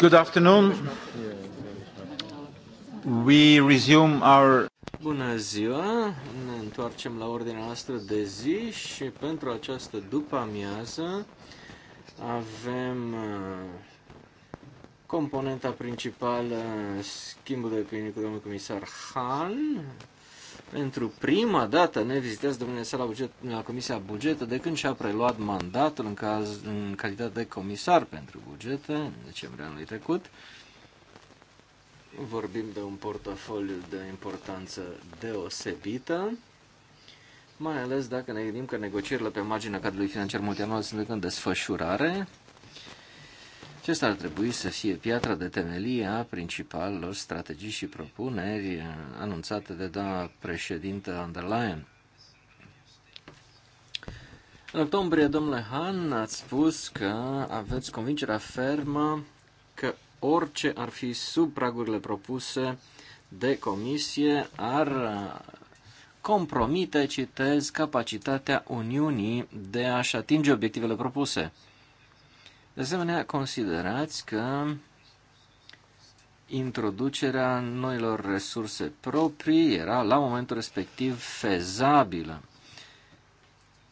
Good afternoon. We resume our Bună ziua! Ne întoarcem la ordinea noastră de zi și pentru această după-amiază avem uh, componenta principală schimbul de opinie cu domnul comisar Han pentru prima dată ne vizitează domnule la, buget, la Comisia Bugetă de când și-a preluat mandatul în, caz, în calitate de comisar pentru bugete în decembrie anului trecut. Vorbim de un portofoliu de importanță deosebită, mai ales dacă ne gândim că negocierile pe marginea cadrului financiar multianual sunt în desfășurare, acesta ar trebui să fie piatra de temelie a principalelor strategii și propuneri anunțate de doamna președintă Underline. În octombrie, domnule Han, ați spus că aveți convingerea fermă că orice ar fi sub pragurile propuse de comisie ar compromite, citez, capacitatea Uniunii de a-și atinge obiectivele propuse. De asemenea, considerați că introducerea noilor resurse proprii era la momentul respectiv fezabilă.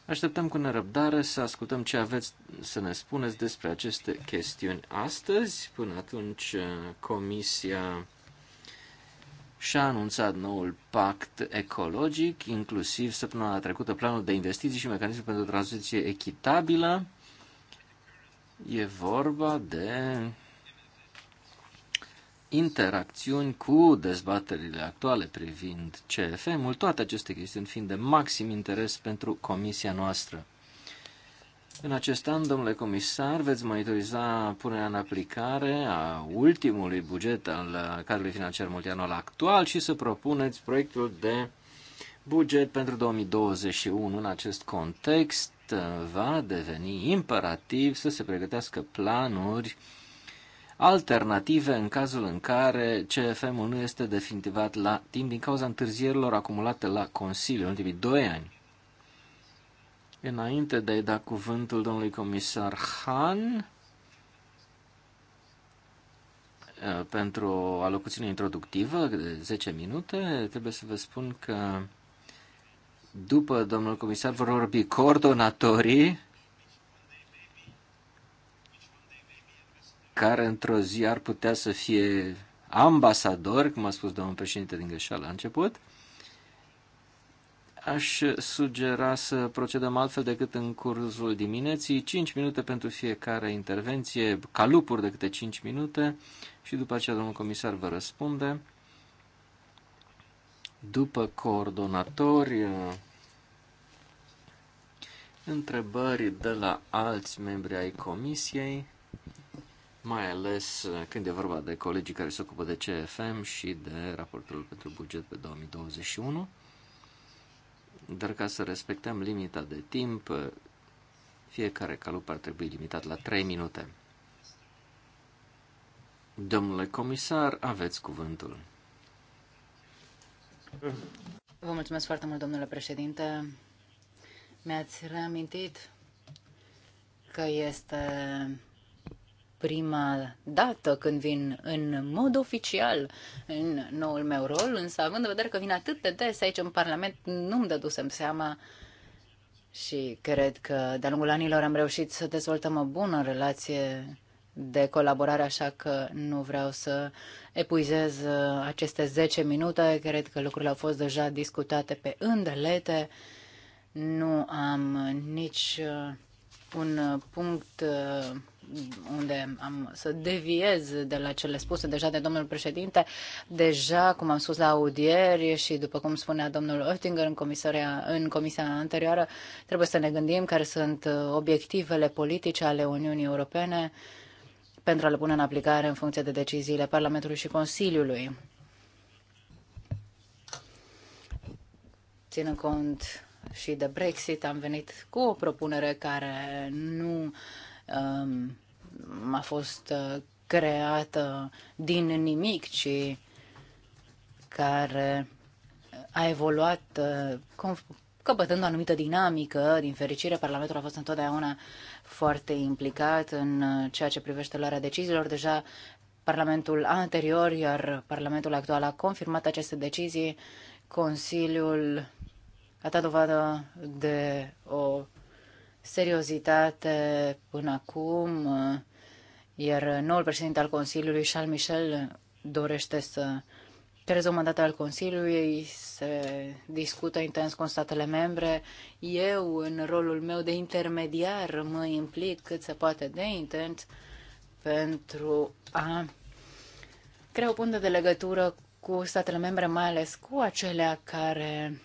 Așteptăm cu nerăbdare să ascultăm ce aveți să ne spuneți despre aceste chestiuni astăzi. Până atunci, Comisia și-a anunțat noul pact ecologic, inclusiv săptămâna trecută planul de investiții și mecanismul pentru tranziție echitabilă. E vorba de interacțiuni cu dezbaterile actuale privind CFM-ul, toate aceste chestiuni fiind de maxim interes pentru comisia noastră. În acest an, domnule comisar, veți monitoriza punerea în aplicare a ultimului buget al cadrului financiar multianual actual și să propuneți proiectul de buget pentru 2021. În acest context, Uh, va deveni imperativ să se pregătească planuri alternative în cazul în care CFM-ul nu este definitivat la timp din cauza întârzierilor acumulate la Consiliu în ultimii doi ani. Înainte de a-i da cuvântul domnului comisar Han uh, pentru o alocuție introductivă de 10 minute, trebuie să vă spun că după domnul comisar vor vorbi coordonatorii care într-o zi ar putea să fie ambasador, cum a spus domnul președinte din greșeală la început, aș sugera să procedăm altfel decât în cursul dimineții, 5 minute pentru fiecare intervenție, calupuri de câte 5 minute și după aceea domnul comisar vă răspunde. După coordonatori, întrebări de la alți membri ai comisiei, mai ales când e vorba de colegii care se ocupă de CFM și de raportul pentru buget pe 2021. Dar ca să respectăm limita de timp, fiecare calup ar trebui limitat la 3 minute. Domnule comisar, aveți cuvântul. Vă mulțumesc foarte mult, domnule președinte. Mi-ați reamintit că este prima dată când vin în mod oficial în noul meu rol, însă având în vedere că vin atât de des aici în Parlament, nu-mi dădusem seama și cred că de-a lungul anilor am reușit să dezvoltăm o bună relație de colaborare, așa că nu vreau să epuizez uh, aceste 10 minute. Cred că lucrurile au fost deja discutate pe îndelete. Nu am nici uh, un punct uh, unde am să deviez de la cele spuse deja de domnul președinte. Deja, cum am spus la audieri și după cum spunea domnul Oettinger în, în comisia anterioară, trebuie să ne gândim care sunt obiectivele politice ale Uniunii Europene pentru a le pune în aplicare în funcție de deciziile Parlamentului și Consiliului. Ținând cont și de Brexit, am venit cu o propunere care nu um, a fost uh, creată din nimic, ci care a evoluat uh, căpătând o anumită dinamică. Din fericire, Parlamentul a fost întotdeauna foarte implicat în ceea ce privește luarea deciziilor. Deja Parlamentul anterior, iar Parlamentul actual a confirmat aceste decizii. Consiliul a dat dovadă de o seriozitate până acum, iar noul președinte al Consiliului, Charles Michel, dorește să Tereza, mandat al Consiliului, se discută intens cu statele membre. Eu, în rolul meu de intermediar, mă implic cât se poate de intens pentru a crea o punte de legătură cu statele membre, mai ales cu acelea care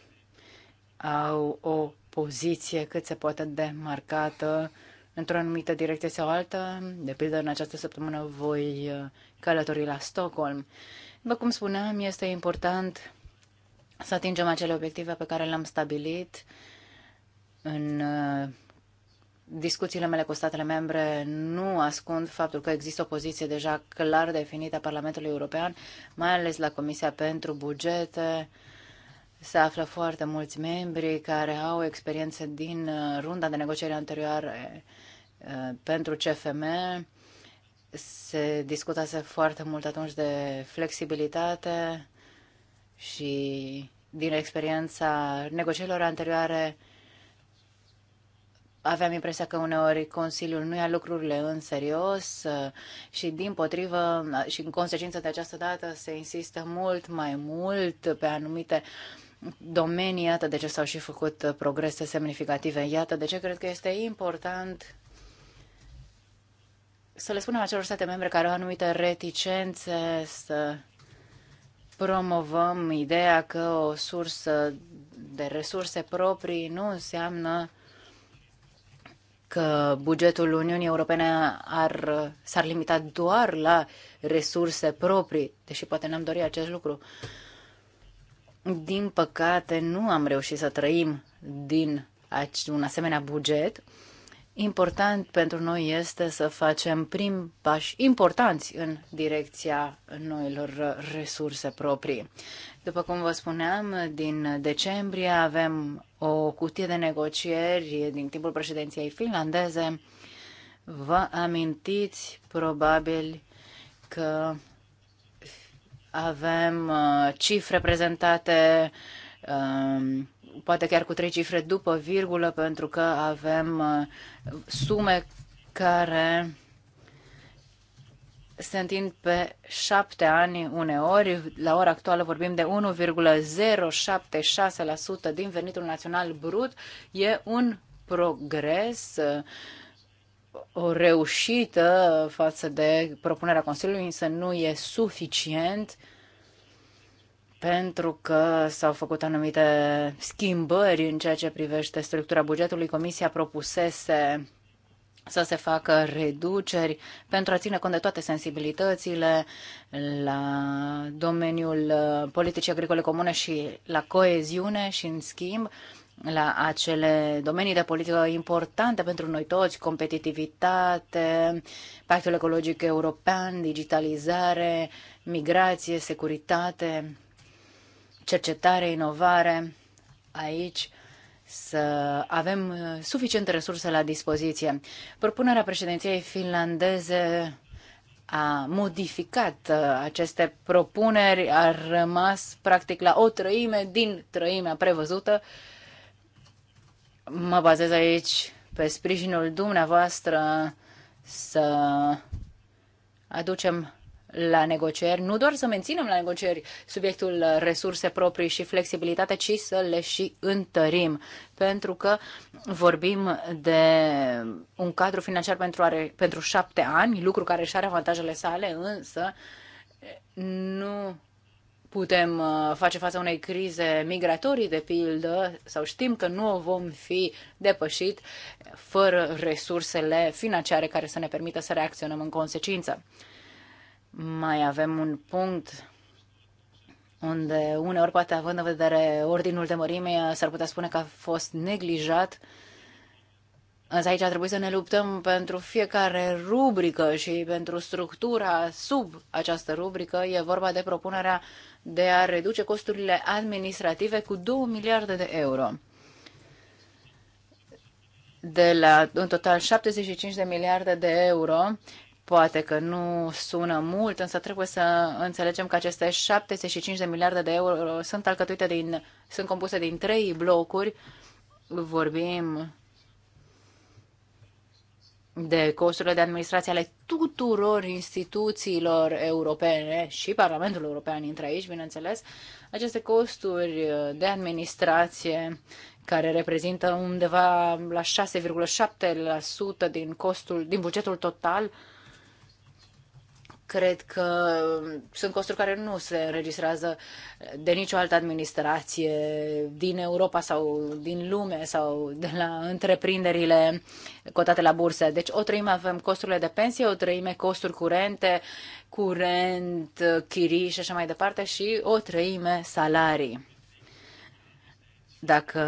au o poziție cât se poate de marcată într-o anumită direcție sau alta. De pildă, în această săptămână voi călători la Stockholm. După cum spuneam, este important să atingem acele obiective pe care le-am stabilit în uh, discuțiile mele cu statele membre nu ascund faptul că există o poziție deja clar definită a Parlamentului European, mai ales la Comisia pentru Bugete. Se află foarte mulți membri care au experiențe din uh, runda de negocieri anterioare uh, pentru CFM se discutase foarte mult atunci de flexibilitate și din experiența negocierilor anterioare aveam impresia că uneori Consiliul nu ia lucrurile în serios uh, și din potrivă uh, și în consecință de această dată se insistă mult mai mult pe anumite domenii, iată de ce s-au și făcut uh, progrese semnificative. Iată de ce cred că este important să le spunem acelor state membre care au anumite reticențe să promovăm ideea că o sursă de resurse proprii nu înseamnă că bugetul Uniunii Europene ar, s-ar limita doar la resurse proprii, deși poate n-am dorit acest lucru. Din păcate, nu am reușit să trăim din un asemenea buget Important pentru noi este să facem prim pași importanți în direcția noilor resurse proprii. După cum vă spuneam, din decembrie avem o cutie de negocieri din timpul președinției finlandeze. Vă amintiți probabil că avem uh, cifre prezentate um, poate chiar cu trei cifre după virgulă, pentru că avem uh, sume care se întind pe șapte ani uneori. La ora actuală vorbim de 1,076% din venitul național brut. E un progres, uh, o reușită față de propunerea Consiliului, însă nu e suficient pentru că s-au făcut anumite schimbări în ceea ce privește structura bugetului. Comisia propusese să se facă reduceri pentru a ține cont de toate sensibilitățile la domeniul uh, politicii agricole comune și la coeziune și, în schimb, la acele domenii de politică importante pentru noi toți, competitivitate, pactul ecologic european, digitalizare, migrație, securitate cercetare, inovare aici să avem suficiente resurse la dispoziție. Propunerea președinției finlandeze a modificat uh, aceste propuneri, a rămas practic la o trăime din trăimea prevăzută. Mă bazez aici pe sprijinul dumneavoastră să aducem la negocieri, nu doar să menținem la negocieri subiectul resurse proprii și flexibilitate, ci să le și întărim, pentru că vorbim de un cadru financiar pentru, are, pentru șapte ani, lucru care și are avantajele sale, însă nu putem uh, face față unei crize migratorii, de pildă, sau știm că nu o vom fi depășit fără resursele financiare care să ne permită să reacționăm în consecință. Mai avem un punct unde uneori, poate având în vedere ordinul de mărime, s-ar putea spune că a fost neglijat. Însă aici a trebuit să ne luptăm pentru fiecare rubrică și pentru structura sub această rubrică. E vorba de propunerea de a reduce costurile administrative cu 2 miliarde de euro. De la în total 75 de miliarde de euro Poate că nu sună mult, însă trebuie să înțelegem că aceste 75 de miliarde de euro sunt alcătuite din, sunt compuse din trei blocuri. Vorbim de costurile de administrație ale tuturor instituțiilor europene și Parlamentul European intră aici, bineînțeles, aceste costuri de administrație care reprezintă undeva la 6,7% din costul din bugetul total cred că sunt costuri care nu se înregistrează de nicio altă administrație din Europa sau din lume sau de la întreprinderile cotate la bursă. Deci o treime avem costurile de pensie, o treime costuri curente, curent, chirii și așa mai departe și o treime salarii. Dacă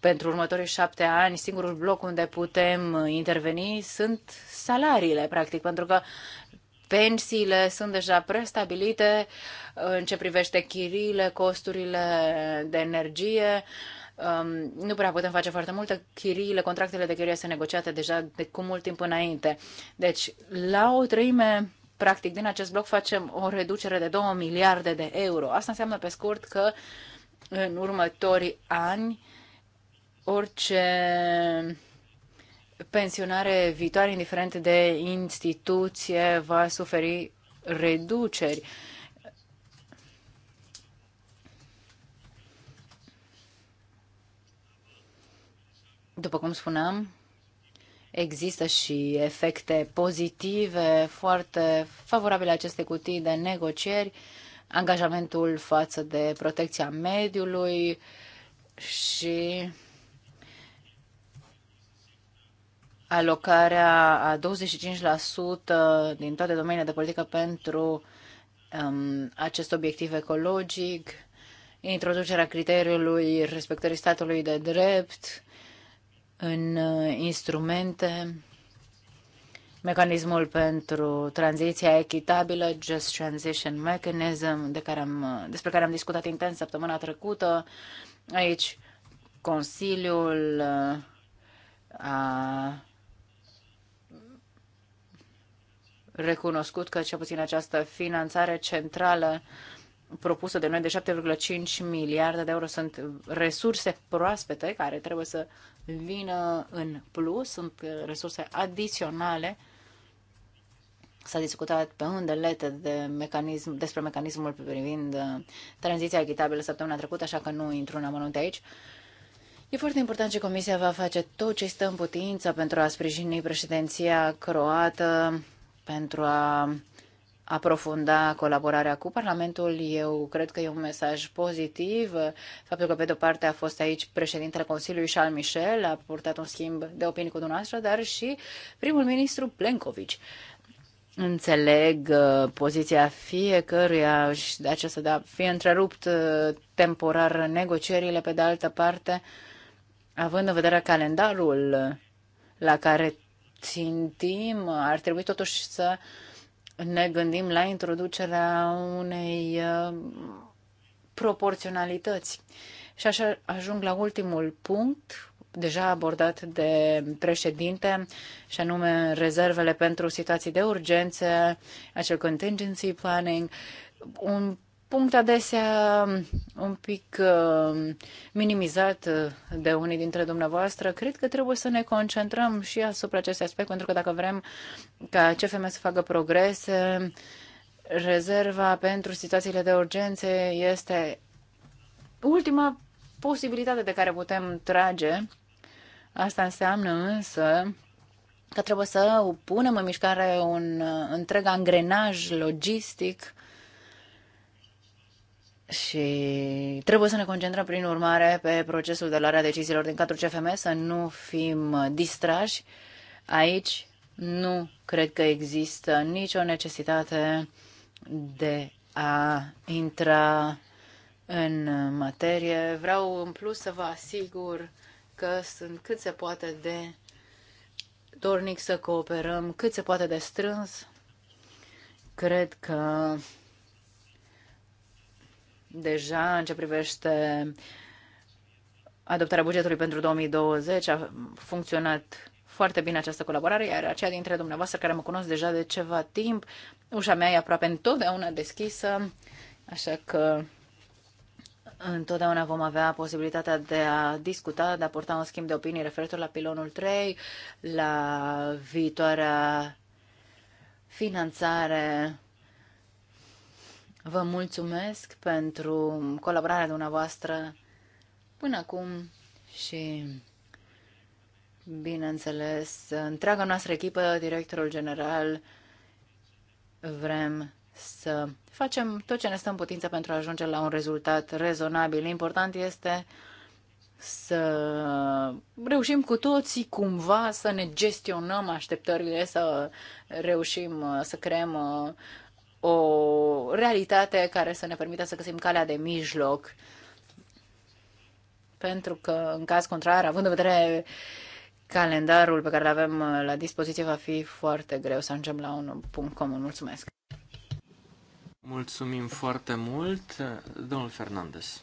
pentru următorii șapte ani, singurul bloc unde putem interveni sunt salariile, practic, pentru că pensiile sunt deja prestabilite uh, în ce privește chiriile, costurile de energie. Um, nu prea putem face foarte multe. Chiriile, contractele de chirie sunt negociate deja de cu mult timp înainte. Deci, la o treime, practic, din acest bloc facem o reducere de 2 miliarde de euro. Asta înseamnă, pe scurt, că în următorii ani, orice pensionare viitoare, indiferent de instituție, va suferi reduceri. După cum spuneam, există și efecte pozitive foarte favorabile aceste cutii de negocieri, angajamentul față de protecția mediului și alocarea a 25% din toate domeniile de politică pentru um, acest obiectiv ecologic, introducerea criteriului respectării statului de drept în uh, instrumente, mecanismul pentru tranziția echitabilă, Just Transition Mechanism, de care am, uh, despre care am discutat intens săptămâna trecută. Aici Consiliul uh, a recunoscut că cel puțin această finanțare centrală propusă de noi de 7,5 miliarde de euro sunt resurse proaspete care trebuie să vină în plus, sunt resurse adiționale. S-a discutat pe unde lete de mecanism, despre mecanismul privind uh, tranziția echitabilă săptămâna trecută, așa că nu intru în amănunte aici. E foarte important ce Comisia va face tot ce stă în putință pentru a sprijini președinția croată pentru a aprofunda colaborarea cu Parlamentul. Eu cred că e un mesaj pozitiv. Faptul că, pe de-o parte, a fost aici președintele Consiliului Charles Michel, a purtat un schimb de opinii cu dumneavoastră, dar și primul ministru Plenković. Înțeleg uh, poziția fiecăruia și de aceea să a da, fi întrerupt uh, temporar negocierile, pe de altă parte, având în vedere calendarul la care țintim, ar trebui totuși să ne gândim la introducerea unei uh, proporționalități. Și așa ajung la ultimul punct, deja abordat de președinte, și anume rezervele pentru situații de urgență, acel contingency planning, un punct adesea um, un pic um, minimizat uh, de unii dintre dumneavoastră. Cred că trebuie să ne concentrăm și asupra acestui aspect, pentru că dacă vrem ca CFM să facă progrese, rezerva pentru situațiile de urgențe este ultima posibilitate de care putem trage. Asta înseamnă însă că trebuie să punem în mișcare un uh, întreg angrenaj logistic și trebuie să ne concentrăm, prin urmare, pe procesul de luare a deciziilor din cadrul CFM, să nu fim distrași. Aici nu cred că există nicio necesitate de a intra în materie. Vreau, în plus, să vă asigur că sunt cât se poate de dornic să cooperăm, cât se poate de strâns. Cred că Deja, în ce privește adoptarea bugetului pentru 2020, a funcționat foarte bine această colaborare, iar aceia dintre dumneavoastră care mă cunosc deja de ceva timp, ușa mea e aproape întotdeauna deschisă, așa că întotdeauna vom avea posibilitatea de a discuta, de a porta un schimb de opinii referitor la pilonul 3, la viitoarea finanțare Vă mulțumesc pentru colaborarea dumneavoastră până acum și, bineînțeles, întreaga noastră echipă, directorul general, vrem să facem tot ce ne stă în putință pentru a ajunge la un rezultat rezonabil. Important este să reușim cu toții cumva să ne gestionăm așteptările, să reușim să creăm o realitate care să ne permită să găsim calea de mijloc. Pentru că, în caz contrar, având în vedere calendarul pe care îl avem la dispoziție, va fi foarte greu să ajungem la un punct comun. Mulțumesc! Mulțumim foarte mult, domnul Fernandez.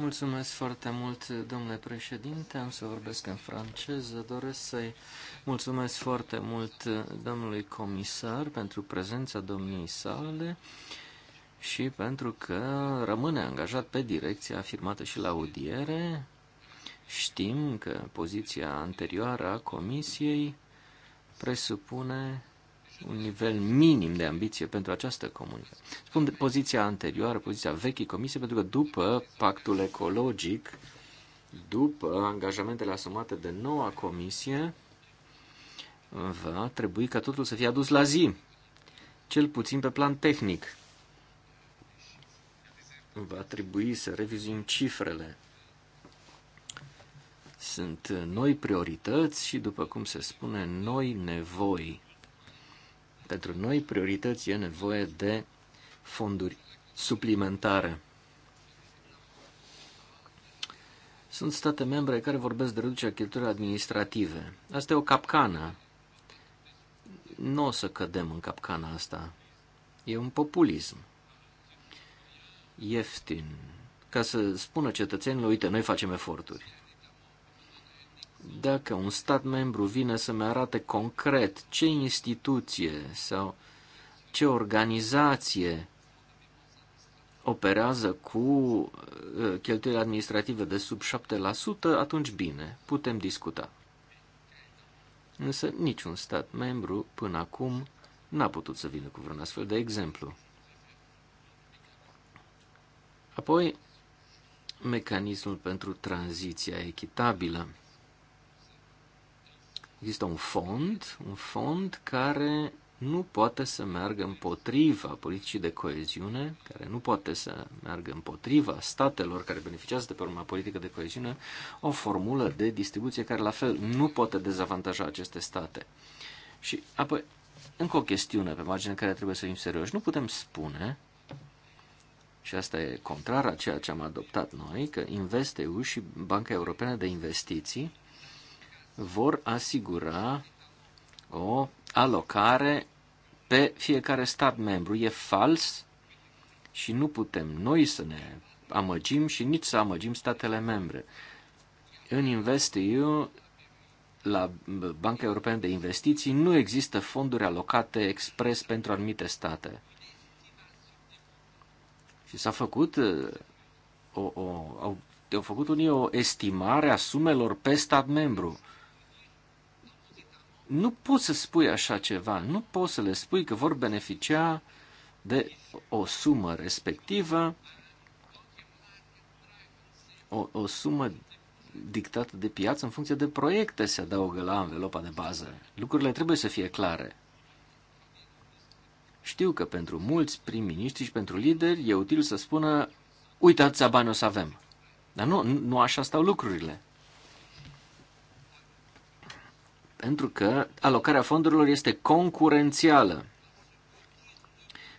Mulțumesc foarte mult, domnule președinte. Am să vorbesc în franceză. Doresc să-i mulțumesc foarte mult uh, domnului comisar pentru prezența domniei sale și pentru că rămâne angajat pe direcția afirmată și la audiere. Știm că poziția anterioară a comisiei presupune un nivel minim de ambiție pentru această comunică. Spun de poziția anterioară, poziția vechii comisie, pentru că după pactul ecologic, după angajamentele asumate de noua comisie, va trebui ca totul să fie adus la zi, cel puțin pe plan tehnic. Va trebui să revizuim cifrele. Sunt noi priorități și, după cum se spune, noi nevoi pentru noi, priorități e nevoie de fonduri suplimentare. Sunt state membre care vorbesc de reducerea cheltuielor administrative. Asta e o capcană. Nu o să cădem în capcana asta. E un populism. Ieftin. Ca să spună cetățenilor, uite, noi facem eforturi dacă un stat membru vine să-mi arate concret ce instituție sau ce organizație operează cu uh, cheltuieli administrative de sub 7%, atunci bine, putem discuta. Însă niciun stat membru până acum n-a putut să vină cu vreun astfel de exemplu. Apoi, mecanismul pentru tranziția echitabilă. Există un fond, un fond care nu poate să meargă împotriva politicii de coeziune, care nu poate să meargă împotriva statelor care beneficiază de pe urma politică de coeziune, o formulă de distribuție care la fel nu poate dezavantaja aceste state. Și apoi, încă o chestiune pe margine care trebuie să fim serioși. Nu putem spune, și asta e contrar a ceea ce am adoptat noi, că InvestEU și Banca Europeană de Investiții vor asigura o alocare pe fiecare stat membru. E fals și nu putem noi să ne amăgim și nici să amăgim statele membre. În InvestEU, la Banca Europeană de Investiții, nu există fonduri alocate expres pentru anumite state. Și s-a făcut uh, o, o, au, au făcut unii o estimare a sumelor pe stat membru. Nu poți să spui așa ceva, nu poți să le spui că vor beneficia de o sumă respectivă, o, o sumă dictată de piață în funcție de proiecte se adaugă la învelopa de bază. Lucrurile trebuie să fie clare. Știu că pentru mulți prim-miniștri și pentru lideri e util să spună uitați, bani o să avem. Dar nu, nu așa stau lucrurile. pentru că alocarea fondurilor este concurențială.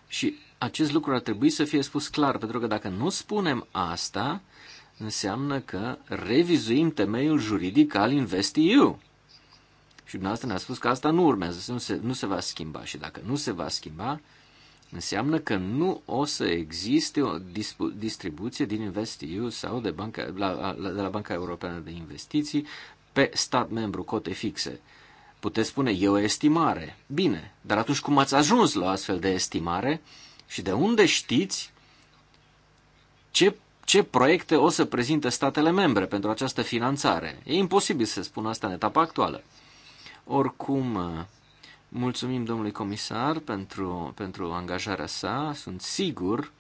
Și acest lucru ar trebui să fie spus clar, pentru că dacă nu spunem asta, înseamnă că revizuim temeiul juridic al InvestEU. Și dumneavoastră ne-a spus că asta nu urmează, nu se, nu se va schimba. Și dacă nu se va schimba, înseamnă că nu o să existe o distribuție din InvestEU sau de, banca, la, la, de la Banca Europeană de Investiții pe stat membru cote fixe. Puteți spune, e o estimare. Bine, dar atunci cum ați ajuns la astfel de estimare și de unde știți ce, ce proiecte o să prezinte statele membre pentru această finanțare? E imposibil să spun asta în etapa actuală. Oricum, mulțumim domnului comisar pentru, pentru angajarea sa. Sunt sigur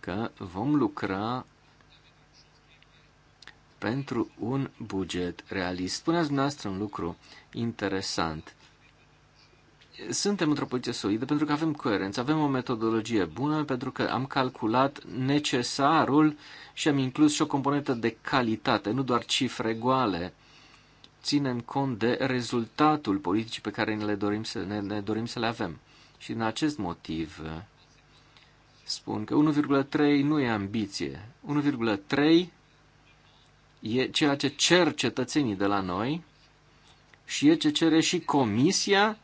că vom lucra pentru un buget realist. Spuneați dumneavoastră un lucru interesant. Suntem într-o poziție solidă pentru că avem coerență, avem o metodologie bună, pentru că am calculat necesarul și am inclus și o componentă de calitate, nu doar cifre goale. Ținem cont de rezultatul politicii pe care ne, le dorim, să, ne, ne dorim să le avem. Și din acest motiv spun că 1,3 nu e ambiție. 1,3 e ceea ce cer cetățenii de la noi și e ce cere și Comisia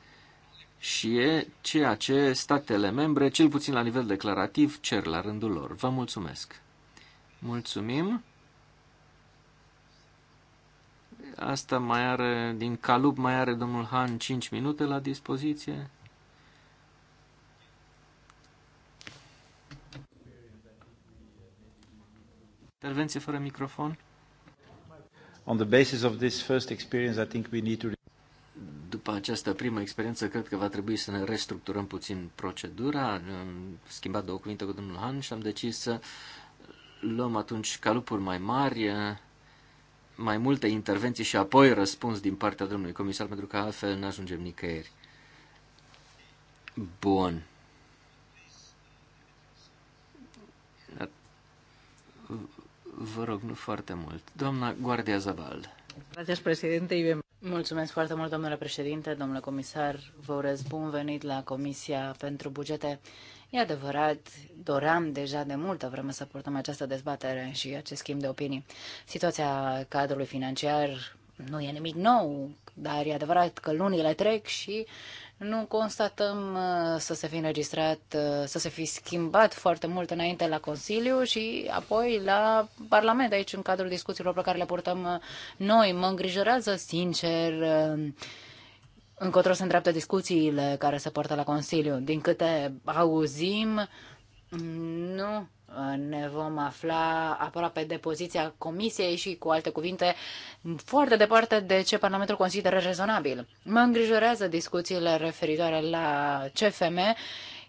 și e ceea ce statele membre, cel puțin la nivel declarativ, cer la rândul lor. Vă mulțumesc! Mulțumim! Asta mai are, din Calub mai are domnul Han 5 minute la dispoziție. Intervenție fără microfon. On the basis of this first experience, I think we need to după această primă experiență, cred că va trebui să ne restructurăm puțin procedura. Am schimbat două cuvinte cu domnul Han și am decis să luăm atunci calupuri mai mari, mai multe intervenții și apoi răspuns din partea domnului comisar, pentru că altfel nu ajungem nicăieri. Bun. Vă rog, nu foarte mult. Doamna Guardia Zabal. Gracias, președinte. Mulțumesc foarte mult, domnule președinte, domnule comisar. Vă urez bun venit la Comisia pentru Bugete. E adevărat, doream deja de multă vreme să purtăm această dezbatere și acest schimb de opinii. Situația cadrului financiar nu e nimic nou, dar e adevărat că lunile trec și nu constatăm uh, să se fi înregistrat, uh, să se fi schimbat foarte mult înainte la Consiliu și apoi la Parlament, aici în cadrul discuțiilor pe care le purtăm uh, noi. Mă îngrijorează, sincer, încotro se îndreaptă discuțiile care se poartă la Consiliu. Din câte auzim, nu ne vom afla aproape de poziția Comisiei și, cu alte cuvinte, foarte departe de ce Parlamentul consideră rezonabil. Mă îngrijorează discuțiile referitoare la CFM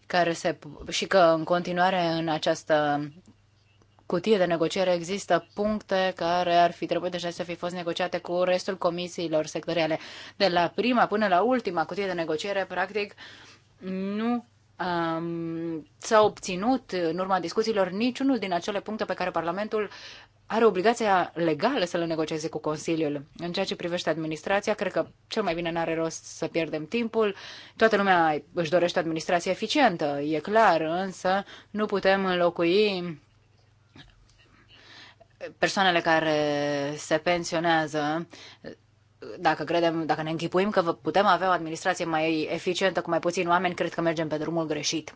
care se, și că, în continuare, în această cutie de negociere există puncte care ar fi trebuit deja să fi fost negociate cu restul comisiilor sectoriale. De la prima până la ultima cutie de negociere, practic, nu um, s-a obținut în urma discuțiilor niciunul din acele puncte pe care Parlamentul are obligația legală să le negocieze cu Consiliul. În ceea ce privește administrația, cred că cel mai bine n-are rost să pierdem timpul. Toată lumea își dorește administrație eficientă, e clar, însă nu putem înlocui persoanele care se pensionează dacă credem, dacă ne închipuim că putem avea o administrație mai eficientă cu mai puțini oameni, cred că mergem pe drumul greșit.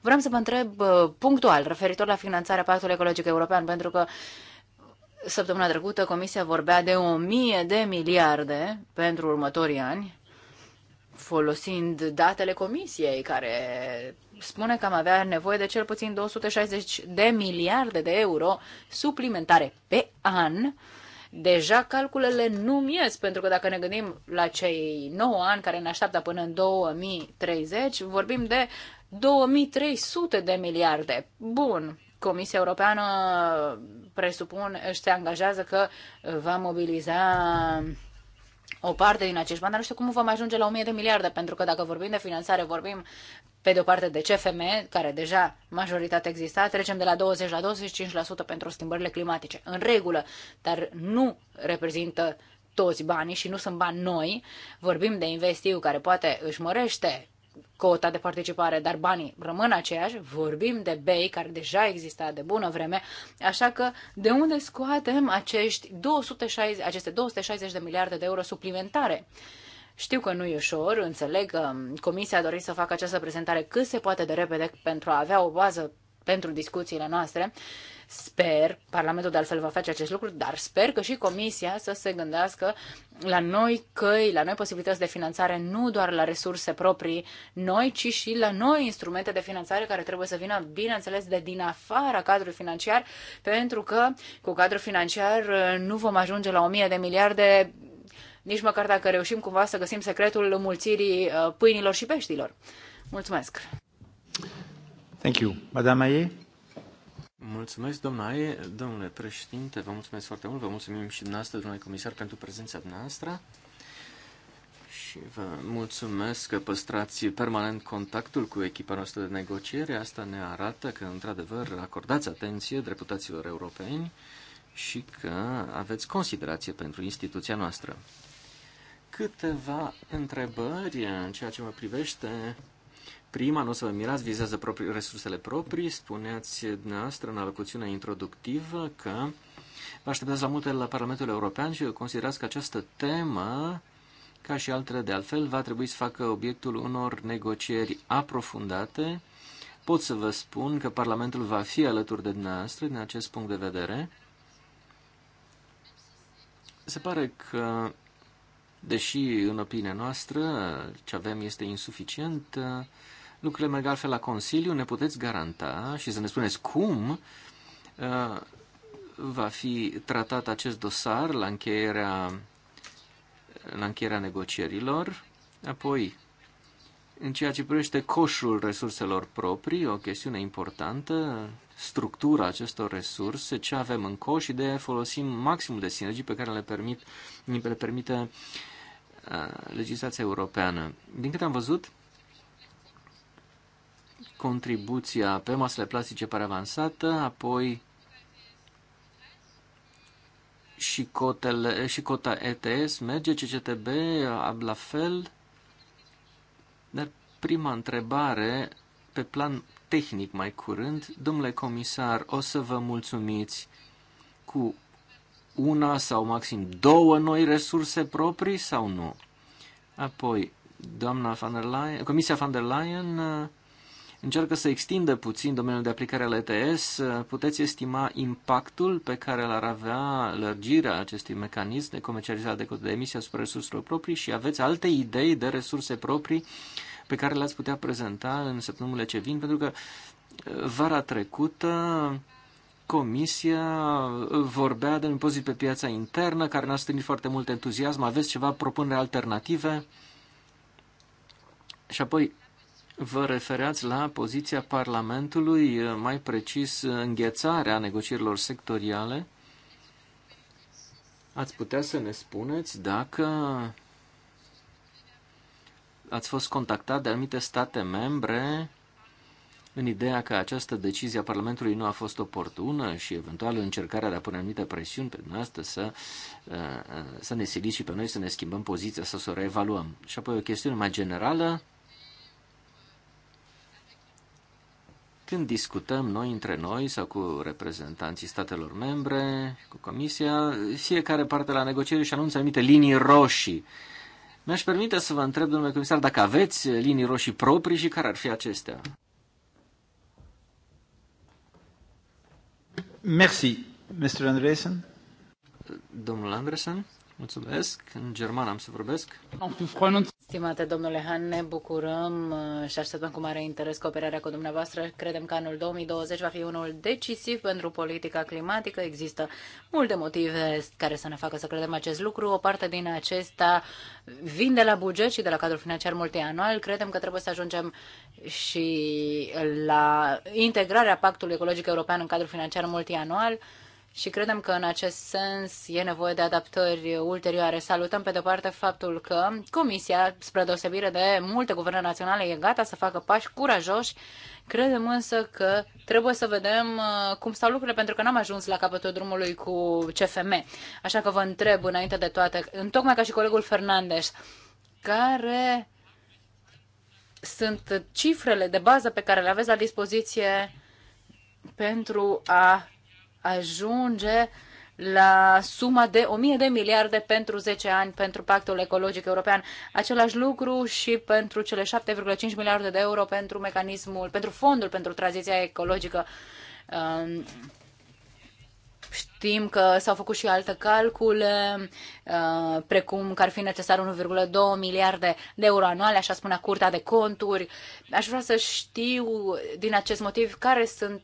Vreau să vă întreb uh, punctual, referitor la finanțarea Pactului Ecologic European, pentru că săptămâna trecută Comisia vorbea de o mie de miliarde pentru următorii ani, folosind datele Comisiei, care spune că am avea nevoie de cel puțin 260 de miliarde de euro suplimentare pe an deja calculele nu miez, pentru că dacă ne gândim la cei 9 ani care ne așteaptă până în 2030, vorbim de 2300 de miliarde. Bun, Comisia Europeană, presupun, își se angajează că va mobiliza o parte din acești bani, dar nu știu cum vom ajunge la 1000 de miliarde, pentru că dacă vorbim de finanțare, vorbim pe de o parte de CFM, care deja majoritatea exista, trecem de la 20 la 25% pentru schimbările climatice. În regulă, dar nu reprezintă toți banii și nu sunt bani noi. Vorbim de investiu care poate își mărește cota de participare, dar banii rămân aceiași. Vorbim de BEI, care deja exista de bună vreme, așa că de unde scoatem acești 260, aceste 260 de miliarde de euro suplimentare? Știu că nu e ușor, înțeleg că Comisia a dorit să facă această prezentare cât se poate de repede pentru a avea o bază pentru discuțiile noastre. Sper, Parlamentul de altfel va face acest lucru, dar sper că și Comisia să se gândească la noi căi, la noi posibilități de finanțare, nu doar la resurse proprii noi, ci și la noi instrumente de finanțare care trebuie să vină, bineînțeles, de din afara cadrului financiar, pentru că cu cadrul financiar uh, nu vom ajunge la 1000 de miliarde nici măcar dacă reușim cumva să găsim secretul mulțirii uh, pâinilor și peștilor. Mulțumesc! Thank you. Madame Aie? Mulțumesc, doamna Aie. Domnule președinte, vă mulțumesc foarte mult. Vă mulțumim și dumneavoastră, domnule comisar, pentru prezența dumneavoastră. Și vă mulțumesc că păstrați permanent contactul cu echipa noastră de negociere. Asta ne arată că, într-adevăr, acordați atenție deputaților europeni și că aveți considerație pentru instituția noastră câteva întrebări în ceea ce mă privește. Prima, nu o să vă mirați, vizează proprii, resursele proprii. Spuneați dumneavoastră în alocuțiunea introductivă că vă așteptați la multe la Parlamentul European și considerați că această temă, ca și altele de altfel, va trebui să facă obiectul unor negocieri aprofundate. Pot să vă spun că Parlamentul va fi alături de dumneavoastră din acest punct de vedere. Se pare că Deși, în opinia noastră, ce avem este insuficient, lucrurile merg altfel la Consiliu. Ne puteți garanta și să ne spuneți cum uh, va fi tratat acest dosar la încheierea, la încheierea negocierilor. Apoi, în ceea ce privește coșul resurselor proprii, o chestiune importantă, structura acestor resurse, ce avem în coș și de folosim maximul de sinergii pe care le, permit, le permite legislația europeană. Din câte am văzut, contribuția pe masele plastice pare avansată, apoi și, cotele, și cota ETS merge, CCTB la fel, dar prima întrebare pe plan tehnic mai curând, domnule comisar, o să vă mulțumiți cu una sau maxim două noi resurse proprii sau nu? Apoi, doamna van der Leyen, Comisia van der Leyen uh, încearcă să extindă puțin domeniul de aplicare al ETS. Uh, puteți estima impactul pe care l-ar avea lărgirea acestui mecanism de comercializare de cote de emisie asupra resurselor proprii și aveți alte idei de resurse proprii pe care le-ați putea prezenta în săptămânile ce vin, pentru că uh, vara trecută Comisia uh, vorbea de un impozit pe piața internă, care n-a strânit foarte mult entuziasm. Aveți ceva propuneri alternative? Și apoi vă refereați la poziția Parlamentului, uh, mai precis uh, înghețarea negocierilor sectoriale. Ați putea să ne spuneți dacă ați fost contactat de anumite state membre în ideea că această decizie a Parlamentului nu a fost oportună și eventual încercarea de a pune anumite presiuni pe dumneavoastră să, uh, uh, să ne siliți și pe noi să ne schimbăm poziția, să, o reevaluăm. Și apoi o chestiune mai generală. Când discutăm noi între noi sau cu reprezentanții statelor membre, cu Comisia, fiecare parte la negocieri și anunță anumite linii roșii. Mi-aș permite să vă întreb, domnule comisar, dacă aveți linii roșii proprii și care ar fi acestea? Merci, Mr. Andresen. Domnul Andresen, mulțumesc. În german am să vorbesc. uns Stimate domnule Han, ne bucurăm uh, și așteptăm cu mare interes cooperarea cu dumneavoastră. Credem că anul 2020 va fi unul decisiv pentru politica climatică. Există multe motive care să ne facă să credem acest lucru. O parte din acesta vin de la buget și de la cadrul financiar multianual. Credem că trebuie să ajungem și la integrarea pactului ecologic european în cadrul financiar multianual și credem că în acest sens e nevoie de adaptări ulterioare. Salutăm pe de faptul că Comisia, spre deosebire de multe guverne naționale, e gata să facă pași curajoși. Credem însă că trebuie să vedem uh, cum stau lucrurile, pentru că n-am ajuns la capătul drumului cu CFM. Așa că vă întreb înainte de toate, tocmai ca și colegul Fernandez, care sunt cifrele de bază pe care le aveți la dispoziție pentru a ajunge la suma de 1000 de miliarde pentru 10 ani pentru Pactul Ecologic European. Același lucru și pentru cele 7,5 miliarde de euro pentru mecanismul, pentru fondul pentru tranziția ecologică. Um, știm că s-au făcut și alte calcule, uh, precum că ar fi necesar 1,2 miliarde de euro anuale, așa spunea Curtea de Conturi. Aș vrea să știu din acest motiv care sunt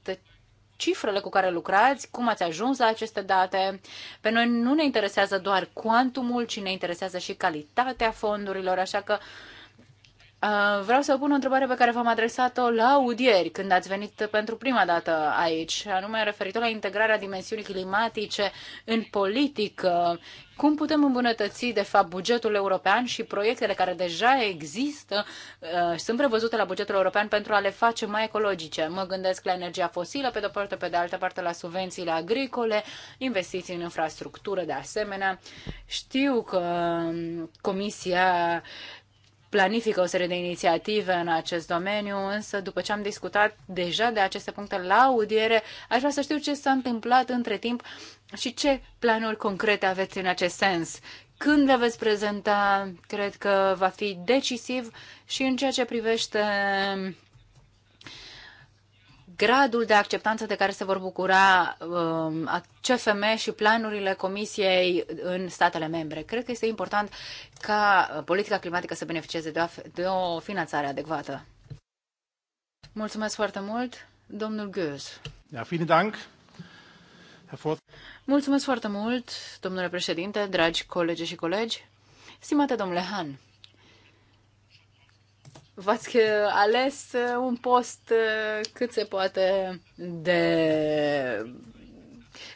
cifrele cu care lucrați, cum ați ajuns la aceste date. Pe noi nu ne interesează doar cuantumul, ci ne interesează și calitatea fondurilor, așa că Uh, vreau să pun o întrebare pe care v-am adresat-o la audieri când ați venit pentru prima dată aici, anume referitor la integrarea dimensiunii climatice în politică. Cum putem îmbunătăți, de fapt, bugetul european și proiectele care deja există și uh, sunt prevăzute la bugetul european pentru a le face mai ecologice? Mă gândesc la energia fosilă, pe de-o parte, pe de altă parte la subvențiile agricole, investiții în infrastructură, de asemenea. Știu că um, Comisia planifică o serie de inițiative în acest domeniu, însă după ce am discutat deja de aceste puncte la audiere, aș vrea să știu ce s-a întâmplat între timp și ce planuri concrete aveți în acest sens. Când le veți prezenta, cred că va fi decisiv și în ceea ce privește gradul de acceptanță de care se vor bucura uh, um, CFM și planurile Comisiei în statele membre. Cred că este important ca politica climatică să beneficieze de o, de o finanțare adecvată. Mulțumesc foarte mult, domnul Gheus. Ja, vielen Dank. Mulțumesc foarte mult, domnule președinte, dragi colegi și colegi. Stimate domnule Han, v-ați uh, ales uh, un post uh, cât se poate de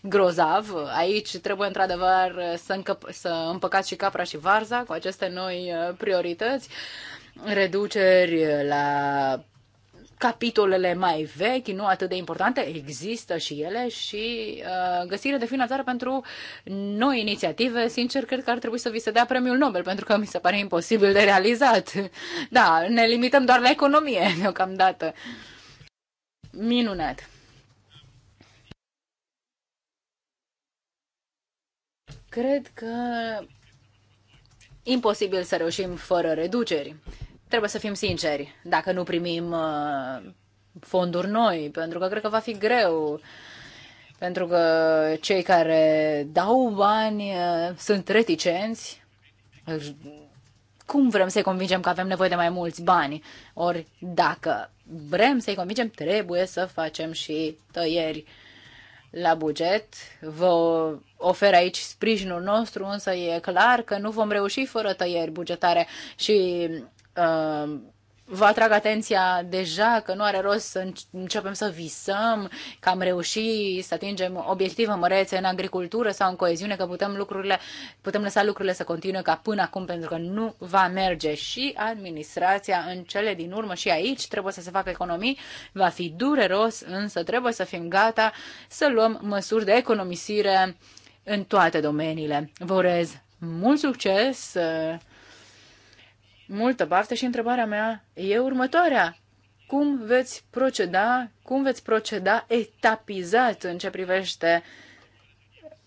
grozav. Aici trebuie într-adevăr să, încăp- să împăcați și capra și varza cu aceste noi priorități, reduceri la capitolele mai vechi, nu atât de importante, există și ele și uh, găsirea de finanțare pentru noi inițiative, sincer, cred că ar trebui să vi se dea premiul Nobel, pentru că mi se pare imposibil de realizat. Da, ne limităm doar la economie deocamdată. Minunat. Cred că imposibil să reușim fără reduceri trebuie să fim sinceri, dacă nu primim uh, fonduri noi, pentru că cred că va fi greu, pentru că cei care dau bani uh, sunt reticenți. Cum vrem să-i convingem că avem nevoie de mai mulți bani? Ori dacă vrem să-i convingem, trebuie să facem și tăieri la buget. Vă ofer aici sprijinul nostru, însă e clar că nu vom reuși fără tăieri bugetare și Um, vă atrag atenția deja că nu are rost să începem să visăm că am reușit să atingem obiective mărețe în agricultură sau în coeziune, că putem, lucrurile, putem lăsa lucrurile să continue ca până acum pentru că nu va merge și administrația în cele din urmă și aici trebuie să se facă economii, va fi dureros, însă trebuie să fim gata să luăm măsuri de economisire în toate domeniile. Vă urez mult succes! Uh, multă baftă și întrebarea mea e următoarea. Cum veți proceda, cum veți proceda etapizat în ce privește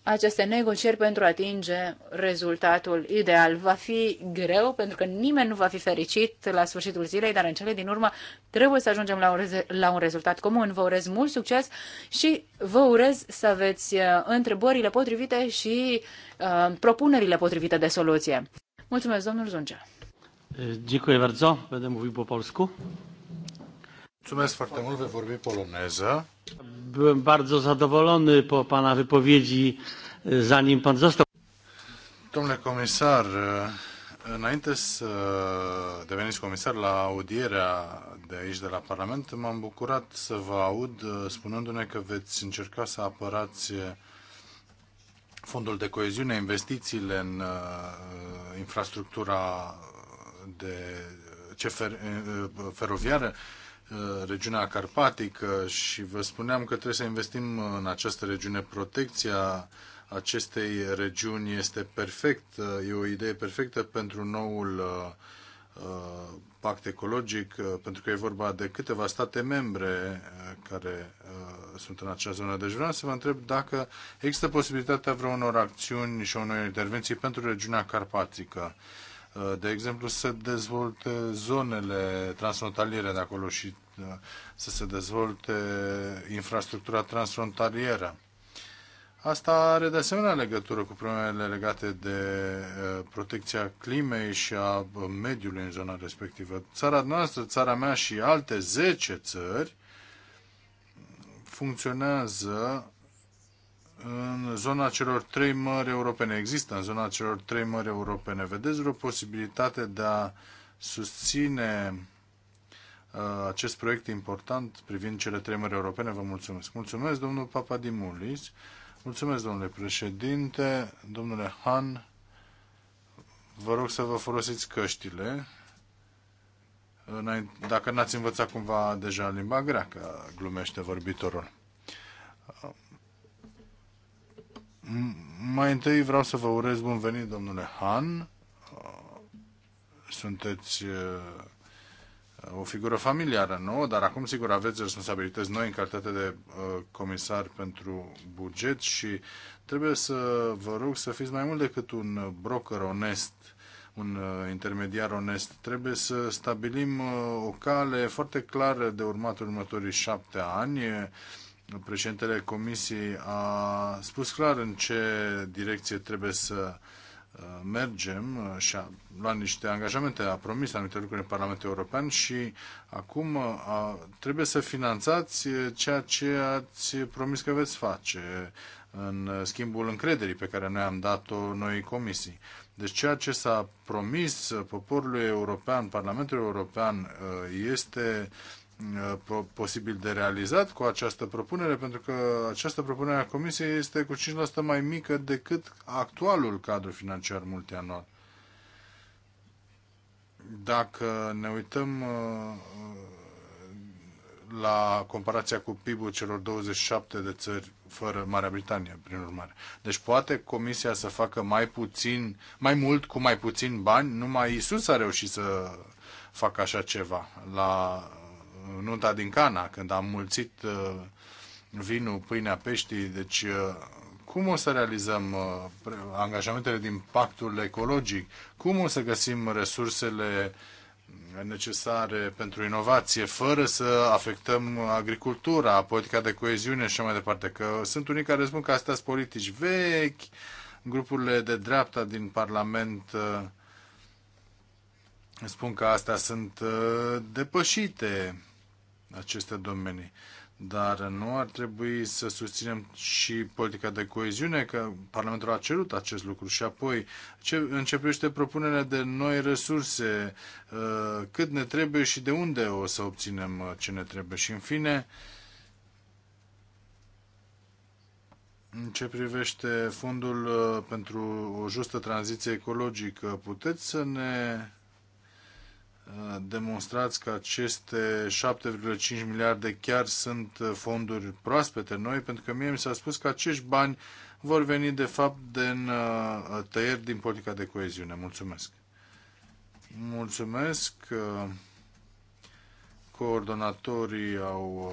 aceste negocieri pentru a atinge rezultatul ideal. Va fi greu pentru că nimeni nu va fi fericit la sfârșitul zilei, dar în cele din urmă trebuie să ajungem la un, la un rezultat comun. Vă urez mult succes și vă urez să aveți uh, întrebările potrivite și uh, propunerile potrivite de soluție. Mulțumesc, domnul Zuncea. Dziękuję bardzo. Będę mówił po polsku. Mulțumesc foarte mult, voi vorbi poloneză. Byłem bardzo zadowolony po pana wypowiedzi, zanim pan został. Domnule comisar, înainte să deveniți comisar la audierea de aici de la Parlament, m-am bucurat să vă aud spunându-ne că veți încerca să apărați fondul de coeziune, investițiile în infrastructura de ce fer, feroviară, regiunea carpatică și vă spuneam că trebuie să investim în această regiune. Protecția acestei regiuni este perfect, e o idee perfectă pentru noul pact ecologic, pentru că e vorba de câteva state membre care sunt în acea zonă. Deci vreau să vă întreb dacă există posibilitatea vreunor acțiuni și unor intervenții pentru regiunea carpatică Uh, de exemplu, să dezvolte zonele transfrontaliere de acolo și uh, să se dezvolte infrastructura transfrontalieră. Asta are de asemenea legătură cu problemele legate de uh, protecția climei și a mediului în zona respectivă. Țara noastră, țara mea și alte 10 țări funcționează în zona celor trei mări europene. Există în zona celor trei mări europene. Vedeți vreo posibilitate de a susține uh, acest proiect important privind cele trei mări europene. Vă mulțumesc. Mulțumesc, domnul Papadimulis. Mulțumesc, domnule președinte. Domnule Han, vă rog să vă folosiți căștile. Dacă n-ați învățat cumva deja limba greacă, glumește vorbitorul. Mai întâi vreau să vă urez bun venit, domnule Han. Sunteți uh, o figură familiară nouă, dar acum sigur aveți responsabilități noi în calitate de uh, comisar pentru buget și trebuie să vă rog să fiți mai mult decât un broker onest, un uh, intermediar onest. Trebuie să stabilim o cale foarte clară de urmat următorii șapte ani președintele Comisiei a spus clar în ce direcție trebuie să uh, mergem uh, și a luat niște angajamente, a promis anumite lucruri în Parlamentul European și acum uh, a, trebuie să finanțați ceea ce ați promis că veți face în schimbul încrederii pe care noi am dat-o noi comisii. Deci ceea ce s-a promis poporului european, Parlamentului European, este Uh, posibil de realizat cu această propunere, pentru că această propunere a Comisiei este cu 5% mai mică decât actualul cadru financiar multianual. Dacă ne uităm uh, uh, la comparația cu PIB-ul celor 27 de țări fără Marea Britanie, prin urmare. Deci poate Comisia să facă mai puțin, mai mult cu mai puțin bani, numai Isus a reușit să facă așa ceva la nunta din Cana, când am mulțit uh, vinul, pâinea, peștii. Deci, uh, cum o să realizăm uh, angajamentele din pactul ecologic? Cum o să găsim resursele necesare pentru inovație, fără să afectăm agricultura, politica de coeziune și mai departe. Că sunt unii care spun că astea sunt politici vechi, grupurile de dreapta din Parlament spun că astea sunt depășite aceste domenii. Dar nu ar trebui să susținem și politica de coeziune, că Parlamentul a cerut acest lucru și apoi ce începește propunerea de noi resurse, uh, cât ne trebuie și de unde o să obținem uh, ce ne trebuie. Și în fine, În ce privește fondul uh, pentru o justă tranziție ecologică, puteți să ne demonstrați că aceste 7,5 miliarde chiar sunt fonduri proaspete noi, pentru că mie mi s-a spus că acești bani vor veni de fapt din uh, tăieri din politica de coeziune. Mulțumesc! Mulțumesc! Coordonatorii au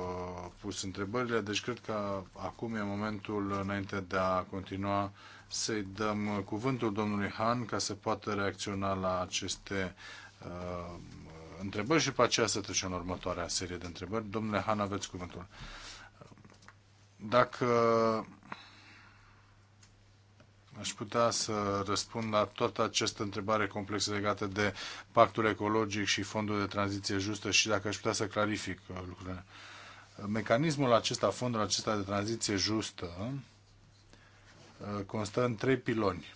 uh, pus întrebările, deci cred că acum e momentul, înainte de a continua, să-i dăm cuvântul domnului Han ca să poată reacționa la aceste Uh, întrebări și după aceea să trecem la următoarea serie de întrebări. Domnule Han, aveți cuvântul. Dacă aș putea să răspund la toată această întrebare complexă legată de pactul ecologic și fondul de tranziție justă și dacă aș putea să clarific uh, lucrurile. Mecanismul acesta, fondul acesta de tranziție justă, uh, constă în trei piloni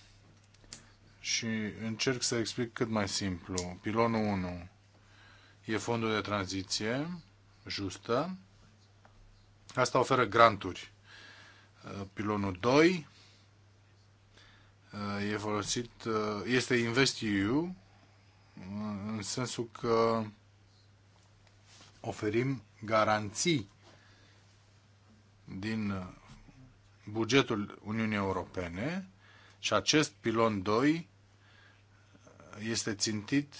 și încerc să explic cât mai simplu. Pilonul 1 e fondul de tranziție justă. Asta oferă granturi. Uh, pilonul 2 uh, e folosit, uh, este InvestEU, în sensul că oferim garanții din bugetul Uniunii Europene și acest pilon 2 este țintit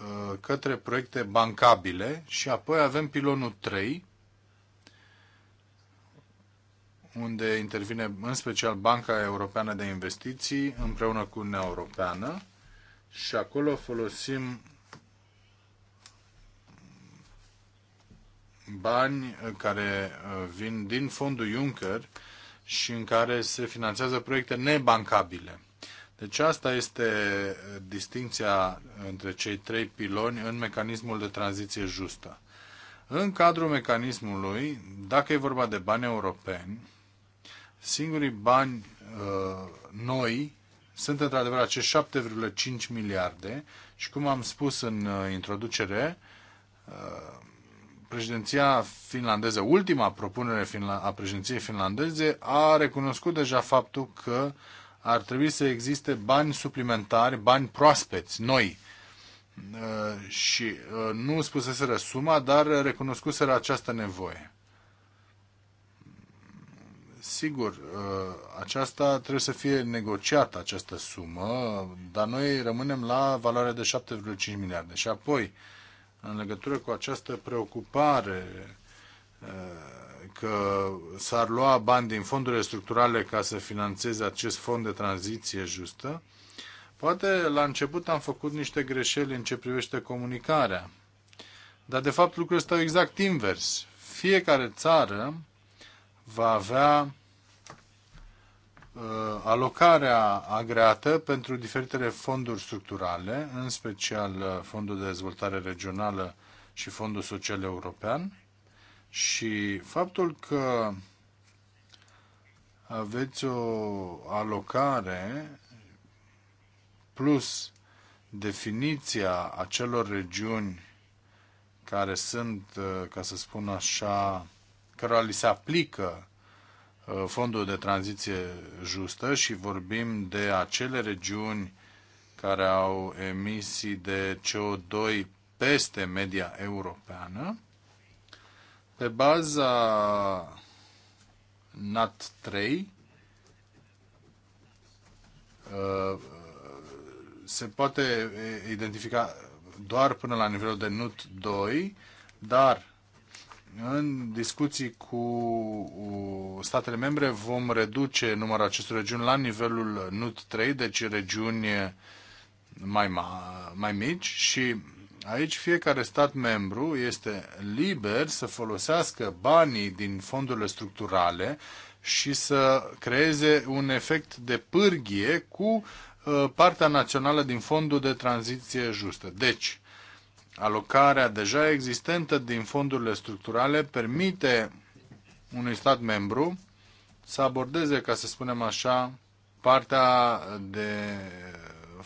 uh, către proiecte bancabile și apoi avem pilonul 3, unde intervine în special Banca Europeană de Investiții împreună cu Uniunea Europeană și acolo folosim bani uh, care uh, vin din fondul Juncker și în care se finanțează proiecte nebancabile. Deci asta este uh, distinția între cei trei piloni în mecanismul de tranziție justă. În cadrul mecanismului, dacă e vorba de bani europeni, singurii bani uh, noi sunt într-adevăr acești 7,5 miliarde și cum am spus în uh, introducere, uh, președinția finlandeză, ultima propunere a președinției finlandeze, a recunoscut deja faptul că uh, ar trebui să existe bani suplimentari, bani proaspeți, noi. Uh, și uh, nu spuseseră suma, dar recunoscuseră această nevoie. Sigur, uh, aceasta trebuie să fie negociată, această sumă, dar noi rămânem la valoarea de 7,5 miliarde. Și apoi, în legătură cu această preocupare că s-ar lua bani din fondurile structurale ca să financeze acest fond de tranziție justă. Poate la început am făcut niște greșeli în ce privește comunicarea. Dar de fapt lucrurile stau exact invers. Fiecare țară va avea uh, alocarea agreată pentru diferitele fonduri structurale, în special uh, Fondul de Dezvoltare Regională și Fondul Social European și faptul că aveți o alocare plus definiția acelor regiuni care sunt, uh, ca să spun așa, cărora li se aplică uh, fondul de tranziție justă și vorbim de acele regiuni care au emisii de CO2 peste media europeană, pe baza NAT 3 uh, se poate uh, identifica doar până la nivelul de NUT 2, dar în discuții cu statele membre vom reduce numărul acestor regiuni la nivelul NUT 3, deci regiuni mai, mai mici și Aici fiecare stat membru este liber să folosească banii din fondurile structurale și să creeze un efect de pârghie cu uh, partea națională din fondul de tranziție justă. Deci, alocarea deja existentă din fondurile structurale permite unui stat membru să abordeze, ca să spunem așa, partea de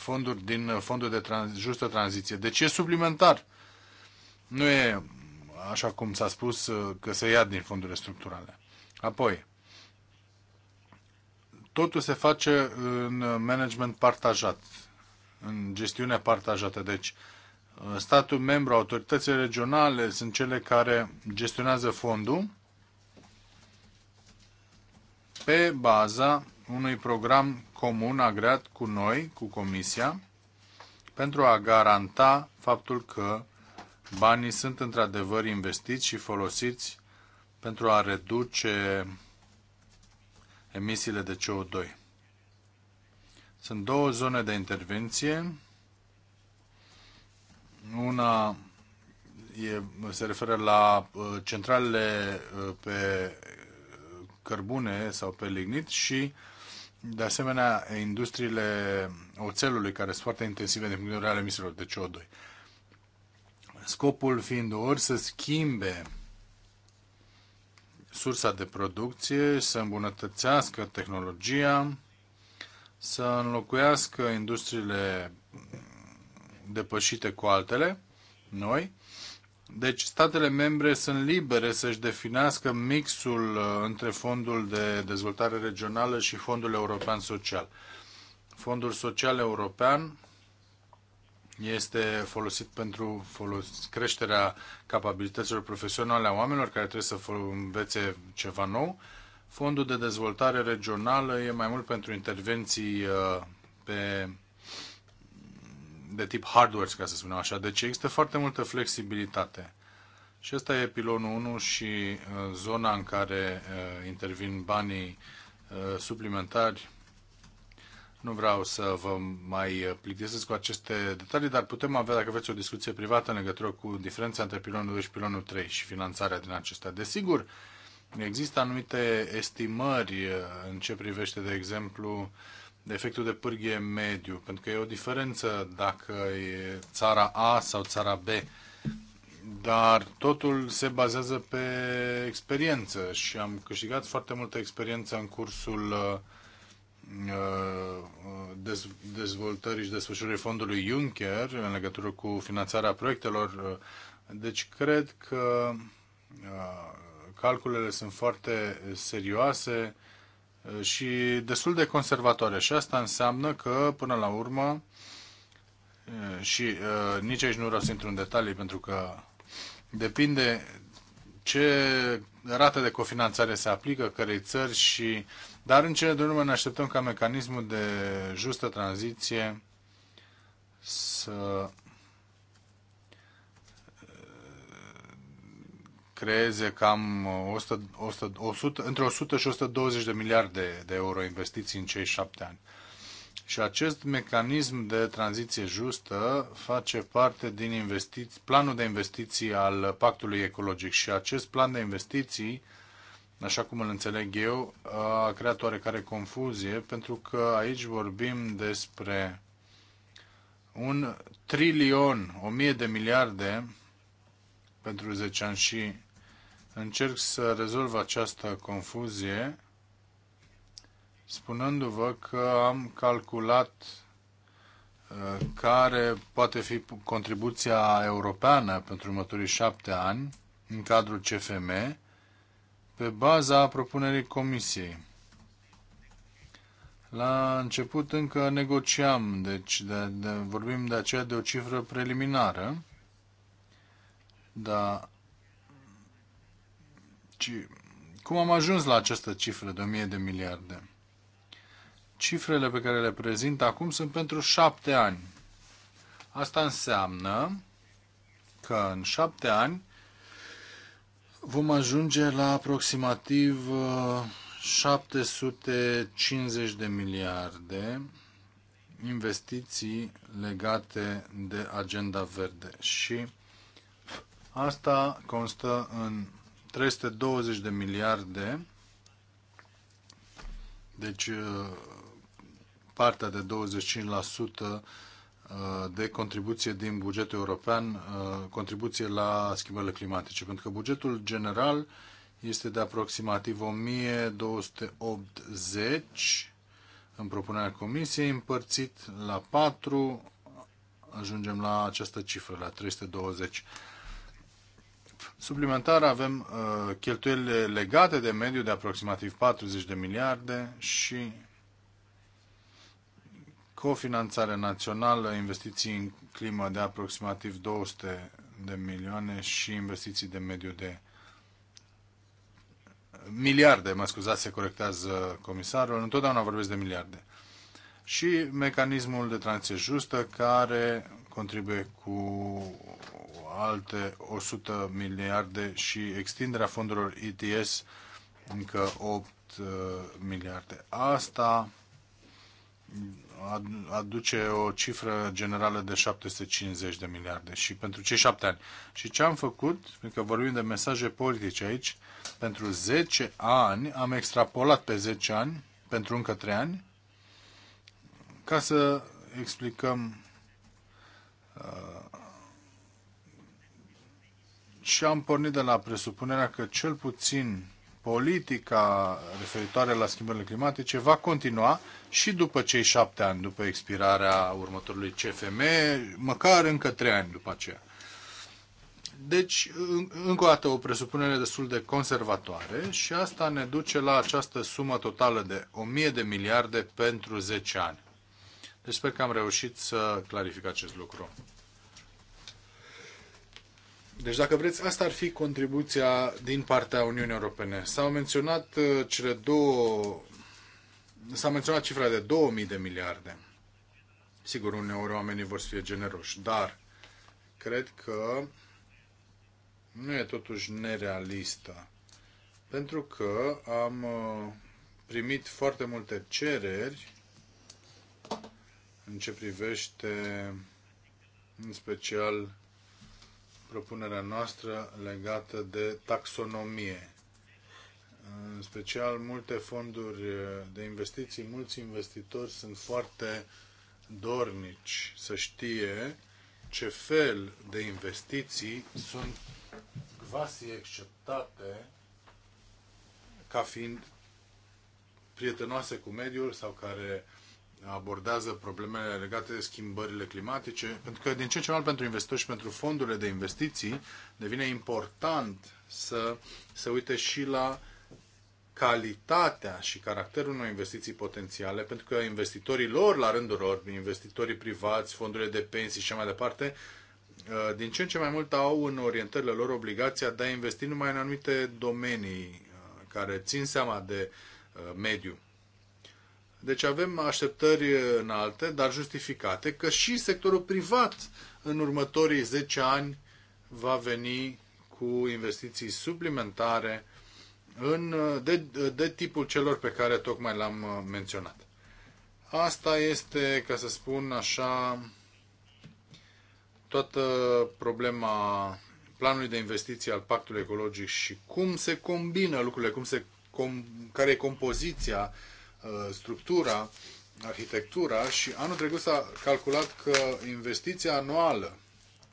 fonduri din uh, fondul de trans, justă tranziție. Deci e suplimentar. Nu e uh, așa cum s-a spus uh, că se ia din fondurile structurale. Apoi, totul se face în management partajat, în gestiune partajată. Deci, statul membru, autoritățile regionale sunt cele care gestionează fondul pe baza unui program comun agreat cu noi, cu Comisia, pentru a garanta faptul că banii sunt într-adevăr investiți și folosiți pentru a reduce emisiile de CO2. Sunt două zone de intervenție. Una e, se referă la uh, centralele uh, pe cărbune sau pe lignit și de asemenea, industriile oțelului, care sunt foarte intensive din punct de vedere al emisiilor de CO2. Scopul fiind ori să schimbe sursa de producție, să îmbunătățească tehnologia, să înlocuiască industriile depășite cu altele, noi, deci statele membre sunt libere să-și definească mixul uh, între fondul de dezvoltare regională și fondul european social. Fondul social european este folosit pentru folos- creșterea capabilităților profesionale a oamenilor care trebuie să învețe ceva nou. Fondul de dezvoltare regională e mai mult pentru intervenții uh, pe de tip hardware, ca să spunem așa. Deci există foarte multă flexibilitate. Și ăsta e pilonul 1 și uh, zona în care uh, intervin banii uh, suplimentari. Nu vreau să vă mai plictisesc cu aceste detalii, dar putem avea, dacă vreți, o discuție privată în legătură cu diferența între pilonul 2 și pilonul 3 și finanțarea din acestea. Desigur, există anumite estimări în ce privește, de exemplu, de efectul de pârghie mediu, pentru că e o diferență dacă e țara A sau țara B, dar totul se bazează pe experiență și am câștigat foarte multă experiență în cursul uh, uh, dezvoltării și desfășurării fondului Juncker în legătură cu finanțarea proiectelor. Uh, deci cred că calculele sunt foarte serioase și destul de conservatoare. Și asta înseamnă că, până la urmă, eh, și uh, nici aici nu vreau să intru în detalii, pentru că depinde ce rată de cofinanțare se aplică cărei țări și... Dar în cele de urmă ne așteptăm ca mecanismul de justă tranziție să creeze cam 100, 100, 100, între 100 și 120 de miliarde de euro investiții în cei șapte ani. Și acest mecanism de tranziție justă face parte din planul de investiții al pactului ecologic și acest plan de investiții, așa cum îl înțeleg eu, a creat oarecare confuzie pentru că aici vorbim despre un trilion, o mie de miliarde pentru 10 ani și Încerc să rezolv această confuzie spunându-vă că am calculat uh, care poate fi contribuția europeană pentru următorii șapte ani în cadrul CFM pe baza propunerii Comisiei. La început încă negociam, deci de, de, vorbim de aceea de o cifră preliminară, dar ci cum am ajuns la această cifră de 1000 de miliarde? Cifrele pe care le prezint acum sunt pentru șapte ani. Asta înseamnă că în șapte ani vom ajunge la aproximativ 750 uh, de miliarde investiții legate de agenda verde și asta constă în 320 de miliarde, deci uh, partea de 25% uh, de contribuție din bugetul european, uh, contribuție la schimbările climatice, pentru că bugetul general este de aproximativ 1280 în propunerea comisiei, împărțit la 4, ajungem la această cifră, la 320. Suplimentar avem uh, cheltuielile legate de mediu de aproximativ 40 de miliarde și cofinanțare națională, investiții în climă de aproximativ 200 de milioane și investiții de mediu de miliarde, mă scuzați, se corectează comisarul, întotdeauna vorbesc de miliarde. Și mecanismul de tranziție justă care contribuie cu alte 100 miliarde și extinderea fondurilor ETS încă 8 uh, miliarde. Asta aduce o cifră generală de 750 de miliarde și pentru cei șapte ani. Și ce am făcut, pentru că vorbim de mesaje politice aici, pentru 10 ani am extrapolat pe 10 ani, pentru încă 3 ani, ca să explicăm uh, și am pornit de la presupunerea că cel puțin politica referitoare la schimbările climatice va continua și după cei șapte ani, după expirarea următorului CFM, măcar încă trei ani după aceea. Deci, încă o dată, o presupunere destul de conservatoare și asta ne duce la această sumă totală de 1000 de miliarde pentru 10 ani. Deci sper că am reușit să clarific acest lucru. Deci, dacă vreți, asta ar fi contribuția din partea Uniunii Europene. S-au menționat uh, cele două. S-a menționat cifra de 2000 de miliarde. Sigur, uneori oamenii vor fi fie generoși, dar cred că nu e totuși nerealistă. Pentru că am uh, primit foarte multe cereri în ce privește, în special, propunerea noastră legată de taxonomie. În special, multe fonduri de investiții, mulți investitori sunt foarte dornici să știe ce fel de investiții sunt quasi acceptate ca fiind prietenoase cu mediul sau care abordează problemele legate de schimbările climatice, pentru că din ce în ce mai pentru investitori și pentru fondurile de investiții devine important să se uite și la calitatea și caracterul unor investiții potențiale, pentru că investitorii lor, la rândul lor, investitorii privați, fondurile de pensii și mai departe, uh, din ce în ce mai mult au în orientările lor obligația de a investi numai în anumite domenii uh, care țin seama de uh, mediu. Deci avem așteptări înalte, dar justificate, că și sectorul privat în următorii 10 ani va veni cu investiții suplimentare în, de, de tipul celor pe care tocmai l-am menționat. Asta este, ca să spun așa, toată problema planului de investiții al pactului ecologic și cum se combină lucrurile, cum se, com, care e compoziția Uh, structura, arhitectura și anul trecut s-a calculat că investiția anuală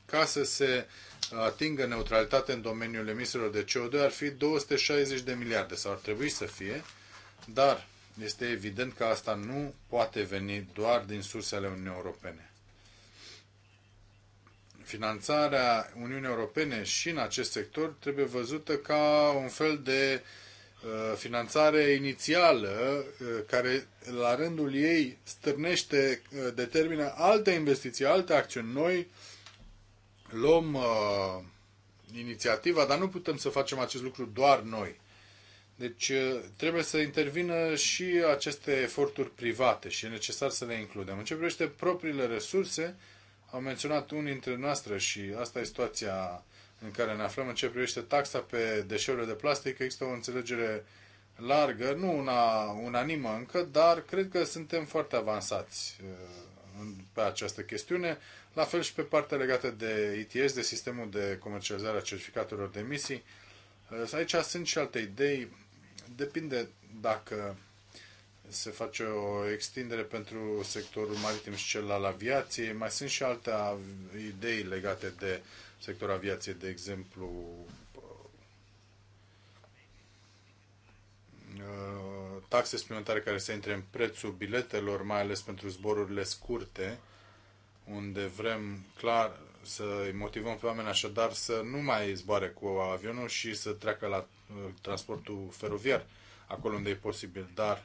ca să se atingă neutralitate în domeniul emisiilor de CO2 ar fi 260 de miliarde sau ar trebui să fie, dar este evident că asta nu poate veni doar din sursele Uniunii Europene. Finanțarea Uniunii Europene și în acest sector trebuie văzută ca un fel de uh, Uh, finanțare inițială uh, care la rândul ei stârnește, uh, determină alte investiții, alte acțiuni. Noi luăm uh, inițiativa, dar nu putem să facem acest lucru doar noi. Deci trebuie să intervină și aceste eforturi private și e necesar să le includem. În ce privește propriile resurse, au menționat unii dintre noastre și asta e situația în care ne aflăm în ce privește taxa pe deșeurile de plastic. Există o înțelegere largă, nu una unanimă încă, dar cred că suntem foarte avansați uh, pe această chestiune. La fel și pe partea legată de ETS, de sistemul de comercializare a certificatelor de emisii. Uh, aici sunt și alte idei. Depinde dacă se face o extindere pentru sectorul maritim și cel al aviației. Mai sunt și alte idei legate de uh, sector aviației, de exemplu, uh, taxe suplimentare care să intre în prețul biletelor, mai ales pentru zborurile scurte, unde vrem clar să îi motivăm pe oameni așadar să nu mai zboare cu avionul și să treacă la uh, transportul feroviar, acolo unde e posibil. Dar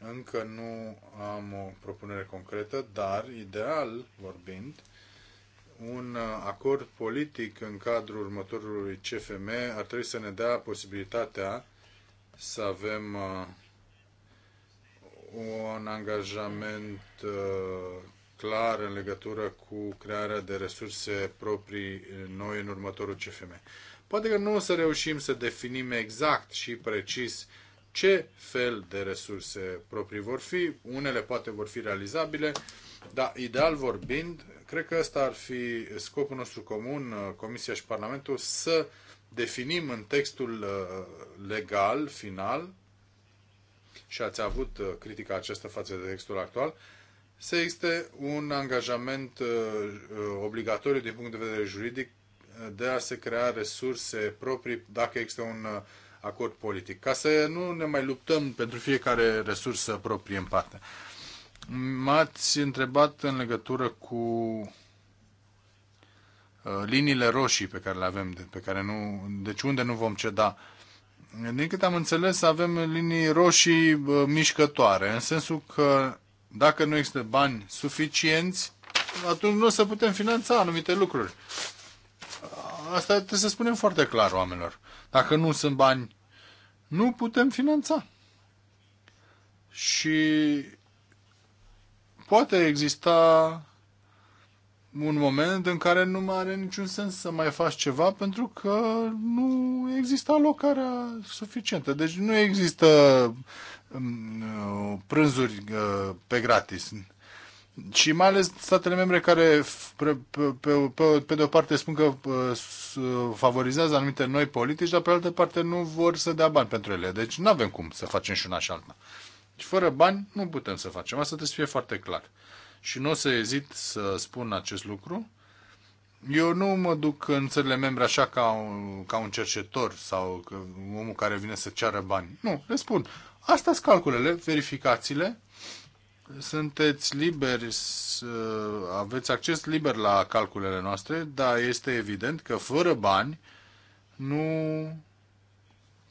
încă nu am o propunere concretă, dar ideal vorbind, un uh, acord politic în cadrul următorului CFM ar trebui să ne dea posibilitatea să avem uh, un angajament uh, clar în legătură cu crearea de resurse proprii noi în următorul CFM. Poate că nu o să reușim să definim exact și precis ce fel de resurse proprii vor fi, unele poate vor fi realizabile, dar ideal vorbind, Cred că ăsta ar fi scopul nostru comun, uh, Comisia și Parlamentul, să definim în textul uh, legal, final, și ați avut uh, critica aceasta față de textul actual, să existe un angajament obligatoriu din punct de vedere juridic de a se crea resurse proprii dacă există un acord politic, ca să nu ne mai luptăm pentru fiecare resursă proprie în parte. M-ați întrebat în legătură cu uh, liniile roșii pe care le avem, pe care nu, deci unde nu vom ceda. Din câte am înțeles, avem linii roșii uh, mișcătoare, în sensul că dacă nu există bani suficienți, atunci nu o să putem finanța anumite lucruri. Asta trebuie să spunem foarte clar oamenilor. Dacă nu sunt bani, nu putem finanța. Și poate exista un moment în care nu mai are niciun sens să mai faci ceva pentru că nu există alocarea suficientă. Deci nu există mm, uh, prânzuri uh, pe gratis. Și mai ales statele membre care, pe, pe, pe, pe de o parte, spun că uh, favorizează anumite noi politici, dar pe altă parte nu vor să dea bani pentru ele. Deci nu avem cum să facem și una și alta. Deci fără bani nu putem să facem. Asta trebuie să fie foarte clar. Și nu o să ezit să spun acest lucru. Eu nu mă duc în țările membre așa ca un, ca un cercetor sau omul care vine să ceară bani. Nu, le spun. Asta sunt calculele, verificațiile. Sunteți liberi, să, aveți acces liber la calculele noastre, dar este evident că fără bani nu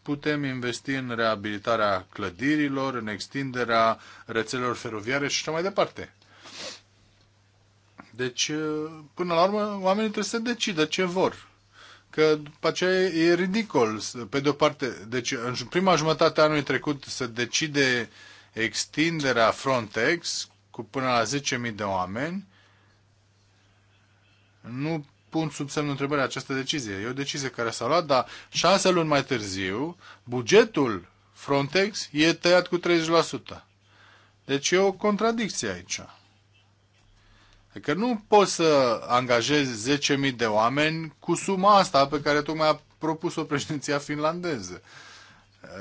putem investi în reabilitarea clădirilor, în extinderea rețelelor feroviare și așa mai departe. Deci, până la urmă, oamenii trebuie să decidă ce vor. Că după aceea e ridicol, pe de-o parte. Deci, în prima jumătate a anului trecut să decide extinderea Frontex cu până la 10.000 de oameni. Nu pun sub semnul întrebării această decizie. E o decizie care s-a luat, dar șase luni mai târziu, bugetul Frontex e tăiat cu 30%. Deci e o contradicție aici. Adică nu poți să angajezi 10.000 de oameni cu suma asta pe care tocmai a propus-o președinția finlandeză.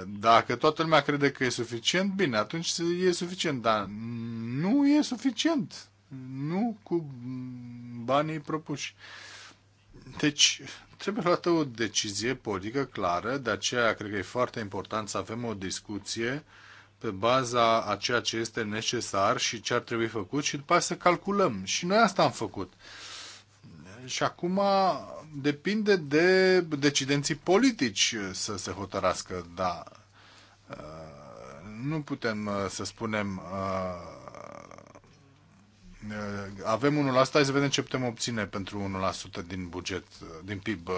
Dacă toată lumea crede că e suficient, bine, atunci e suficient, dar nu e suficient. Nu cu banii propuși. Deci, trebuie luată o decizie politică clară, de aceea cred că e foarte important să avem o discuție pe baza a ceea ce este necesar și ce ar trebui făcut și după aceea să calculăm. Și noi asta am făcut. Și acum depinde de decidenții politici să se hotărască, da. Uh, nu putem uh, să spunem uh, avem unul asta, hai să vedem ce putem obține pentru 1% din buget, din PIB.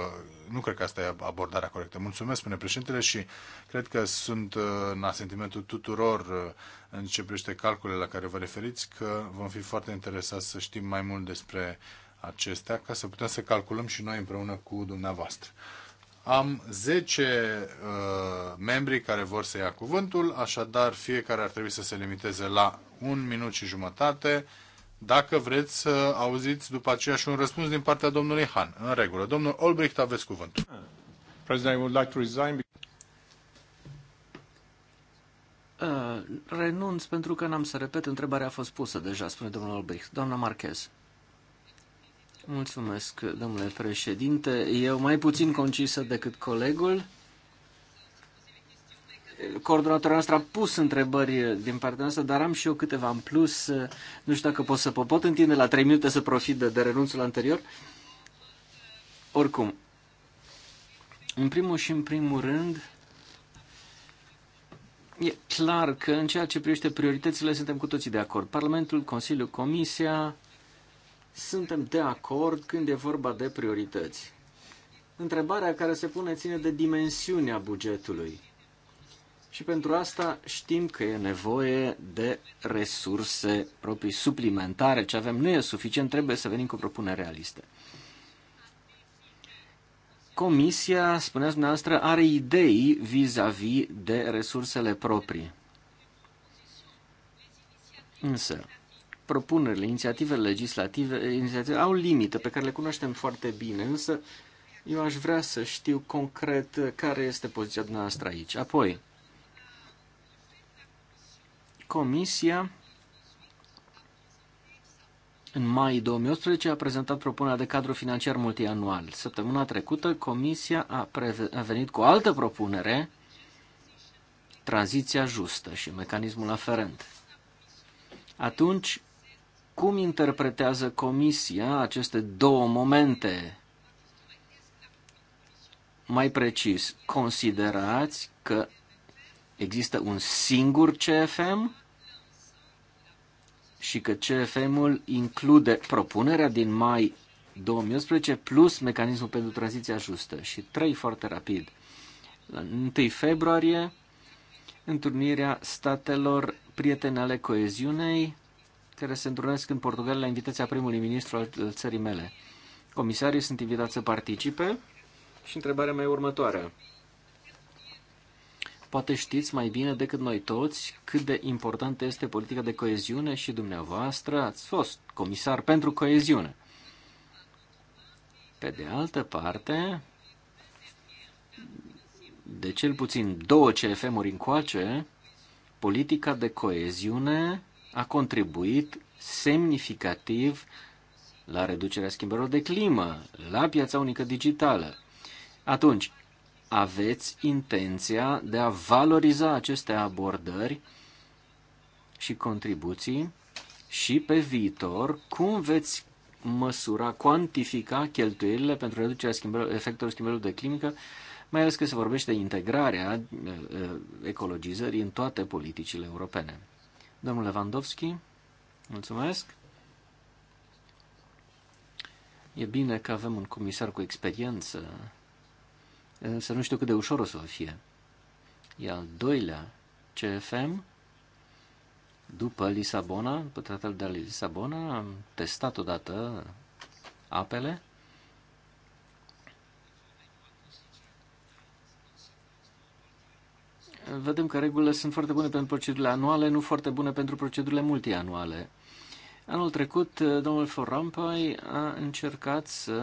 Nu cred că asta e abordarea corectă. Mulțumesc, spune președintele, și cred că sunt uh, în asentimentul tuturor uh, în ce privește calculele la care vă referiți, că vom fi foarte interesați să știm mai mult despre acestea, ca să putem să calculăm și noi împreună cu dumneavoastră. Am 10 uh, membri care vor să ia cuvântul, așadar fiecare ar trebui să se limiteze la un minut și jumătate dacă vreți să auziți după aceea și un răspuns din partea domnului Han. În regulă. Domnul Olbricht, aveți cuvântul. President, Uh, renunț pentru că n-am să repet, întrebarea a fost pusă deja, spune domnul Olbricht. Doamna Marchez. Mulțumesc, domnule președinte. Eu mai puțin concisă decât colegul coordonatorul nostru a pus întrebări din partea noastră, dar am și eu câteva în plus. Nu știu dacă pot să pot pot întinde la 3 minute să profit de, de renunțul anterior. Oricum, în primul și în primul rând, e clar că în ceea ce privește prioritățile suntem cu toții de acord. Parlamentul, Consiliul, Comisia, suntem de acord când e vorba de priorități. Întrebarea care se pune ține de dimensiunea bugetului. Și pentru asta știm că e nevoie de resurse proprii suplimentare. Ce avem nu e suficient, trebuie să venim cu propuneri realiste. Comisia, spuneați dumneavoastră, are idei vis-a-vis -vis de resursele proprii. Însă, propunerile, inițiativele legislative inițiative, au limite pe care le cunoaștem foarte bine, însă eu aș vrea să știu concret care este poziția dumneavoastră aici. Apoi, Comisia în mai 2018 a prezentat propunerea de cadru financiar multianual. Săptămâna trecută, Comisia a, a venit cu o altă propunere, tranziția justă și mecanismul aferent. Atunci, cum interpretează Comisia aceste două momente? Mai precis, considerați că există un singur CFM și că CFM-ul include propunerea din mai 2011 plus mecanismul pentru tranziția justă. Și trei foarte rapid. La 1 februarie, întâlnirea statelor prietene ale coeziunei, care se întrunesc în Portugalia la invitația primului ministru al țării mele. Comisarii sunt invitați să participe și întrebarea mea e următoarea. Poate știți mai bine decât noi toți cât de importantă este politica de coeziune și dumneavoastră ați fost comisar pentru coeziune. Pe de altă parte, de cel puțin două CFM-uri încoace, politica de coeziune a contribuit semnificativ la reducerea schimbărilor de climă, la piața unică digitală. Atunci, aveți intenția de a valoriza aceste abordări și contribuții și pe viitor cum veți măsura, cuantifica cheltuielile pentru reducerea schimbărilor, efectelor schimbărilor de climică, mai ales că se vorbește de integrarea uh, uh, ecologizării în toate politicile europene. Domnul Lewandowski, mulțumesc. E bine că avem un comisar cu experiență însă nu știu cât de ușor o să fie. E al doilea CFM, după Lisabona, după tratatul de la Lisabona, am testat odată apele. Vedem că regulile sunt foarte bune pentru procedurile anuale, nu foarte bune pentru procedurile multianuale. Anul trecut, domnul Forrampai a încercat să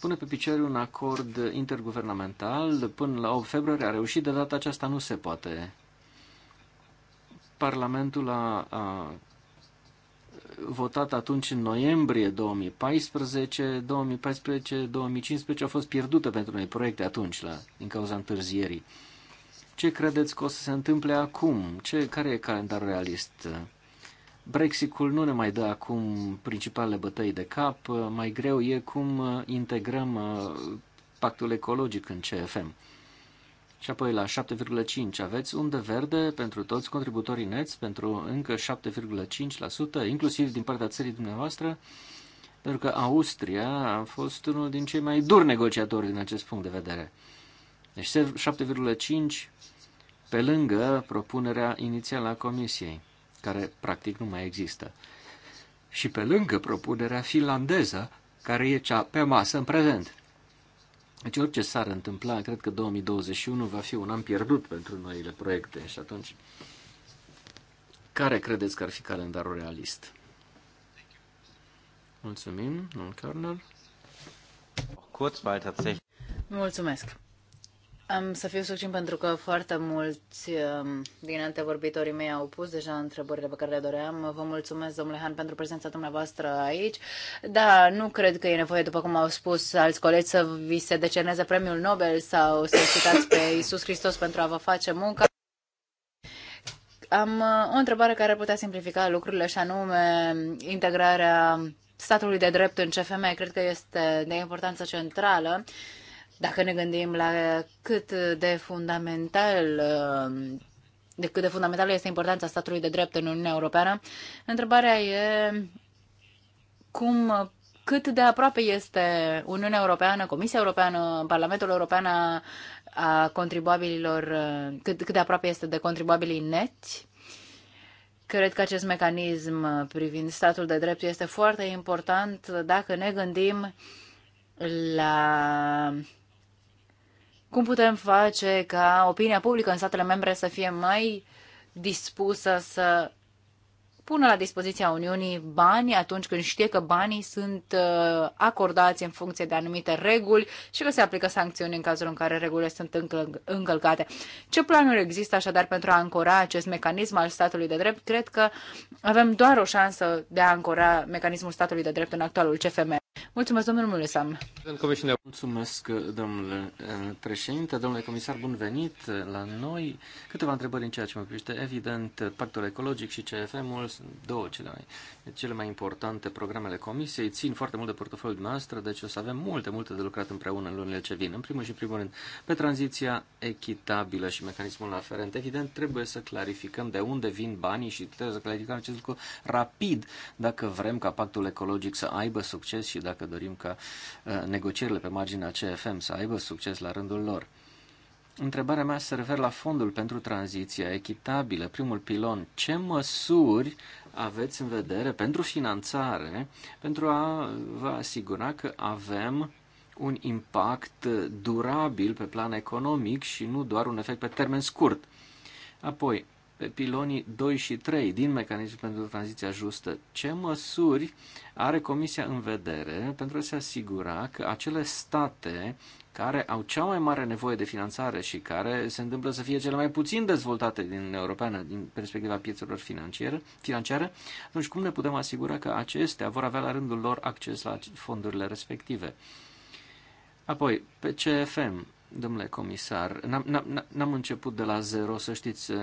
pune pe picioare un acord interguvernamental până la 8 februarie. A reușit, de data aceasta nu se poate. Parlamentul a, a votat atunci în noiembrie 2014, 2014, 2015 au fost pierdute pentru noi proiecte atunci la, din cauza întârzierii. Ce credeți că o să se întâmple acum? Ce, care e calendarul realist? Brexitul nu ne mai dă acum principalele bătăi de cap, mai greu e cum integrăm uh, pactul ecologic în CFM. Și apoi la 7,5 aveți unde verde pentru toți contributorii neți, pentru încă 7,5%, inclusiv din partea țării dumneavoastră, pentru că Austria a fost unul din cei mai duri negociatori din acest punct de vedere. Deci 7,5 pe lângă propunerea inițială a Comisiei care practic nu mai există. Și pe lângă propunerea finlandeză, care e cea pe masă în prezent. Deci orice s-ar întâmpla, cred că 2021 va fi un an pierdut pentru noile proiecte și atunci care credeți că ar fi calendarul realist? Mulțumim, domnul Körner. Mulțumesc. Am să fiu succint pentru că foarte mulți um, din antevorbitorii mei au pus deja întrebările pe care le doream. Vă mulțumesc, domnule Han, pentru prezența dumneavoastră aici. Da, nu cred că e nevoie, după cum au spus alți colegi, să vi se decerneze premiul Nobel sau să citați pe Iisus Hristos pentru a vă face munca. Am uh, o întrebare care ar putea simplifica lucrurile și anume integrarea statului de drept în CFM. Cred că este de importanță centrală. Uh, dacă ne gândim la cât de fundamental uh, de cât de fundamentală este importanța statului de drept în Uniunea Europeană, întrebarea e cum cât de aproape este Uniunea Europeană, Comisia Europeană, Parlamentul European a, a contribuabililor, uh, cât, cât de aproape este de contribuabilii neți. Cred că acest mecanism privind statul de drept este foarte important dacă ne gândim la cum putem face ca opinia publică în statele membre să fie mai dispusă să pună la dispoziția Uniunii bani atunci când știe că banii sunt uh, acordați în funcție de anumite reguli și că se aplică sancțiuni în cazul în care regulile sunt încălcate. Ce planuri există așadar pentru a ancora acest mecanism al statului de drept? Cred că avem doar o șansă de a ancora mecanismul statului de drept în actualul CFM. Mulțumesc, domnul Mulesam. Mulțumesc, domnule eh, președinte, domnule comisar, bun venit la noi. Câteva întrebări în ceea ce mă privește. Evident, pactul ecologic și CFM-ul sunt două cele mai, cele mai importante programele comisiei. Țin foarte mult de portofoliul noastră, deci o să avem multe, multe de lucrat împreună în lunile ce vin. În primul și în primul rând, pe tranziția echitabilă și mecanismul aferent. Evident, trebuie să clarificăm de unde vin banii și trebuie să clarificăm acest lucru rapid dacă vrem ca pactul ecologic să aibă succes și dacă dorim ca uh, negocierile pe marginea CFM să aibă succes la rândul lor. Întrebarea mea se referă la fondul pentru tranziția echitabilă, primul pilon. Ce măsuri aveți în vedere pentru finanțare, pentru a vă asigura că avem un impact durabil pe plan economic și nu doar un efect pe termen scurt? Apoi, pe pilonii 2 și 3 din mecanismul pentru tranziția justă, ce măsuri are Comisia în vedere pentru a se asigura că acele state care au cea mai mare nevoie de finanțare și care se întâmplă să fie cele mai puțin dezvoltate din Europeană din perspectiva piețelor financiare, financiare, atunci cum ne putem asigura că acestea vor avea la rândul lor acces la fondurile respective? Apoi, pe CFM, Domnule comisar, n-am început de la zero, să știți, uh,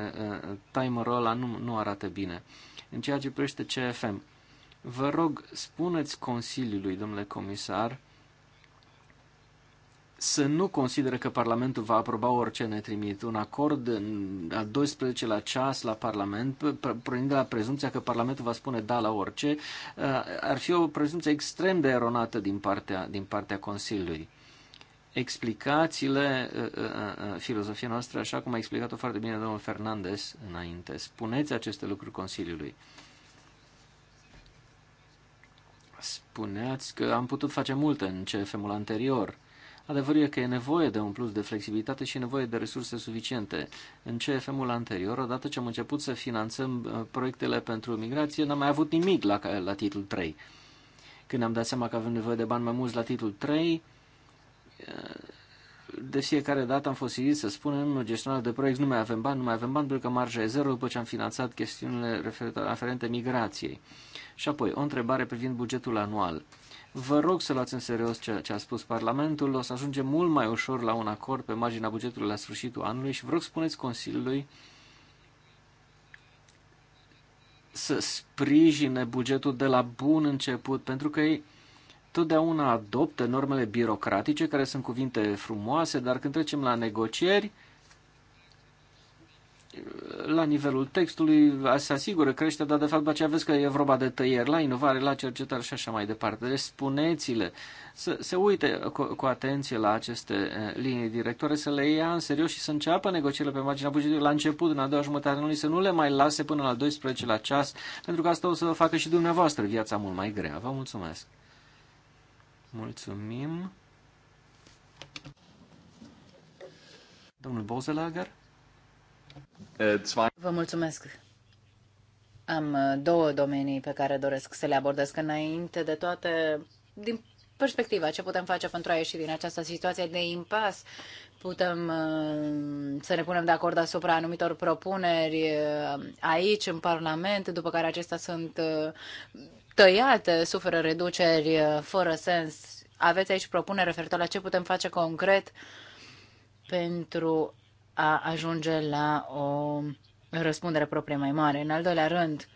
uh, timerul ăla nu, nu arată bine. În ceea ce privește CFM, vă rog, spuneți Consiliului, domnule comisar, să nu consideră că Parlamentul va aproba orice ne trimit. Un acord a 12 la ceas la Parlament, pornind de la prezumția că Parlamentul va spune da la orice, uh, ar fi o prezumție extrem de eronată din partea, din partea Consiliului explicațiile, uh, uh, uh, filozofia noastră, așa cum a explicat-o foarte bine domnul Fernandez înainte. Spuneți aceste lucruri Consiliului. Spuneați că am putut face multe în CFM-ul anterior. Adevărul e că e nevoie de un plus de flexibilitate și nevoie de resurse suficiente. În CFM-ul anterior, odată ce am început să finanțăm proiectele pentru migrație, n-am mai avut nimic la, la titlul 3. Când am dat seama că avem nevoie de bani mai mulți la titlul 3, de fiecare dată am fost silit să spunem, gestionarea de proiect, nu mai avem bani, nu mai avem bani, pentru că marja e zero după ce am finanțat chestiunile aferente migrației. Și apoi, o întrebare privind bugetul anual. Vă rog să luați în serios ce, ce a spus Parlamentul, o să ajungem mult mai ușor la un acord pe marginea bugetului la sfârșitul anului și vă rog spuneți Consiliului să sprijine bugetul de la bun început, pentru că ei totdeauna adoptă normele birocratice, care sunt cuvinte frumoase, dar când trecem la negocieri, la nivelul textului se asigură crește, dar de fapt aceea vezi că e vorba de tăieri la inovare, la cercetare și așa mai departe. Deci spuneți-le, să se uite cu, cu atenție la aceste eh, linii directoare, să le ia în serios și să înceapă negocierile pe marginea bugetului la început, în a doua jumătate anului, să nu le mai lase până la 12 la ceas, pentru că asta o să facă și dumneavoastră viața mult mai grea. Vă mulțumesc! Mulțumim. Domnul Boselager. Vă mulțumesc. Am uh, două domenii pe care doresc să le abordez, înainte de toate, din perspectiva ce putem face pentru a ieși din această situație de impas, putem uh, să ne punem de acord asupra anumitor propuneri uh, aici, în Parlament, după care acestea sunt tăiate, suferă reduceri uh, fără sens. Aveți aici propunere referitor la ce putem face concret pentru a ajunge la o răspundere proprie mai mare. În al doilea rând,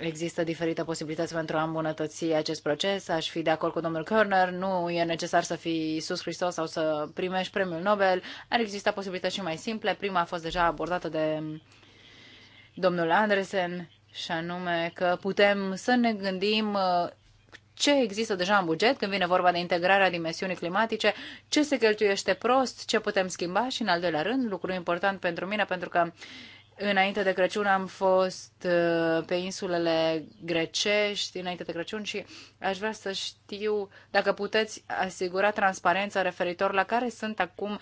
Există diferite posibilități pentru a îmbunătăți acest proces. Aș fi de acord cu domnul Körner. Nu e necesar să fii Iisus Hristos sau să primești premiul Nobel. Ar exista posibilități și mai simple. Prima a fost deja abordată de domnul Andresen și anume că putem să ne gândim uh, ce există deja în buget când vine vorba de integrarea dimensiunii climatice, ce se cheltuiește prost, ce putem schimba și, în al doilea rând, lucru important pentru mine, pentru că înainte de Crăciun am fost uh, pe insulele grecești, înainte de Crăciun și aș vrea să știu dacă puteți asigura transparența referitor la care sunt acum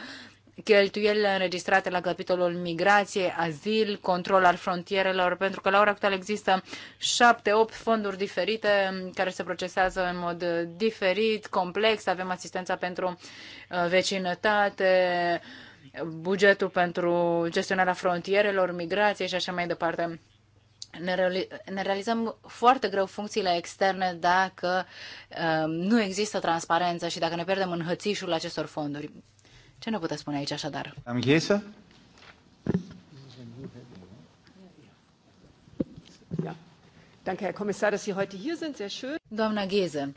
cheltuielile înregistrate la capitolul migrație, azil, control al frontierelor, pentru că la ora actuală există șapte, opt fonduri diferite care se procesează în mod diferit, complex. Avem asistența pentru uh, vecinătate, bugetul pentru gestionarea frontierelor, migrație și așa mai departe ne realizăm foarte greu funcțiile externe dacă uh, nu există transparență și dacă ne pierdem în hățișul acestor fonduri. Ce ne puteți spune aici așadar? Am ghesă? Doamna Gheze,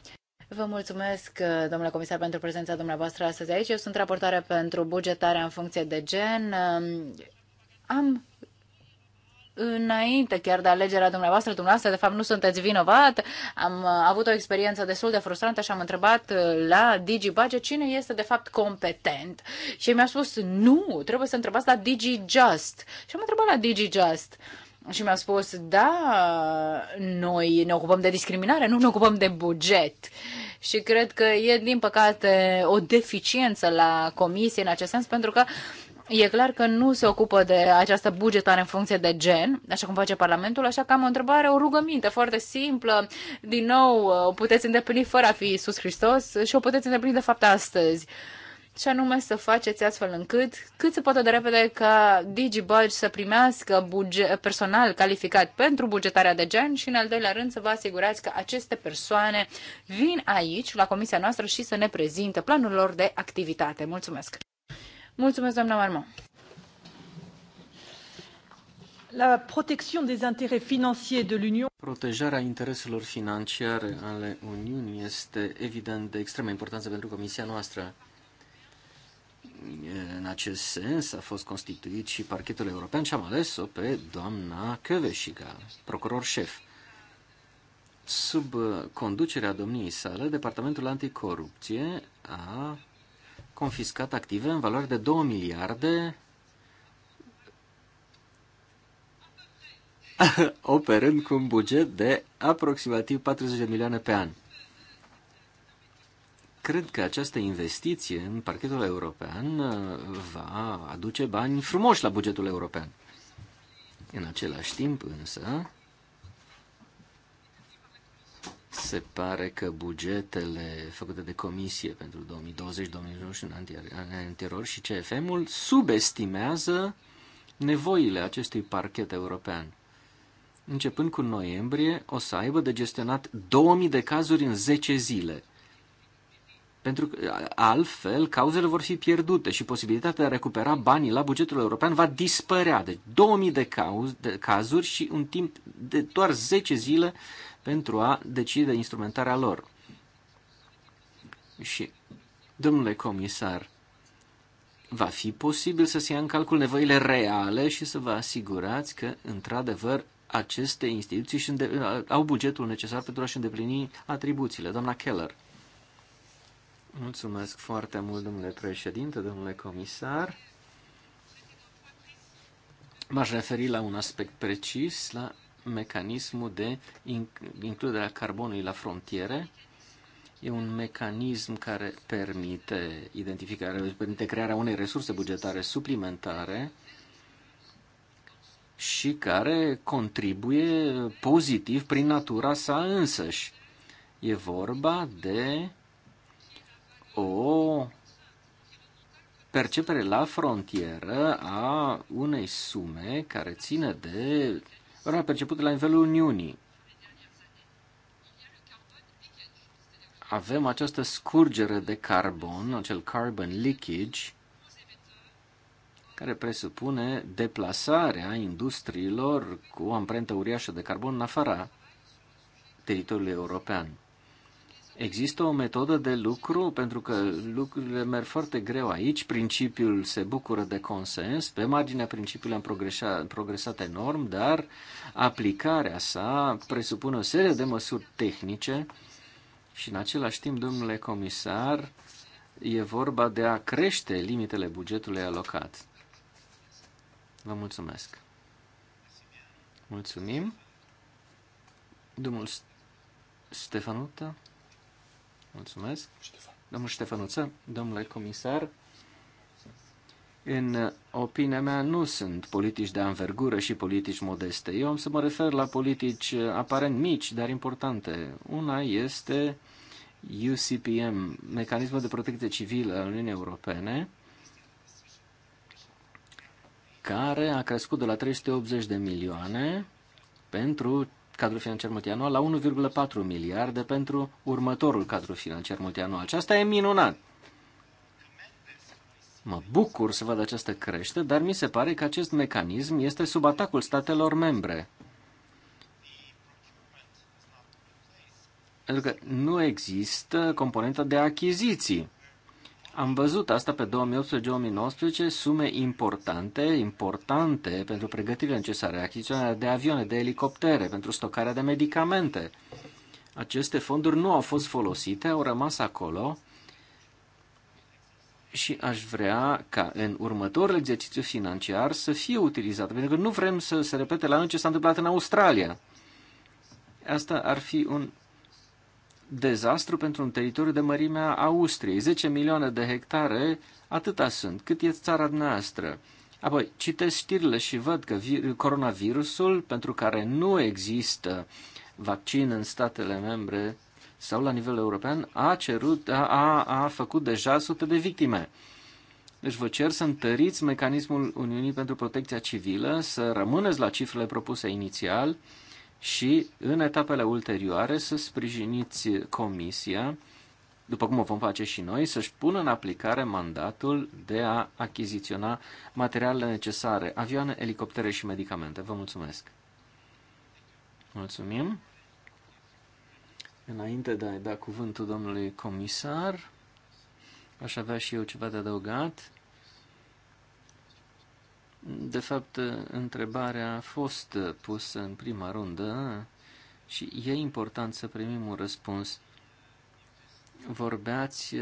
vă mulțumesc, domnule comisar, pentru prezența dumneavoastră astăzi aici. Eu sunt raportoare pentru bugetarea în funcție de gen. Am înainte chiar de alegerea dumneavoastră, dumneavoastră, de fapt nu sunteți vinovat, am uh, avut o experiență destul de frustrantă și am întrebat uh, la DigiBage cine este de fapt competent. Și mi-a spus, nu, trebuie să întrebați la DigiJust. Și am întrebat la DigiJust. Și mi-a spus, da, noi ne ocupăm de discriminare, nu ne ocupăm de buget. Și cred că e, din păcate, o deficiență la comisie în acest sens, pentru că uh, E clar că nu se ocupă de această bugetare în funcție de gen, așa cum face Parlamentul, așa că am o întrebare, o rugăminte foarte simplă. Din nou, o puteți îndeplini fără a fi Iisus Hristos și o puteți îndeplini de fapt astăzi și anume să faceți astfel încât, cât se poate de repede, ca DigiBudge să primească buget, personal calificat pentru bugetarea de gen și, în al doilea rând, să vă asigurați că aceste persoane vin aici, la comisia noastră, și să ne prezinte planul lor de activitate. Mulțumesc! Mulțumesc, doamna Marmo. La protection des intérêts financiers de l'Union. Protejarea intereselor financiare ale Uniunii este evident de extremă importanță pentru Comisia noastră. În acest sens a fost constituit și parchetul european și am ales-o pe doamna Căveșiga, procuror șef. Sub conducerea domniei sale, Departamentul Anticorupție a confiscat active în valoare de 2 miliarde operând cu un buget de aproximativ 40 de milioane pe an. Cred că această investiție în parchetul european uh, va aduce bani frumoși la bugetul european. În același timp, însă, se pare că bugetele făcute de comisie pentru 2020, 2021 în anterior și CFM-ul subestimează nevoile acestui parchet european. Începând cu noiembrie, o să aibă de gestionat 2000 de cazuri în 10 zile. Pentru că altfel cauzele vor fi pierdute și posibilitatea de a recupera banii la bugetul european va dispărea. Deci 2000 de, cauz, de cazuri și un timp de doar 10 zile pentru a decide instrumentarea lor. Și, domnule comisar, va fi posibil să se ia în calcul nevoile reale și să vă asigurați că, într-adevăr, aceste instituții și au bugetul necesar pentru a-și îndeplini atribuțiile. Doamna Keller. Mulțumesc foarte mult, domnule președinte, domnule comisar. M-aș referi la un aspect precis, la mecanismul de includere a carbonului la frontiere. E un mecanism care permite identificarea, permite crearea unei resurse bugetare suplimentare și care contribuie pozitiv prin natura sa însăși. E vorba de o percepere la frontieră a unei sume care ține de a perceput la nivelul Uniunii. Avem această scurgere de carbon, acel carbon leakage, care presupune deplasarea industriilor cu o amprentă uriașă de carbon în afara teritoriului european. Există o metodă de lucru, pentru că lucrurile merg foarte greu aici, principiul se bucură de consens, pe marginea principiului am progresat, progresat enorm, dar aplicarea sa presupune o serie de măsuri tehnice și în același timp, domnule comisar, e vorba de a crește limitele bugetului alocat. Vă mulțumesc. Mulțumim. Domnul Stefanuta. Mulțumesc. Ștefan. Domnul Ștefănuță, domnule comisar, în opinia mea nu sunt politici de anvergură și politici modeste. Eu am să mă refer la politici aparent mici, dar importante. Una este UCPM, Mecanismul de Protecție Civilă al Uniunii Europene, care a crescut de la 380 de milioane pentru cadru financiar multianual la 1,4 miliarde pentru următorul cadru financiar multianual. Și asta e minunat. Mă bucur să văd această crește, dar mi se pare că acest mecanism este sub atacul statelor membre. Pentru că nu există componenta de achiziții. Am văzut asta pe 2018-2019, sume importante, importante pentru pregătirile necesare, achiziționarea de avioane, de elicoptere, pentru stocarea de medicamente. Aceste fonduri nu au fost folosite, au rămas acolo și aș vrea ca în următorul exercițiu financiar să fie utilizată, pentru că nu vrem să se repete la noi ce s-a întâmplat în Australia. Asta ar fi un dezastru pentru un teritoriu de mărimea Austriei. 10 milioane de hectare, atâta sunt, cât e țara noastră. Apoi, citesc știrile și văd că coronavirusul, pentru care nu există vaccin în statele membre sau la nivel european, a, cerut, a, a, a făcut deja sute de victime. Deci vă cer să întăriți mecanismul Uniunii pentru protecția civilă, să rămâneți la cifrele propuse inițial, și în etapele ulterioare să sprijiniți comisia, după cum o vom face și noi, să-și pună în aplicare mandatul de a achiziționa materialele necesare, avioane, elicoptere și medicamente. Vă mulțumesc! Mulțumim! Înainte de a da cuvântul domnului comisar, aș avea și eu ceva de adăugat. De fapt, întrebarea a fost pusă în prima rundă și e important să primim un răspuns. Vorbeați,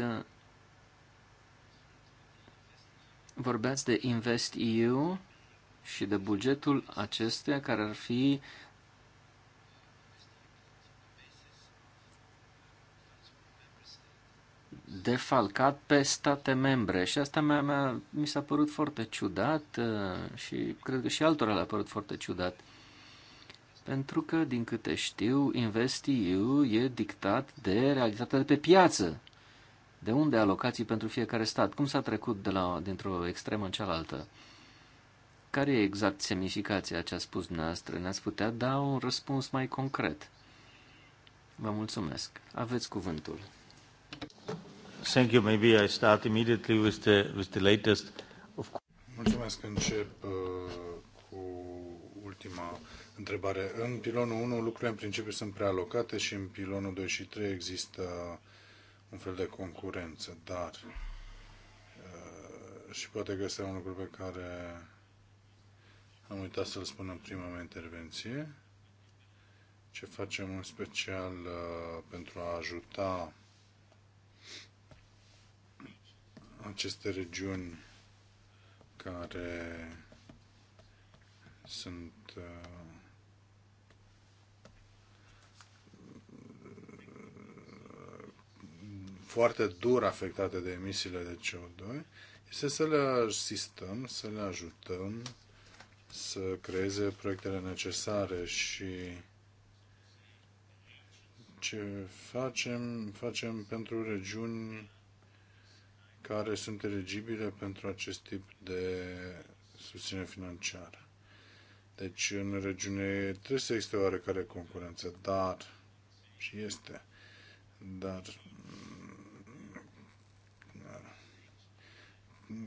vorbeați de InvestEU și de bugetul acestea care ar fi defalcat pe state membre și asta mi-a, mi mi s-a părut foarte ciudat uh, și cred că și altora le-a părut foarte ciudat. Pentru că, din câte știu, InvestEU e dictat de realitatea de pe piață. De unde alocații pentru fiecare stat? Cum s-a trecut de la, dintr-o extremă în cealaltă? Care e exact semnificația ce a spus dumneavoastră? Ne-ați putea da un răspuns mai concret? Vă mulțumesc. Aveți cuvântul. Thank you. Maybe I start immediately with the, with the latest. Of Mulțumesc. Încep uh, cu ultima întrebare. În pilonul 1 lucrurile în principiu sunt prealocate și în pilonul 2 și 3 există un fel de concurență, dar uh, și poate că este un lucru pe care am uitat să-l spun în prima mea intervenție. Ce facem în special uh, pentru a ajuta aceste regiuni care sunt uh, foarte dur afectate de emisiile de CO2 este să le asistăm, să le ajutăm să creeze proiectele necesare și ce facem, facem pentru regiuni care sunt eligibile pentru acest tip de susținere financiară. Deci în regiune trebuie să existe oarecare concurență, dar și este, dar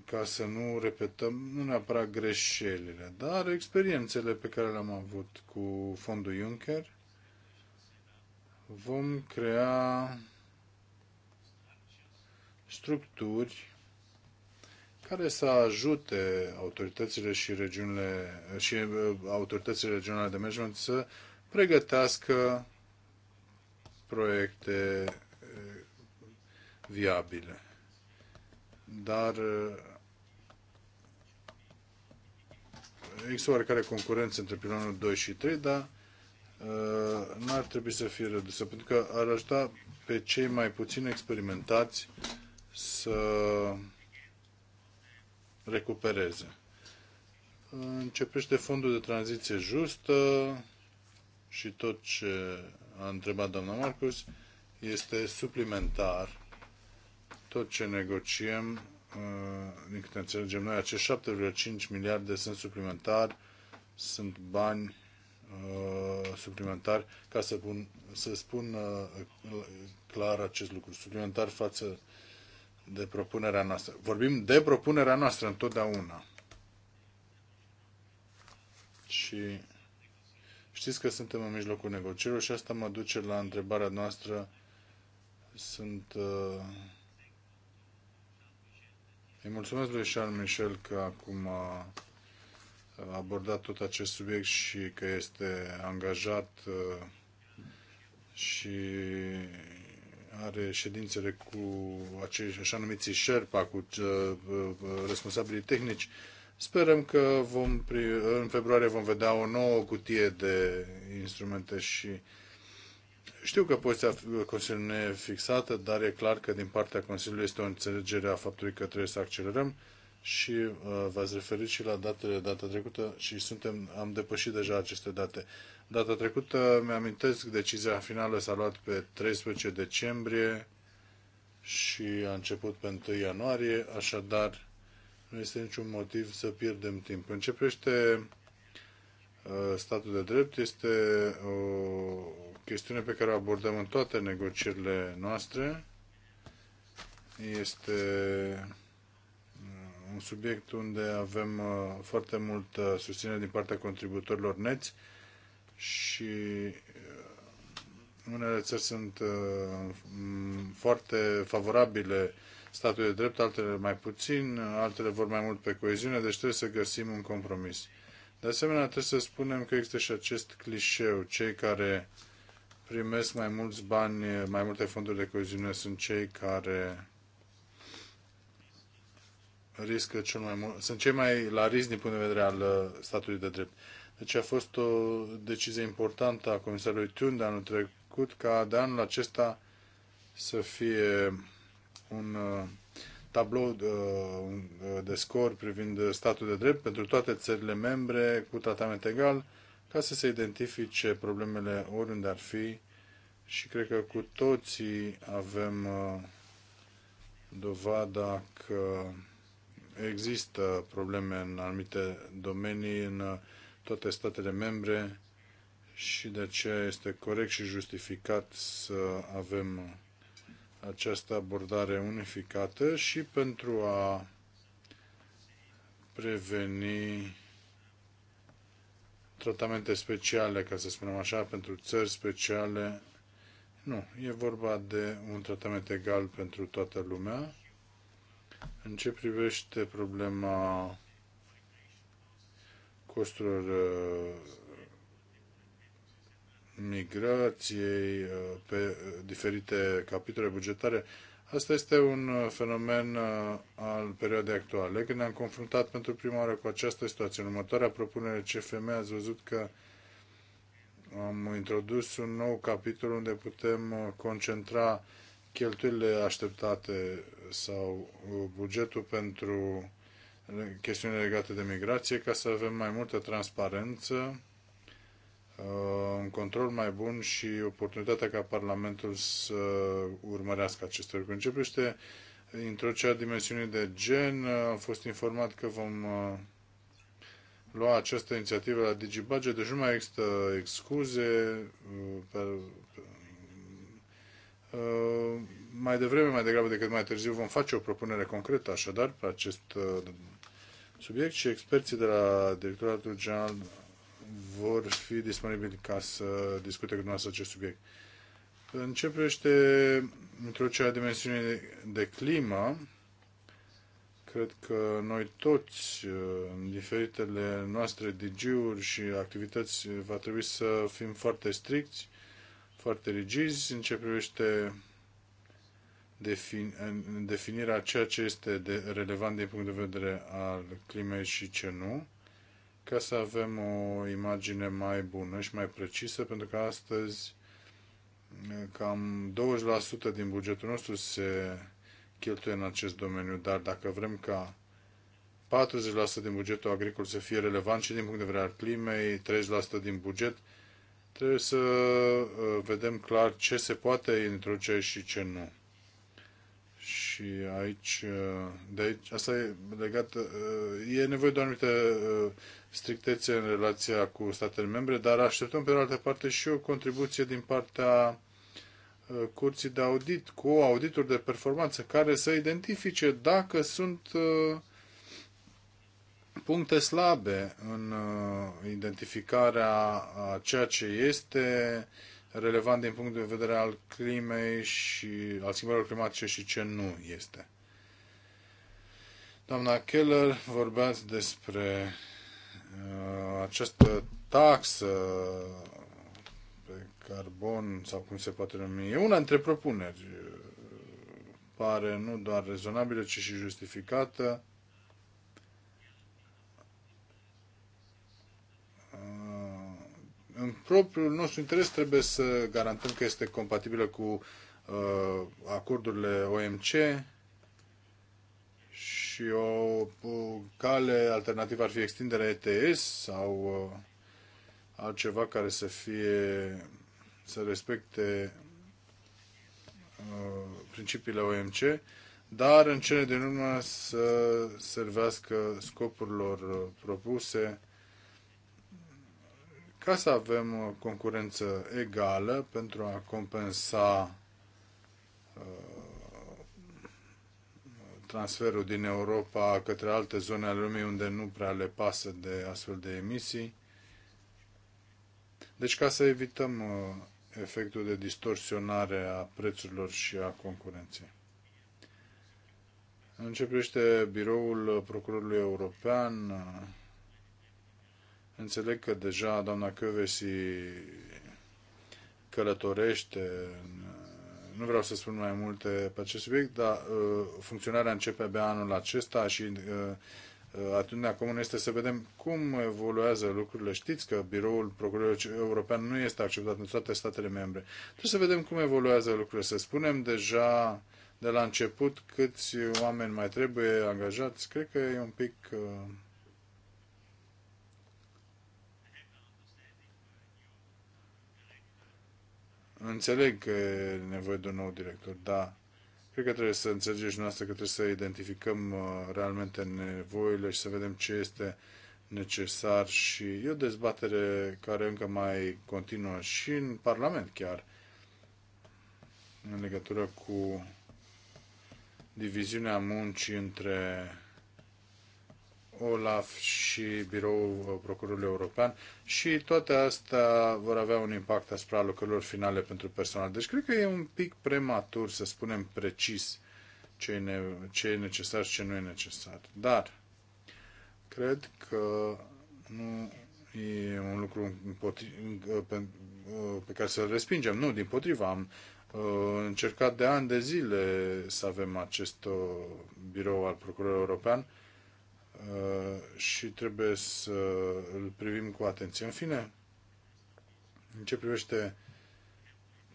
ca să nu repetăm nu neapărat greșelile, dar experiențele pe care le-am avut cu fondul Juncker, vom crea structuri care să ajute autoritățile și regiunile și uh, autoritățile regionale de management să pregătească proiecte uh, viabile. Dar uh, există oarecare concurență între pilonul 2 și 3, dar nu ar trebui să fie redusă, pentru că ar ajuta pe cei mai puțin experimentați să recupereze. Începește fondul de tranziție justă și tot ce a întrebat doamna Marcus este suplimentar. Tot ce negociem, uh, din câte înțelegem noi, acești 7,5 miliarde sunt suplimentari, sunt bani uh, suplimentari, ca să, pun, să spun uh, clar acest lucru, suplimentar față de propunerea noastră. Vorbim de propunerea noastră întotdeauna. Și știți că suntem în mijlocul negocierilor și asta mă duce la întrebarea noastră. Sunt... Uh... Îi mulțumesc lui Charles Michel că acum a abordat tot acest subiect și că este angajat uh, și are ședințele cu acești așa numiți șerpa, cu uh, uh, responsabilii tehnici. Sperăm că vom, în februarie vom vedea o nouă cutie de instrumente și știu că poziția Consiliului nu e fixată, dar e clar că din partea Consiliului este o înțelegere a faptului că trebuie să accelerăm și uh, v-ați referit și la datele data trecută și suntem, am depășit deja aceste date. Data trecută, mi-amintesc, decizia finală s-a luat pe 13 decembrie și a început pe 1 ianuarie, așadar nu este niciun motiv să pierdem timp. Începește uh, statul de drept, este o chestiune pe care o abordăm în toate negocierile noastre. Este un subiect unde avem uh, foarte mult susținere din partea contributorilor neți și uh, unele țări sunt uh, foarte favorabile statului de drept, altele mai puțin, altele vor mai mult pe coeziune, deci trebuie să găsim un compromis. De asemenea, trebuie să spunem că există și acest clișeu, cei care primesc mai mulți bani, mai multe fonduri de coeziune sunt cei care riscă cel mai mult, sunt cei mai la risc din punct de vedere al uh, statului de drept. Deci a fost o decizie importantă a comisarului Tun de anul trecut ca de anul acesta să fie un uh, tablou uh, de scor privind statul de drept pentru toate țările membre cu tratament egal ca să se identifice problemele oriunde ar fi și cred că cu toții avem dovada că Există probleme în anumite domenii, în uh, toate statele membre și de ce este corect și justificat să avem uh, această abordare unificată și pentru a preveni tratamente speciale, ca să spunem așa, pentru țări speciale. Nu, e vorba de un tratament egal pentru toată lumea în ce privește problema costurilor uh, migrației uh, pe uh, diferite capitole bugetare, asta este un fenomen al perioadei actuale. Când ne-am confruntat pentru prima oară cu această situație, în următoarea propunere CFM ați văzut că am introdus un nou capitol unde putem concentra cheltuielile așteptate sau uh, bugetul pentru chestiunile legate de migrație ca să avem mai multă transparență, uh, un control mai bun și oportunitatea ca Parlamentul să urmărească aceste lucruri. Începește introducerea dimensiunii de gen. Uh, am fost informat că vom lua această inițiativă la DigiBudget, deci nu mai există excuze Uh, mai devreme, mai degrabă decât mai târziu, vom face o propunere concretă, așadar, pe acest uh, subiect și experții de la Directoratul General vor fi disponibili ca să discute cu dumneavoastră acest subiect. În ce privește introducerea dimensiunii de climă, cred că noi toți, uh, în diferitele noastre DG-uri și activități, va trebui să fim foarte stricți foarte rigizi în ce privește defin, în definirea ceea ce este de, relevant din punct de vedere al climei și ce nu, ca să avem o imagine mai bună și mai precisă, pentru că astăzi eh, cam 20% din bugetul nostru se cheltuie în acest domeniu, dar dacă vrem ca 40% din bugetul agricol să fie relevant și din punct de vedere al climei, 30% din buget, Trebuie să uh, vedem clar ce se poate introduce și ce nu. Și aici, uh, de aici, asta e legat, uh, e nevoie de o anumită strictețe în relația cu statele membre, dar așteptăm pe de altă parte și o contribuție din partea curții de audit cu audituri de performanță care să identifice dacă sunt uh, puncte slabe în uh, identificarea a uh, ceea ce este relevant din punct de vedere al climei și al schimbărilor climatice și ce nu este. Doamna Keller, vorbeați despre uh, această taxă pe carbon sau cum se poate numi. E una dintre propuneri. Uh, pare nu doar rezonabilă, ci și justificată în propriul nostru interes trebuie să garantăm că este compatibilă cu uh, acordurile OMC și o, o cale alternativă ar fi extinderea ETS sau uh, altceva care să fie să respecte uh, principiile OMC, dar în cele din urmă să servească scopurilor uh, propuse ca să avem o uh, concurență egală pentru a compensa uh, transferul din Europa către alte zone ale lumii unde nu prea le pasă de astfel de emisii. Deci ca să evităm uh, efectul de distorsionare a prețurilor și a concurenței. Începește biroul procurorului european, Înțeleg că deja doamna Căvesi călătorește în nu vreau să spun mai multe pe acest subiect, dar uh, funcționarea începe abia anul acesta și uh, uh acum nu este să vedem cum evoluează lucrurile. Știți că biroul Procurorului European nu este acceptat în toate statele membre. Trebuie să vedem cum evoluează lucrurile. Să spunem deja de la început câți oameni mai trebuie angajați, cred că e un pic uh, Înțeleg că e nevoie de un nou director, dar cred că trebuie să înțelegeți noastră că trebuie să identificăm uh, realmente nevoile și să vedem ce este necesar și e o dezbatere care încă mai continuă și în Parlament chiar în legătură cu diviziunea muncii între OLAF și Biroul uh, Procurorului European și toate astea vor avea un impact asupra lucrurilor finale pentru personal. Deci cred că e un pic prematur să spunem precis ce e, ne- ce e necesar și ce nu e necesar. Dar cred că nu e un lucru uh, uh, pe care să-l respingem. Nu, din potriva, am încercat de ani de zile să avem acest birou al Procurorului European Uh, și trebuie să îl privim cu atenție. În fine, în ce privește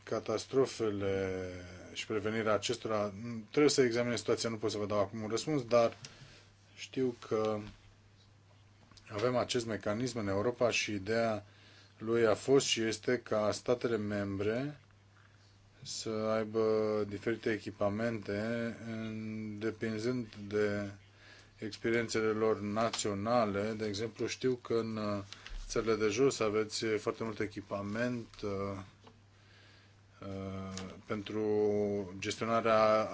catastrofele și prevenirea acestora, trebuie să examinez situația, nu pot să vă dau acum un răspuns, dar știu că avem acest mecanism în Europa și ideea lui a fost și este ca statele membre să aibă diferite echipamente depinzând de experiențele lor naționale. De exemplu, știu că în uh, țările de jos aveți foarte mult echipament uh, uh, pentru gestionarea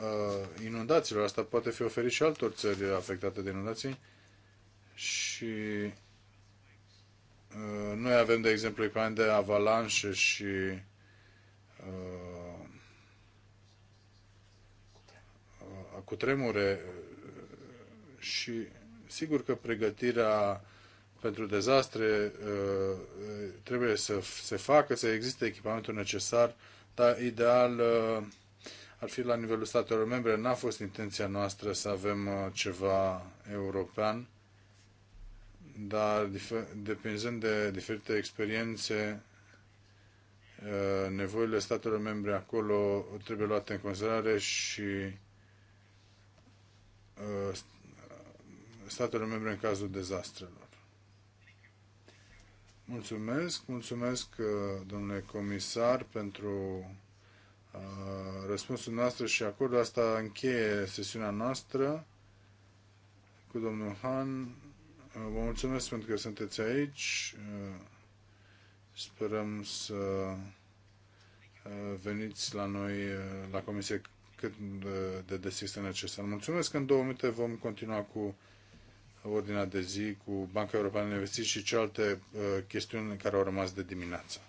inundațiilor. Asta poate fi oferit și altor țări afectate de inundații. Și noi avem, de exemplu, echipament de avalanșe și cu tremure și sigur că pregătirea pentru dezastre uh, trebuie să se facă, să existe echipamentul necesar, dar ideal uh, ar fi la nivelul statelor membre. N-a fost intenția noastră să avem uh, ceva european, dar depinzând de diferite experiențe, nevoile statelor membre acolo trebuie luate în considerare și statelor membre în cazul dezastrelor. Mulțumesc, mulțumesc, uh, domnule comisar, pentru uh, răspunsul noastră și acordul asta încheie sesiunea noastră cu domnul Han. Uh, vă mulțumesc pentru că sunteți aici. Sperăm să veniți la noi, la comisie, cât de des este necesar. Mulțumesc. În două minute vom continua cu ordinea de zi cu Banca Europeană de Investiții și celelalte uh, chestiuni care au rămas de dimineață.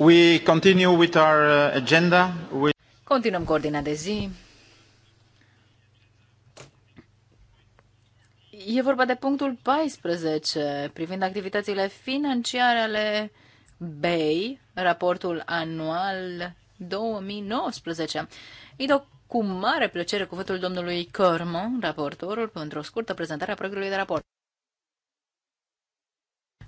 We continue with our uh, agenda. We... Continuăm cu ordinea de zi. E vorba de punctul 14 privind activitățile financiare ale BEI, raportul anual 2019. Îi dau cu mare plăcere cuvântul domnului Cărmă, raportorul, pentru o scurtă prezentare a proiectului de raport.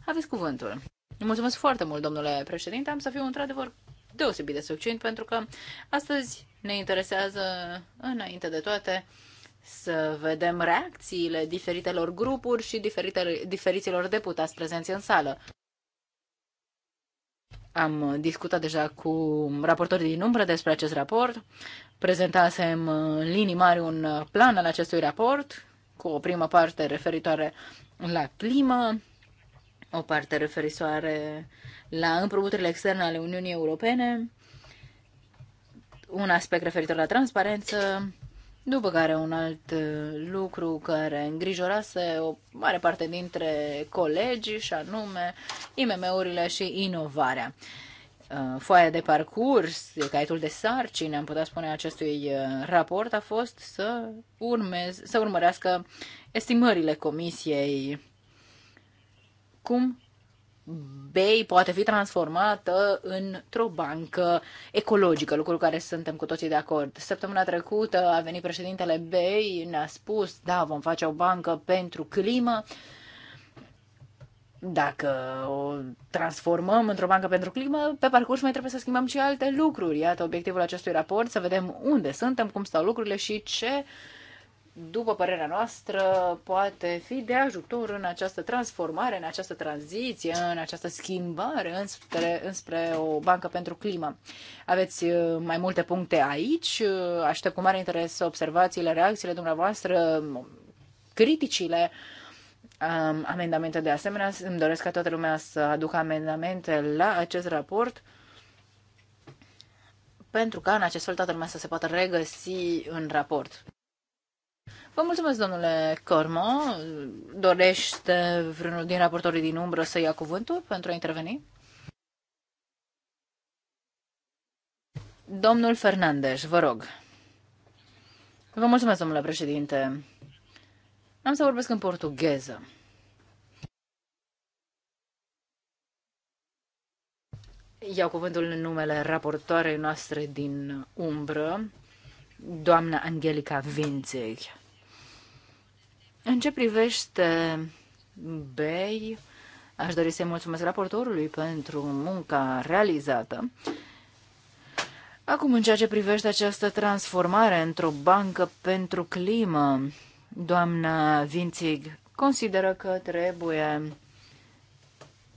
Aveți cuvântul. Mulțumesc foarte mult, domnule președinte. Am să fiu într-adevăr deosebit de succint pentru că astăzi ne interesează, înainte de toate, să vedem reacțiile diferitelor grupuri și diferite, diferiților deputați prezenți în sală. Am discutat deja cu raportorii din umbră despre acest raport. Prezentasem în linii mari un plan al acestui raport, cu o primă parte referitoare la climă, o parte referitoare la împrumuturile externe ale Uniunii Europene, un aspect referitor la transparență, după care un alt uh, lucru care îngrijorase o mare parte dintre colegi și anume IMM-urile și inovarea. Uh, foaia de parcurs, caietul de sarcini, am putea spune, acestui uh, raport a fost să, urmez, să urmărească estimările comisiei cum BEI poate fi transformată într-o bancă ecologică, lucru care suntem cu toții de acord. Săptămâna trecută a venit președintele BEI, ne-a spus, da, vom face o bancă pentru climă. Dacă o transformăm într-o bancă pentru climă, pe parcurs mai trebuie să schimbăm și alte lucruri. Iată obiectivul acestui raport, să vedem unde suntem, cum stau lucrurile și ce uh, după părerea noastră, poate fi de ajutor în această transformare, în această tranziție, în această schimbare înspre, înspre o bancă pentru climă. Aveți uh, mai multe puncte aici. Uh, aștept cu mare interes observațiile, reacțiile dumneavoastră, criticile um, amendamente de asemenea. Îmi doresc ca toată lumea să aducă amendamente la acest raport pentru ca în acest fel toată lumea să se poată regăsi în raport. Vă mulțumesc, domnule Cormo. Dorește vreunul din raportorii din umbră să ia cuvântul pentru a interveni? Domnul Fernandez, vă rog. Vă mulțumesc, domnule președinte. Am să vorbesc în portugheză. Iau cuvântul în numele raportoarei noastre din umbră, doamna Angelica Vințeg. În ce privește BEI, aș dori să-i mulțumesc raportorului pentru munca realizată. Acum, în ceea ce privește această transformare într-o bancă pentru climă, doamna Vințig consideră că trebuie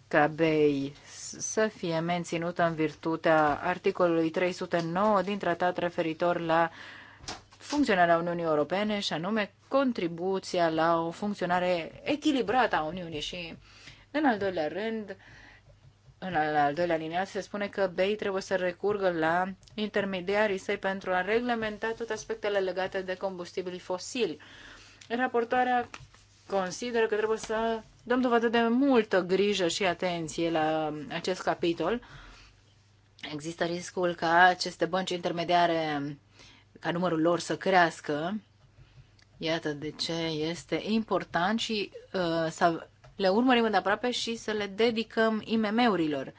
ca BEI să fie menținută în virtutea articolului 309 din tratat referitor la funcționarea Uniunii Europene și anume contribuția la o funcționare echilibrată a Uniunii și, în al doilea rând, în al, al doilea liniat se spune că BEI trebuie să recurgă la intermediarii săi pentru a reglementa toate aspectele legate de combustibili fosili. Raportoarea consideră că trebuie să dăm dovadă de multă grijă și atenție la acest capitol. Există riscul ca aceste bănci intermediare, ca numărul lor să crească, Iată de ce este important și uh, să le urmărim de aproape și să le dedicăm IMM-urilor.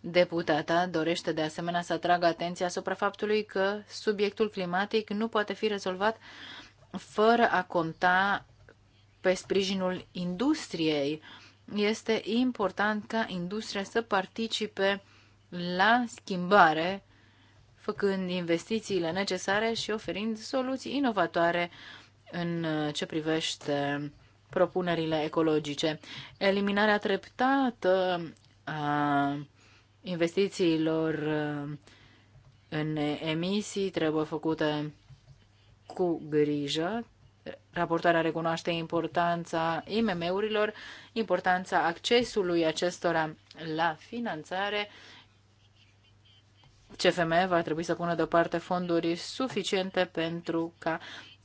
Deputata dorește de asemenea să atragă atenția asupra faptului că subiectul climatic nu poate fi rezolvat fără a conta pe sprijinul industriei. Este important ca industria să participe la schimbare, făcând investițiile necesare și oferind soluții inovatoare în uh, ce privește propunerile ecologice. Eliminarea treptată a investițiilor uh, în emisii trebuie făcute cu grijă. Raportarea recunoaște importanța IMM-urilor, importanța accesului acestora la finanțare. CFM va trebui să pună deoparte fonduri suficiente pentru ca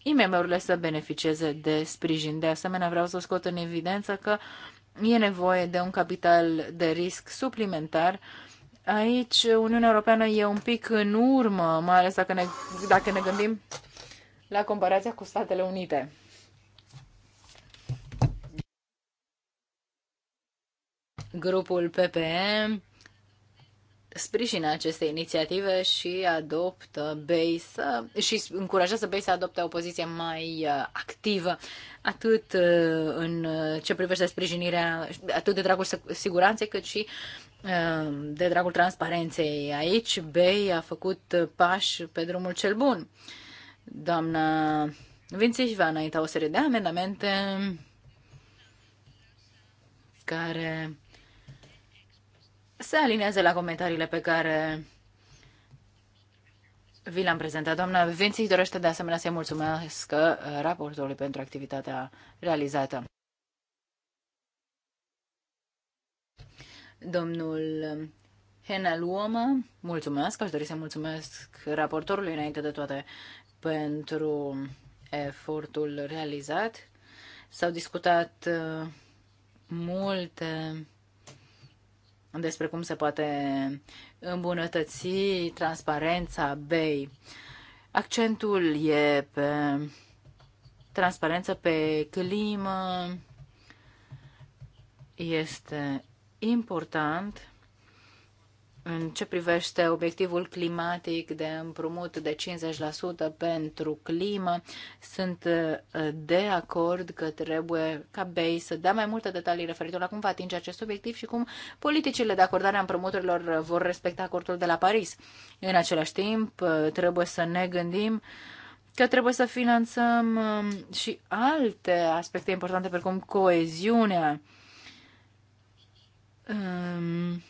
IMM-urile să beneficieze de sprijin. De asemenea, vreau să scot în evidență că e nevoie de un capital de risc suplimentar. Aici Uniunea Europeană e un pic în urmă, mai ales dacă ne, dacă ne gândim la comparația cu Statele Unite. Grupul PPM sprijină aceste inițiative și adoptă Bay să, și încurajează Bay să adopte o poziție mai uh, activă, atât uh, în ce privește sprijinirea, atât de dragul siguranței, cât și uh, de dragul transparenței. Aici Bay a făcut pași pe drumul cel bun. Doamna Vinții va înainta o serie de amendamente care se alinează la comentariile pe care vi le-am prezentat. Doamna Vinții dorește de asemenea să-i mulțumesc uh, raportului pentru activitatea realizată. Domnul Hena Luomă, mulțumesc, aș dori să mulțumesc raportorului înainte de toate pentru efortul realizat. S-au discutat uh, multe despre cum se poate îmbunătăți transparența BEI. Accentul e pe transparență, pe climă. Este important în ce privește obiectivul climatic de împrumut de 50% pentru climă, sunt uh, de acord că trebuie ca BEI să dea mai multe detalii referitor la cum va atinge acest obiectiv și cum politicile de acordare a împrumuturilor uh, vor respecta acordul de la Paris. În același timp, uh, trebuie să ne gândim că trebuie să finanțăm um, și alte aspecte importante, precum coeziunea. Um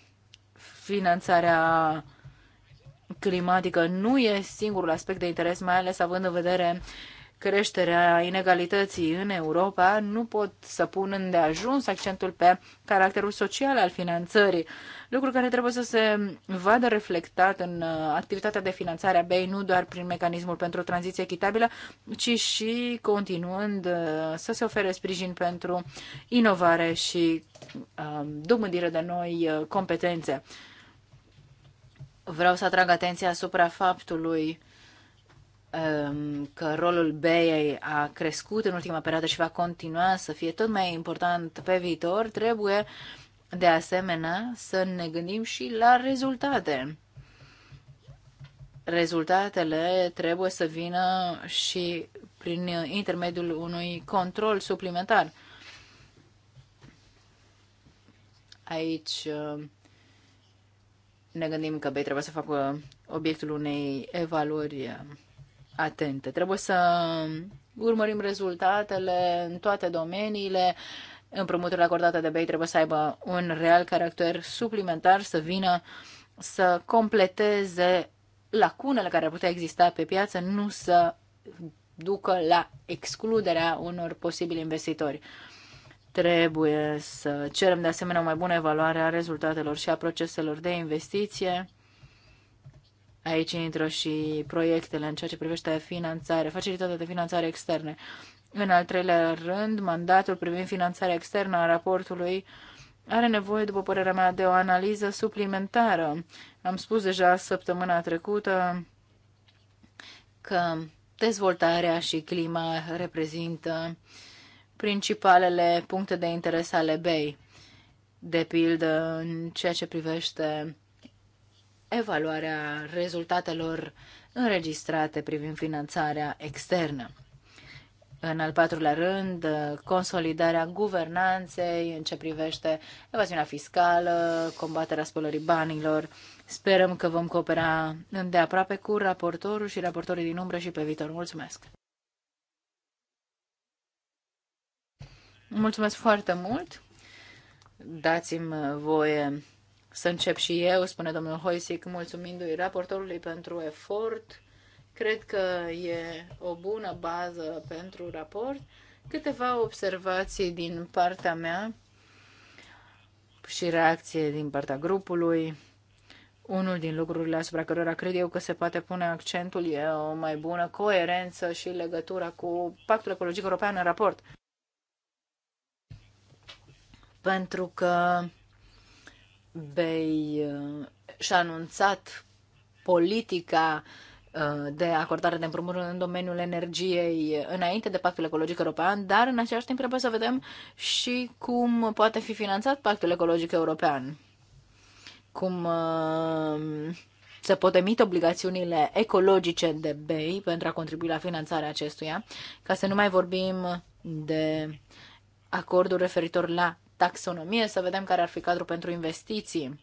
finanțarea climatică nu e singurul aspect de interes, mai ales având în vedere creșterea inegalității în Europa, nu pot să pun îndeajuns accentul pe caracterul social al finanțării, lucru care trebuie să se vadă reflectat în uh, activitatea de finanțare a BEI, nu doar prin mecanismul pentru o tranziție echitabilă, ci și continuând uh, să se ofere sprijin pentru inovare și uh, dobândire de noi competențe. Vreau să atrag atenția asupra faptului um, că rolul BEI a crescut în ultima perioadă și va continua să fie tot mai important pe viitor, trebuie de asemenea să ne gândim și la rezultate. Rezultatele trebuie să vină și prin intermediul unui control suplimentar. Aici um, ne gândim că bei trebuie să facă obiectul unei evaluări atente. Trebuie să urmărim rezultatele în toate domeniile. Împrumuturile acordate de bei trebuie să aibă un real caracter suplimentar, să vină să completeze lacunele care ar putea exista pe piață, nu să ducă la excluderea unor posibili investitori. Trebuie să cerem de asemenea o mai bună evaluare a rezultatelor și a proceselor de investiție. Aici intră și proiectele în ceea ce privește finanțare, facilitatea de finanțare externe. În al treilea rând, mandatul privind finanțarea externă a raportului are nevoie, după părerea mea, de o analiză suplimentară. Am spus deja săptămâna trecută că dezvoltarea și clima reprezintă uh, principalele puncte de interes ale BEI, de pildă în ceea ce privește evaluarea rezultatelor înregistrate privind finanțarea externă. În al patrulea rând, consolidarea guvernanței în ce privește evaziunea fiscală, combaterea spălării banilor. Sperăm că vom coopera îndeaproape cu raportorul și raportorii din umbră și pe viitor. Mulțumesc! Mulțumesc foarte mult. Dați-mi voie să încep și eu, spune domnul Hoisic, mulțumindu-i raportorului pentru efort. Cred că e o bună bază pentru raport. Câteva observații din partea mea și reacție din partea grupului. Unul din lucrurile asupra cărora cred eu că se poate pune accentul e o mai bună coerență și legătura cu Pactul Ecologic European în raport pentru că Bei uh, și-a anunțat politica uh, de acordare de împrumuturi în domeniul energiei înainte de pactul ecologic european, dar în același timp trebuie să vedem și cum poate fi finanțat pactul ecologic european. Cum uh, se pot emite obligațiunile ecologice de BEI pentru a contribui la finanțarea acestuia, ca să nu mai vorbim de acordul referitor la taxonomie, să vedem care ar fi cadrul pentru investiții.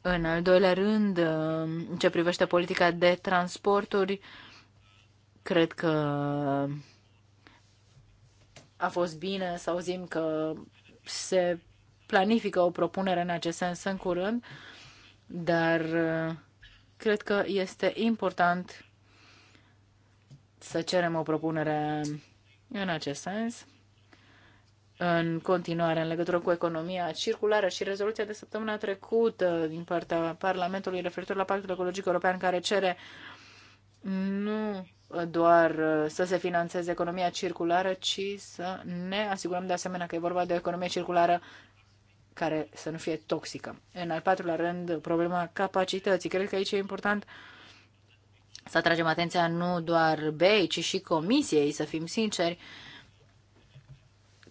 În al doilea rând, în ce privește politica de transporturi, cred că a fost bine să auzim că se planifică o propunere în acest sens în curând, dar uh, cred că este important să cerem o propunere în acest sens în continuare în legătură cu economia circulară și rezoluția de săptămâna trecută din partea Parlamentului referitor la Pactul Ecologic European care cere nu doar uh, să se financeze economia circulară, ci să ne asigurăm de asemenea că e vorba de o economie circulară care să nu fie toxică. În al patrulea rând, problema capacității. Cred că aici e important să atragem atenția nu doar BEI, ci și Comisiei, să fim sinceri,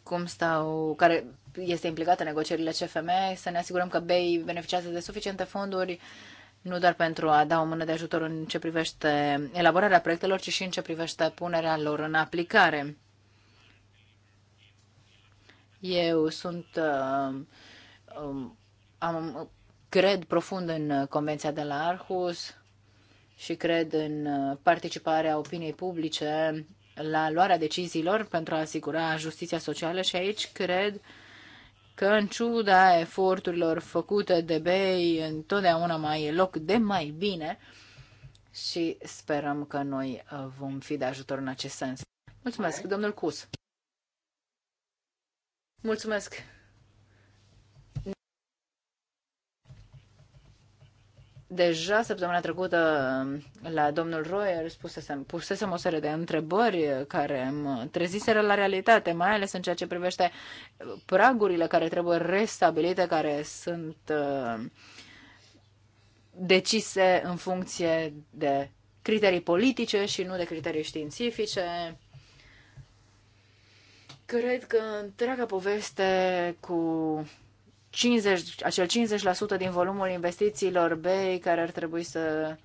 cum stau, care este implicată în negocierile CFM, să ne asigurăm că BEI beneficiază de suficiente fonduri, nu doar pentru a da o mână de ajutor în ce privește elaborarea proiectelor, ci și în ce privește punerea lor în aplicare. Eu sunt, uh, um, am, cred profund în Convenția de la Arhus și cred în uh, participarea opiniei publice la luarea deciziilor pentru a asigura justiția socială și aici cred că în ciuda eforturilor făcute de BEI, întotdeauna mai e loc de mai bine și sperăm că noi uh, vom fi de ajutor în acest sens. Mulțumesc, domnul Cus. Mulțumesc, Deja săptămâna trecută um, la domnul Royer spusesem, pusesem o serie de întrebări care îmi treziseră la realitate, mai ales în ceea ce privește pragurile care trebuie restabilite, care sunt uh, decise în funcție de criterii politice și nu de criterii științifice. Cred că întreaga poveste cu 50, acel 50% din volumul investițiilor BEI care ar trebui să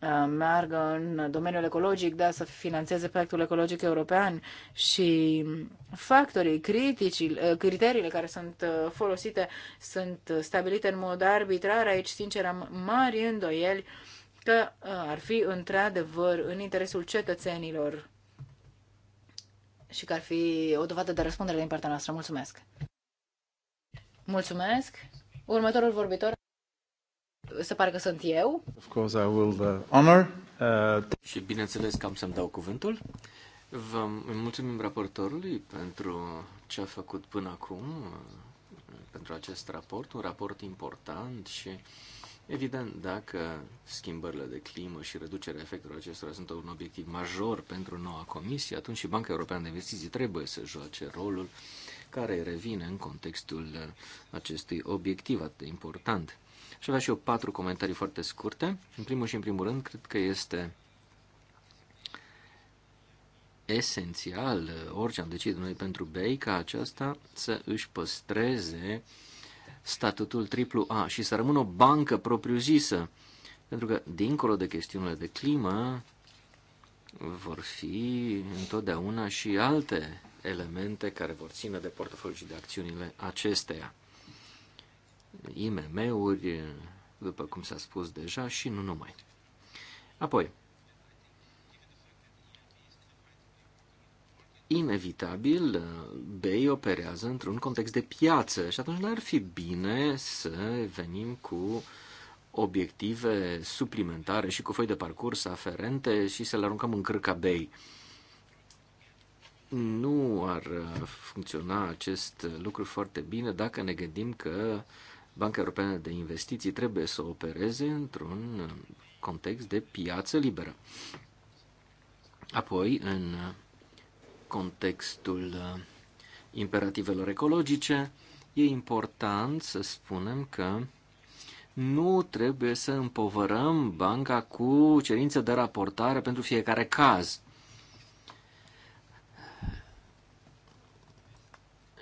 uh, meargă în domeniul ecologic, da, să financeze pactul ecologic european și factorii critici, uh, criteriile care sunt uh, folosite sunt stabilite în mod arbitrar. Aici, sincer, am mari îndoieli că ar fi într-adevăr în interesul cetățenilor și că ar fi o dovadă de răspundere din partea noastră. Mulțumesc! Mulțumesc. Următorul vorbitor se pare că sunt eu. Of course I will uh, honor. Uh... Și bineînțeles că am să-mi dau cuvântul. Vă mulțumim raportorului pentru ce a făcut până acum, uh, pentru acest raport, un raport important și evident dacă schimbările de climă și reducerea efectelor acestora sunt un obiectiv major pentru noua comisie, atunci și Banca Europeană de Investiții trebuie să joace rolul uh, care revine în contextul acestui obiectiv atât de important. Și avea și eu patru comentarii foarte scurte. În primul și în primul rând, cred că este esențial, orice am decide noi pentru BEI, ca aceasta să își păstreze statutul AAA și să rămână o bancă propriu-zisă. Pentru că, dincolo de chestiunile de climă, vor fi întotdeauna și alte elemente care vor ține de portofoliu și de acțiunile acesteia. IMM-uri, după cum s-a spus deja, și nu numai. Apoi, inevitabil, BEI operează într-un context de piață și atunci n ar fi bine să venim cu obiective suplimentare și cu foi de parcurs aferente și să le aruncăm în cârca BEI nu ar uh, funcționa acest uh, lucru foarte bine dacă ne gândim că Banca Europeană de Investiții trebuie să opereze într-un uh, context de piață liberă. Apoi, în contextul imperativelor ecologice, e important să spunem că nu trebuie să împovărăm banca cu cerințe de raportare pentru fiecare caz.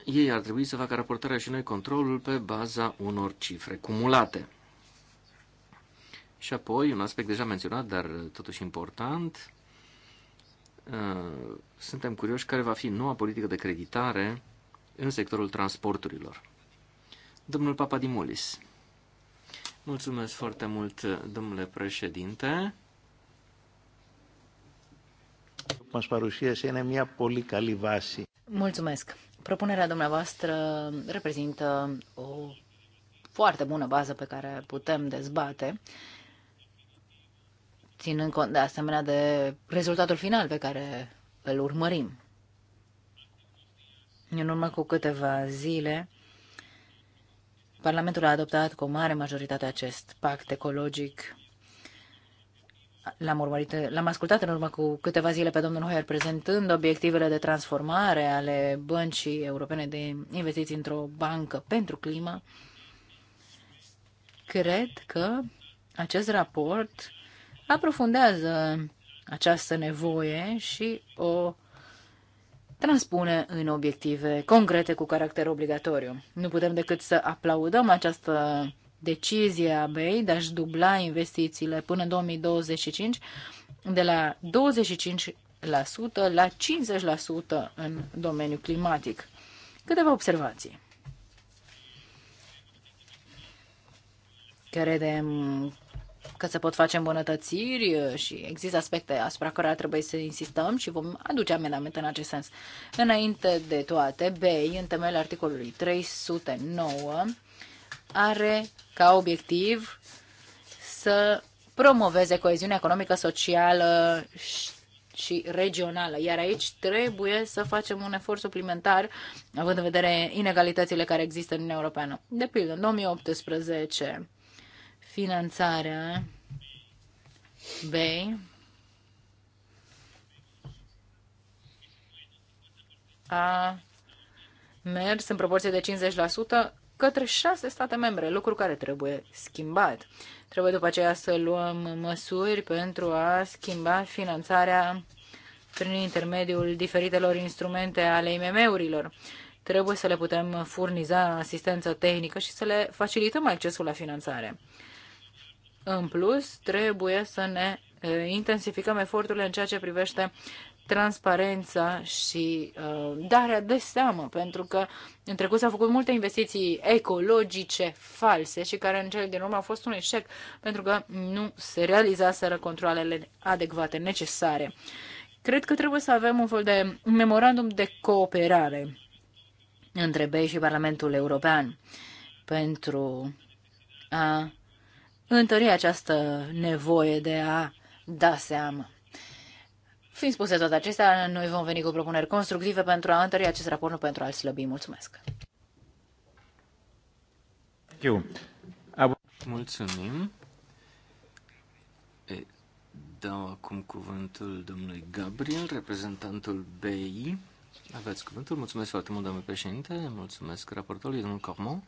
ei ar trebui să facă raportarea și noi controlul pe baza unor cifre cumulate. Și apoi, un aspect deja menționat, dar totuși important, uh, suntem curioși care va fi noua politică de creditare în sectorul transporturilor. Domnul Dimulis. Mulțumesc foarte mult, domnule președinte. Mulțumesc. Propunerea dumneavoastră reprezintă o foarte bună bază pe care putem dezbate, ținând cont de asemenea de rezultatul final pe care îl urmărim. În urmă cu câteva zile, Parlamentul a adoptat cu o mare majoritate acest pact ecologic L-am, urmărit, l-am ascultat în urmă cu câteva zile pe domnul Hoyer prezentând obiectivele de transformare ale băncii europene de investiții într-o bancă pentru climă. Cred că acest raport aprofundează această nevoie și o transpune în obiective concrete cu caracter obligatoriu. Nu putem decât să aplaudăm această decizia BEI de a-și dubla investițiile până în 2025 de la 25% la 50% în domeniul climatic. Câteva observații. Credem că se pot face îmbunătățiri și există aspecte asupra care trebuie să insistăm și vom aduce amendamente în acest sens. Înainte de toate, BEI, în temeiul articolului 309, are ca obiectiv să promoveze coeziunea economică, socială și regională. Iar aici trebuie să facem un efort suplimentar, având în vedere inegalitățile care există în Uniunea Europeană. De pildă, în 2018, finanțarea BEI a mers în proporție de 50% către șase state membre, lucru care trebuie schimbat. Trebuie după aceea să luăm măsuri pentru a schimba finanțarea prin intermediul diferitelor instrumente ale IMM-urilor. Trebuie să le putem furniza asistență tehnică și să le facilităm accesul la finanțare. În plus, trebuie să ne eh, intensificăm eforturile în ceea ce privește transparența și uh, darea de seamă, pentru că în trecut s-au făcut multe investiții ecologice false și care în cele din urmă au fost un eșec, pentru că nu se realizaseră controlele adecvate necesare. Cred că trebuie să avem un fel de memorandum de cooperare între BEI și Parlamentul European pentru a întări această nevoie de a da seamă. Fiind spuse toate acestea, noi vom veni cu propuneri constructive pentru a întări acest raport, nu pentru a-l slăbi. Mulțumesc! Eu. Mulțumim! dau acum cuvântul domnului Gabriel, reprezentantul BI. Aveți cuvântul. Mulțumesc foarte mult, domnule președinte. Mulțumesc raportorului, domnul Cormon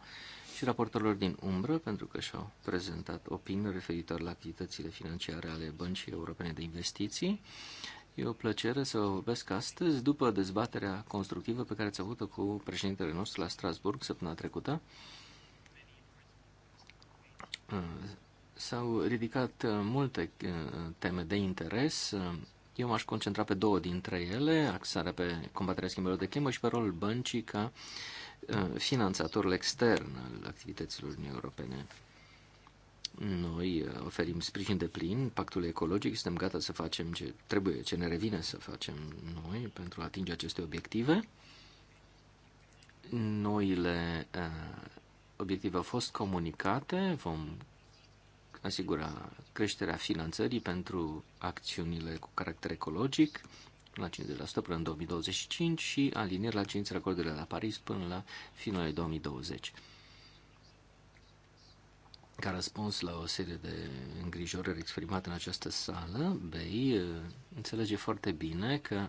și raportorilor din umbră pentru că și-au prezentat opinii referitor la activitățile financiare ale Băncii Europene de Investiții. E o plăcere să vă vorbesc astăzi, după dezbaterea constructivă pe care ați avut-o cu președintele nostru la Strasburg săptămâna trecută. S-au ridicat uh, multe uh, teme de interes. Uh, eu m-aș concentra pe două dintre ele, axarea pe combaterea schimbărilor de climă și pe rolul băncii ca finanțatorul extern al activităților Uniunii Europene. Noi uh, oferim sprijin de plin Pactul ecologic, suntem gata să facem ce trebuie, ce ne revine să facem noi pentru a atinge aceste obiective. Noile uh, obiective au fost comunicate, vom asigura creșterea finanțării pentru acțiunile cu caracter ecologic la 50% până în 2025 și alinierea la 5 acordurile la Paris până la finalul 2020 ca răspuns la o serie de îngrijorări exprimate în această sală, BEI uh, înțelege foarte bine că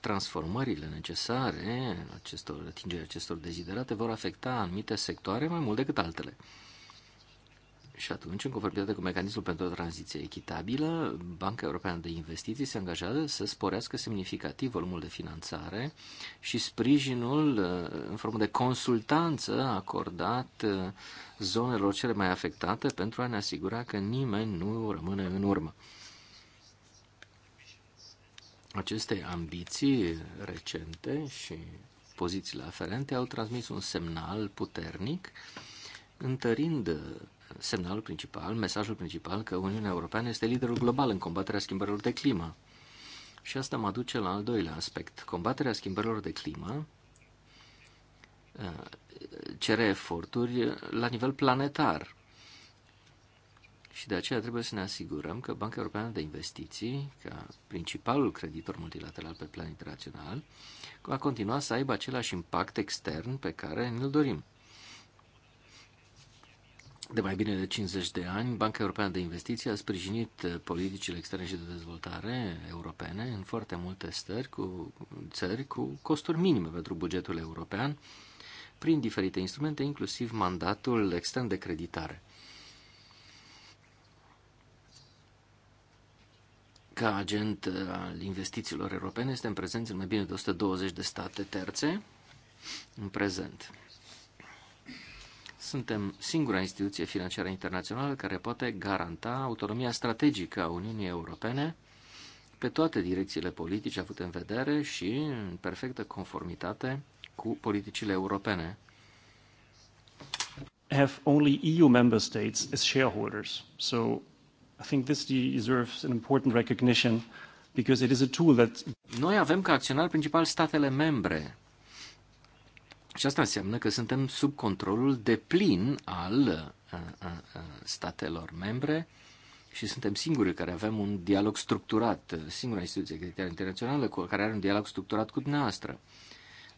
transformările necesare acestor, atingerea acestor deziderate vor afecta anumite sectoare mai mult decât altele. Și atunci, în conformitate cu mecanismul pentru o tranziție echitabilă, Banca Europeană de Investiții se angajează să sporească semnificativ volumul de finanțare și sprijinul uh, în formă de consultanță acordat uh, zonelor cele mai afectate pentru a ne asigura că nimeni nu rămâne în urmă. Aceste ambiții recente și pozițiile aferente au transmis un semnal puternic întărind semnalul principal, mesajul principal că Uniunea Europeană este liderul global în combaterea schimbărilor de climă. Și asta mă duce la al doilea aspect. Combaterea schimbărilor de climă uh, cere eforturi la nivel planetar. Și de aceea trebuie să ne asigurăm că Banca Europeană de Investiții, ca principalul creditor multilateral pe plan internațional, va continua să aibă același impact extern pe care ne-l dorim de mai bine de 50 de ani, Banca Europeană de Investiții a sprijinit uh, politicile externe și de dezvoltare europene în foarte multe stări cu, țări cu costuri minime pentru bugetul european, prin diferite instrumente, inclusiv mandatul extern de creditare. Ca agent uh, al investițiilor europene, suntem prezenți în mai bine de 120 de state terțe în prezent. Suntem singura instituție financiară internațională care poate garanta autonomia strategică a Uniunii Europene pe toate direcțiile politice avute în vedere și în perfectă conformitate cu politicile europene. Have only EU member states as shareholders. So I think this deserves an important recognition because it is a tool that Noi avem ca acționar principal statele membre și asta înseamnă că suntem sub controlul deplin al uh, uh, uh, statelor membre și suntem singuri care avem un dialog structurat, singura instituție creditară internațională cu care are un dialog structurat cu dumneavoastră.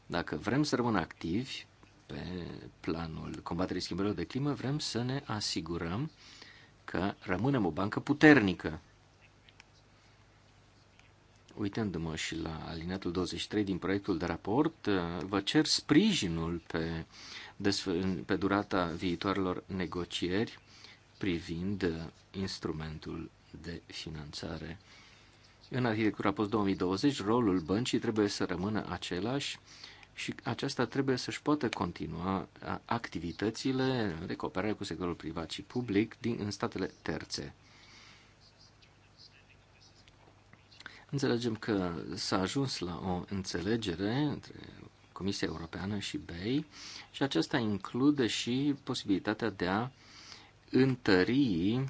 Dacă vrem să rămânem activi pe planul combaterii schimbărilor de climă, vrem să ne asigurăm că rămânem o bancă puternică uitându-mă și la alineatul 23 din proiectul de raport, uh, vă cer sprijinul pe, pe durata viitoarelor negocieri privind uh, instrumentul de finanțare. În arhitectura post-2020, rolul băncii trebuie să rămână același și aceasta trebuie să-și poată continua uh, activitățile de cooperare cu sectorul privat și public din, în statele terțe. Înțelegem că s-a ajuns la o înțelegere între Comisia Europeană și BEI și aceasta include și posibilitatea de a întări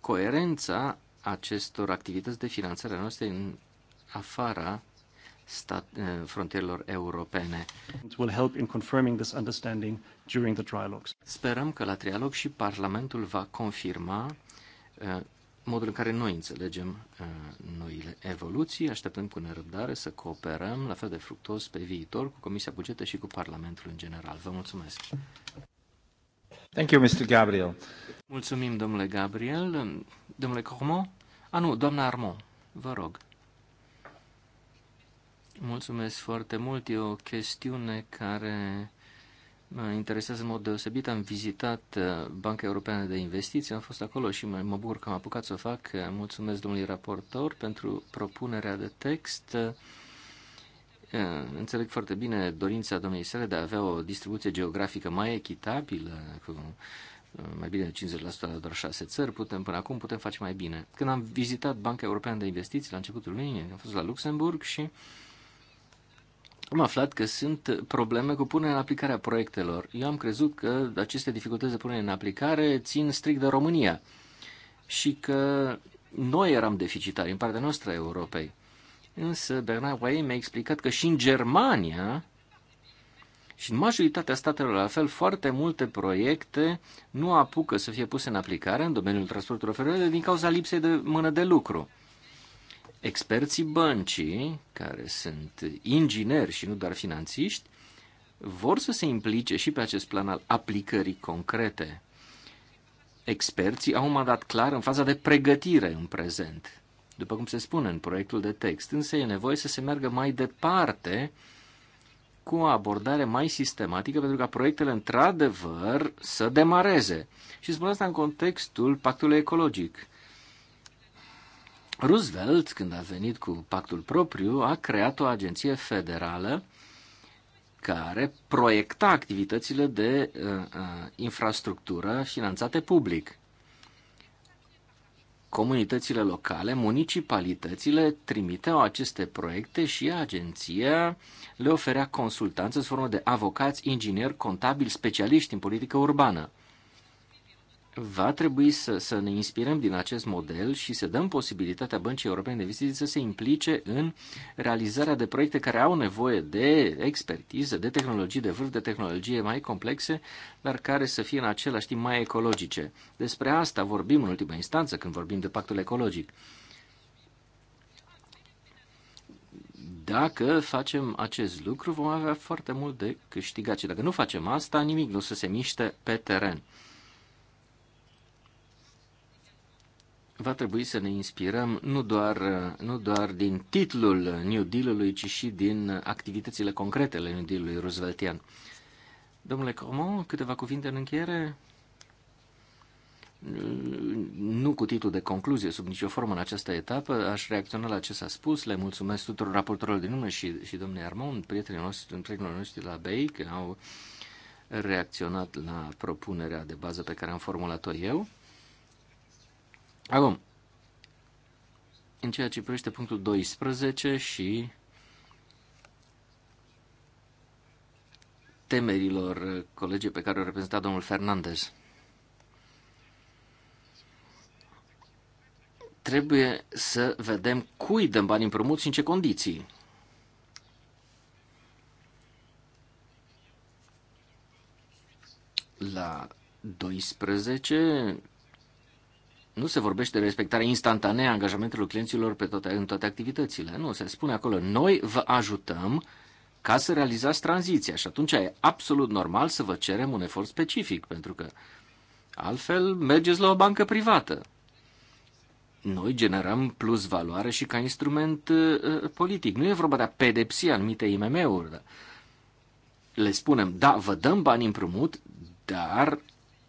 coerența acestor activități de finanțare noastre în afara stat, eh, frontierelor europene. Will help in confirming this understanding during the trilogues. Sperăm că la trialog și Parlamentul va confirma eh, modul în care noi înțelegem uh, noile evoluții. Așteptăm cu nerăbdare să cooperăm la fel de fructos pe viitor cu Comisia Bugetă și cu Parlamentul în general. Vă mulțumesc! Thank you, Mr. Gabriel. Mulțumim, domnule Gabriel. Domnule Cormo? A, nu, doamna Armon, vă rog. Mulțumesc foarte mult. E o chestiune care Mă interesează în mod deosebit. Am vizitat uh, Banca Europeană de Investiții, am fost acolo și mă bucur că am apucat să o fac. Uh, mulțumesc domnului raportor pentru propunerea de text. Uh, înțeleg foarte bine dorința domnului sale de a avea o distribuție geografică mai echitabilă, cu mai bine de 50% la doar șase țări, putem, până acum putem face mai bine. Când am vizitat Banca Europeană de Investiții la începutul lunii, am fost la Luxemburg și uh, am aflat că sunt probleme cu punerea în aplicare a proiectelor. Eu am crezut că aceste dificultăți de punere în aplicare țin strict de România și că noi eram deficitari în partea noastră a Europei. Însă Bernard Royer mi-a explicat că și în Germania și în majoritatea statelor, la fel, foarte multe proiecte nu apucă să fie puse în aplicare în domeniul transportului feroviar din cauza lipsei de mână de lucru experții băncii, care sunt ingineri și nu doar finanțiști, vor să se implice și pe acest plan al aplicării concrete. Experții au un mandat clar în faza de pregătire în prezent, după cum se spune în proiectul de text, însă e nevoie să se meargă mai departe cu o abordare mai sistematică pentru ca proiectele într-adevăr să demareze. Și spun asta în contextul pactului ecologic. Roosevelt, când a venit cu pactul propriu, a creat o agenție federală care proiecta activitățile de uh, uh, infrastructură finanțate public. Comunitățile locale, municipalitățile trimiteau aceste proiecte și agenția le oferea consultanță în formă de avocați, ingineri, contabili, specialiști în politică urbană va trebui să, să ne inspirăm din acest model și să dăm posibilitatea Băncii Europene de Investiții să se implice în realizarea de proiecte care au nevoie de expertiză, de tehnologii de vârf, de tehnologie mai complexe, dar care să fie în același timp mai ecologice. Despre asta vorbim în ultima instanță când vorbim de pactul ecologic. Dacă facem acest lucru, vom avea foarte mult de câștigat și dacă nu facem asta, nimic nu o să se miște pe teren. va trebui să ne inspirăm nu doar, nu doar din titlul New Deal-ului, ci și din activitățile concrete ale New Deal-ului rooseveltian. Domnule Cromon, câteva cuvinte în încheiere? Nu cu titlul de concluzie, sub nicio formă în această etapă, aș reacționa la ce s-a spus. Le mulțumesc tuturor raportorilor din lume și, și domnului Armand, prietenii noștri, prietenii noștri la BEI, că au reacționat la propunerea de bază pe care am formulat-o eu. Acum, în ceea ce privește punctul 12 și temerilor colegii pe care o reprezenta domnul Fernandez. Trebuie să vedem cui dăm bani împrumut și în ce condiții. La 12 nu se vorbește de respectarea instantanee a angajamentelor clienților pe toate, în toate activitățile. Nu, se spune acolo, noi vă ajutăm ca să realizați tranziția și atunci e absolut normal să vă cerem un efort specific, pentru că altfel mergeți la o bancă privată. Noi generăm plus valoare și ca instrument uh, uh politic. Nu e vorba de a pedepsi anumite IMM-uri. Da. le spunem, da, vă dăm bani împrumut, dar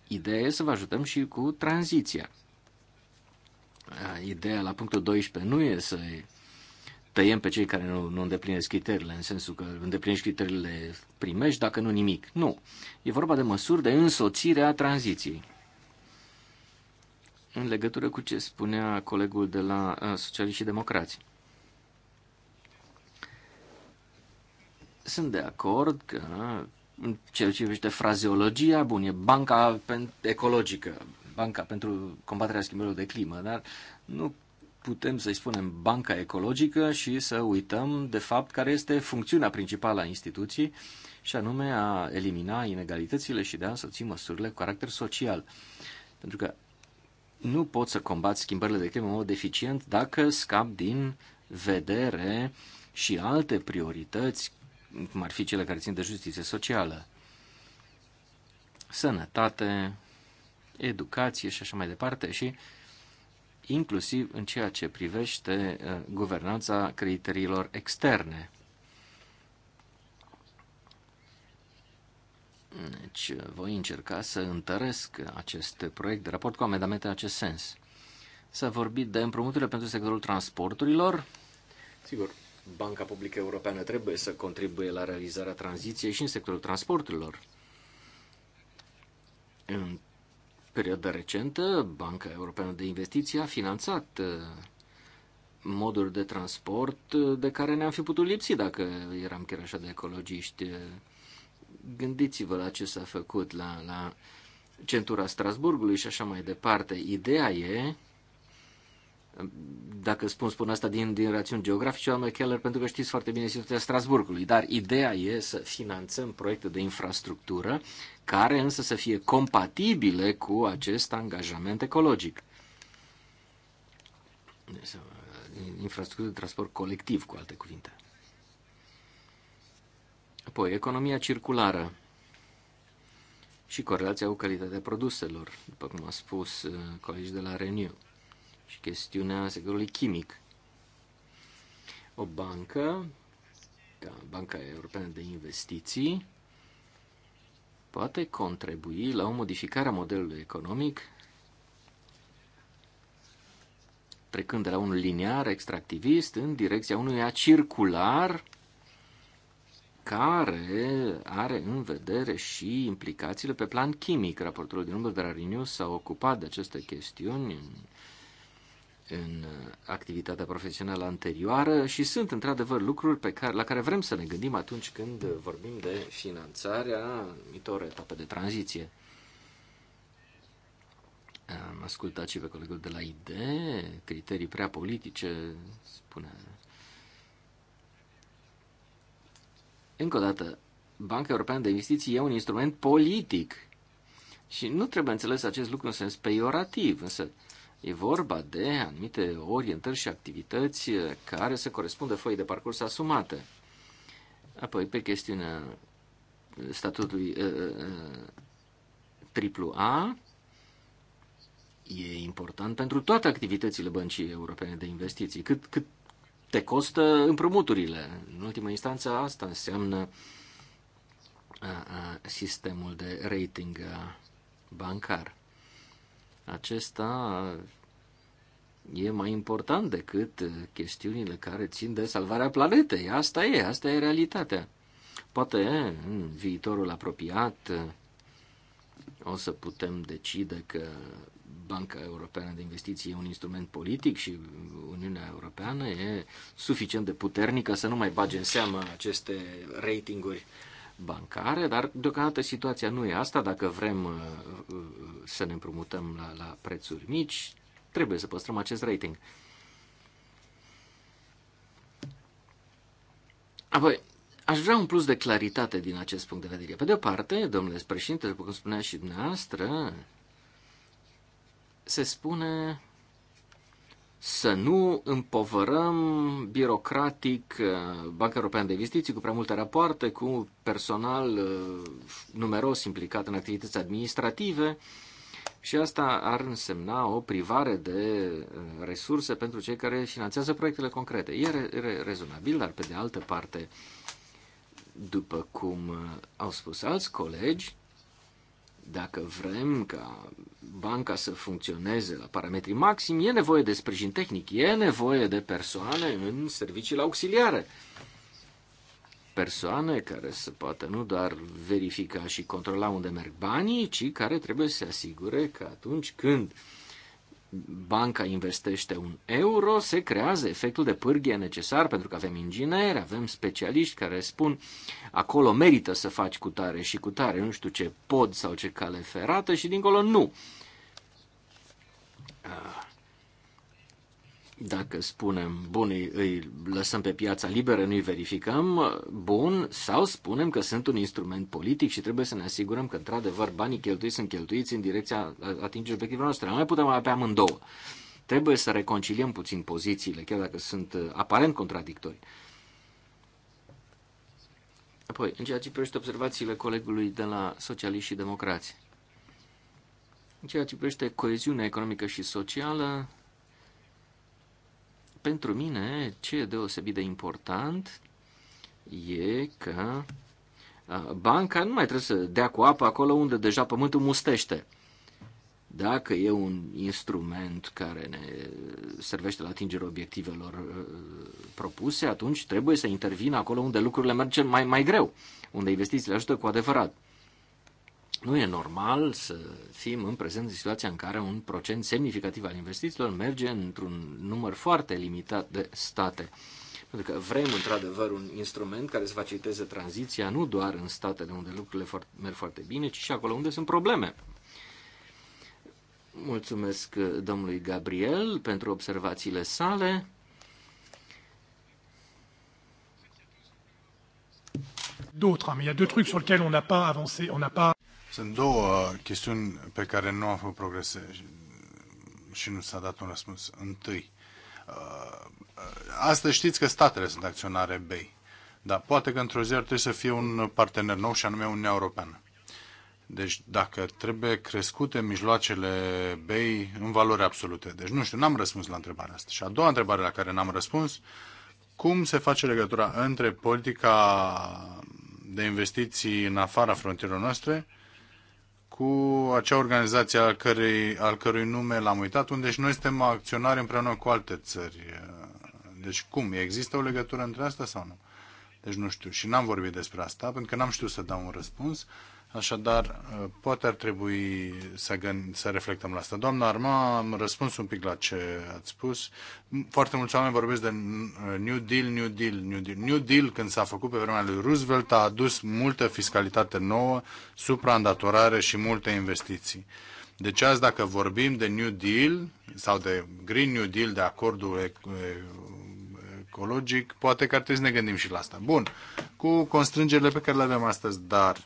ideea e să vă ajutăm și cu tranziția. Uh, ideea la punctul 12 nu e să tăiem pe cei care nu, nu îndeplinesc criteriile, în sensul că îndeplinești criteriile primești, dacă nu nimic. Nu. E vorba de măsuri de însoțire a tranziției. În legătură cu ce spunea colegul de la uh, Socialiști și Democrați. Sunt de acord că în ceea ce privește frazeologia, bun, e banca ecologică, banca pentru combaterea schimbărilor de climă, dar nu putem să-i spunem banca ecologică și să uităm, de fapt, care este funcțiunea principală a instituției, și anume a elimina inegalitățile și de a însoți măsurile cu caracter social. Pentru că nu pot să combat schimbările de climă în mod eficient dacă scap din vedere și alte priorități, cum ar fi cele care țin de justiție socială, sănătate, educație și așa mai departe și inclusiv în ceea ce privește uh, guvernanța criteriilor externe. Deci uh, voi încerca să întăresc acest proiect de raport cu amendamente în acest sens. S-a vorbit de împrumuturile pentru sectorul transporturilor. Sigur, Banca Publică Europeană trebuie să contribuie la realizarea tranziției și în sectorul transporturilor. În perioadă recentă, Banca Europeană de Investiții a finanțat uh, moduri de transport uh, de care ne-am fi putut lipsi dacă eram chiar așa de ecologiști. Uh, gândiți-vă la ce s-a făcut la, la centura Strasburgului și așa mai departe. Ideea e dacă spun, spun asta din, din rațiuni geografice, doamnă Keller, pentru că știți foarte bine situația Strasburgului, dar ideea e să finanțăm proiecte de infrastructură care însă să fie compatibile cu acest angajament ecologic. Deci, infrastructură de transport colectiv, cu alte cuvinte. Apoi, economia circulară și corelația cu calitatea produselor, după cum a spus eh, colegii de la Renew și chestiunea sectorului chimic. O bancă, ca Banca Europeană de Investiții, poate contribui la o modificare a modelului economic trecând de la un liniar extractivist în direcția unuia circular care are în vedere și implicațiile pe plan chimic. Raportul din umbră de la s-a ocupat de aceste chestiuni în în uh, activitatea profesională anterioară și sunt într-adevăr lucruri pe care, la care vrem să ne gândim atunci când vorbim de finanțarea anumitor etape de tranziție. Am ascultat și pe colegul de la ID, criterii prea politice, spune. Încă o dată, Banca Europeană de Investiții e un instrument politic și nu trebuie înțeles acest lucru în sens peiorativ, însă E vorba de anumite orientări și activități uh, care să corespundă foii de parcurs asumate. Apoi, pe chestiunea uh, statutului triplu uh, A, e important pentru toate activitățile băncii europene de investiții. Cât, cât te costă împrumuturile? În ultima instanță, asta înseamnă sistemul de rating bancar acesta e mai important decât chestiunile care țin de salvarea planetei. Asta e, asta e realitatea. Poate în viitorul apropiat o să putem decide că Banca Europeană de Investiții e un instrument politic și Uniunea Europeană e suficient de puternică să nu mai bage în seamă aceste ratinguri bancare, dar deocamdată situația nu e asta. Dacă vrem uh, uh, să ne împrumutăm la, la prețuri mici, trebuie să păstrăm acest rating. Apoi, aș vrea un plus de claritate din acest punct de vedere. Pe de o parte, domnule președinte, după cum spunea și dumneavoastră, se spune să nu împovărăm birocratic uh, Banca Europeană de Investiții cu prea multe rapoarte, cu personal uh, numeros implicat în activități administrative și asta ar însemna o privare de uh, resurse pentru cei care finanțează proiectele concrete. E re- re- rezonabil, dar pe de altă parte, după cum au spus alți colegi, dacă vrem ca banca să funcționeze la parametri maxim, e nevoie de sprijin tehnic, e nevoie de persoane în serviciile auxiliare. Persoane care să poată nu doar verifica și controla unde merg banii, ci care trebuie să se asigure că atunci când uh, banca investește un euro, se creează efectul de pârghie necesar, pentru că avem ingineri, avem specialiști care spun acolo merită să faci cu tare și cu tare, nu știu ce pod sau ce cale ferată și dincolo nu. Ah. Dacă spunem, bun, îi lăsăm pe piața liberă, nu-i verificăm, bun, sau spunem că sunt un instrument politic și trebuie să ne asigurăm că, într-adevăr, banii cheltuiți sunt cheltuiți în direcția atingerii obiectivelor noastre. Nu mai putem avea amândouă. Trebuie să reconciliem puțin pozițiile, chiar dacă sunt uh, aparent contradictorii. Apoi, în ceea ce privește observațiile colegului de la Socialiști și Democrați. În ceea ce privește coeziunea economică și socială, pentru mine, ce e deosebit de important e că banca nu mai trebuie să dea cu apă acolo unde deja pământul mustește. Dacă e un instrument care ne servește la atingerea obiectivelor propuse, atunci trebuie să intervină acolo unde lucrurile merg mai, mai greu, unde investițiile ajută cu adevărat. Nu e normal să fim în prezent în situația în care un procent semnificativ al investițiilor merge într-un număr foarte limitat de state. Pentru că vrem, într-adevăr, un instrument care să faciliteze tranziția nu doar în statele unde lucrurile merg foarte bine, ci și acolo unde sunt probleme. Mulțumesc uh, domnului Gabriel pentru observațiile sale. D'autres, mais il y a deux trucs sur lesquels on n'a pas avancé, on n'a pas sunt două uh, chestiuni pe care nu am făcut progrese și nu s-a dat un răspuns. Întâi, uh, uh, astăzi știți că statele sunt acționare BEI, dar poate că într-o zi ar trebui să fie un partener nou și anume Uniunea Europeană. Deci dacă trebuie crescute mijloacele BEI în valori absolute. Deci nu știu, n-am răspuns la întrebarea asta. Și a doua întrebare la care n-am răspuns, cum se face legătura între politica de investiții în afara frontierelor noastre cu acea organizație al cărui, al cărui nume l-am uitat, unde și noi suntem acționari împreună cu alte țări. Deci cum? Există o legătură între asta sau nu? Deci nu știu. Și n-am vorbit despre asta, pentru că n-am știut să dau un răspuns. Așadar, poate ar trebui să, gând, să reflectăm la asta. Doamna Arma, am răspuns un pic la ce ați spus. Foarte mulți oameni vorbesc de New Deal, New Deal, New Deal. New Deal, când s-a făcut pe vremea lui Roosevelt, a adus multă fiscalitate nouă, supraîndatorare și multe investiții. Deci azi, dacă vorbim de New Deal sau de Green New Deal, de acordul ecologic, poate că ar trebui să ne gândim și la asta. Bun, cu constrângerile pe care le avem astăzi, dar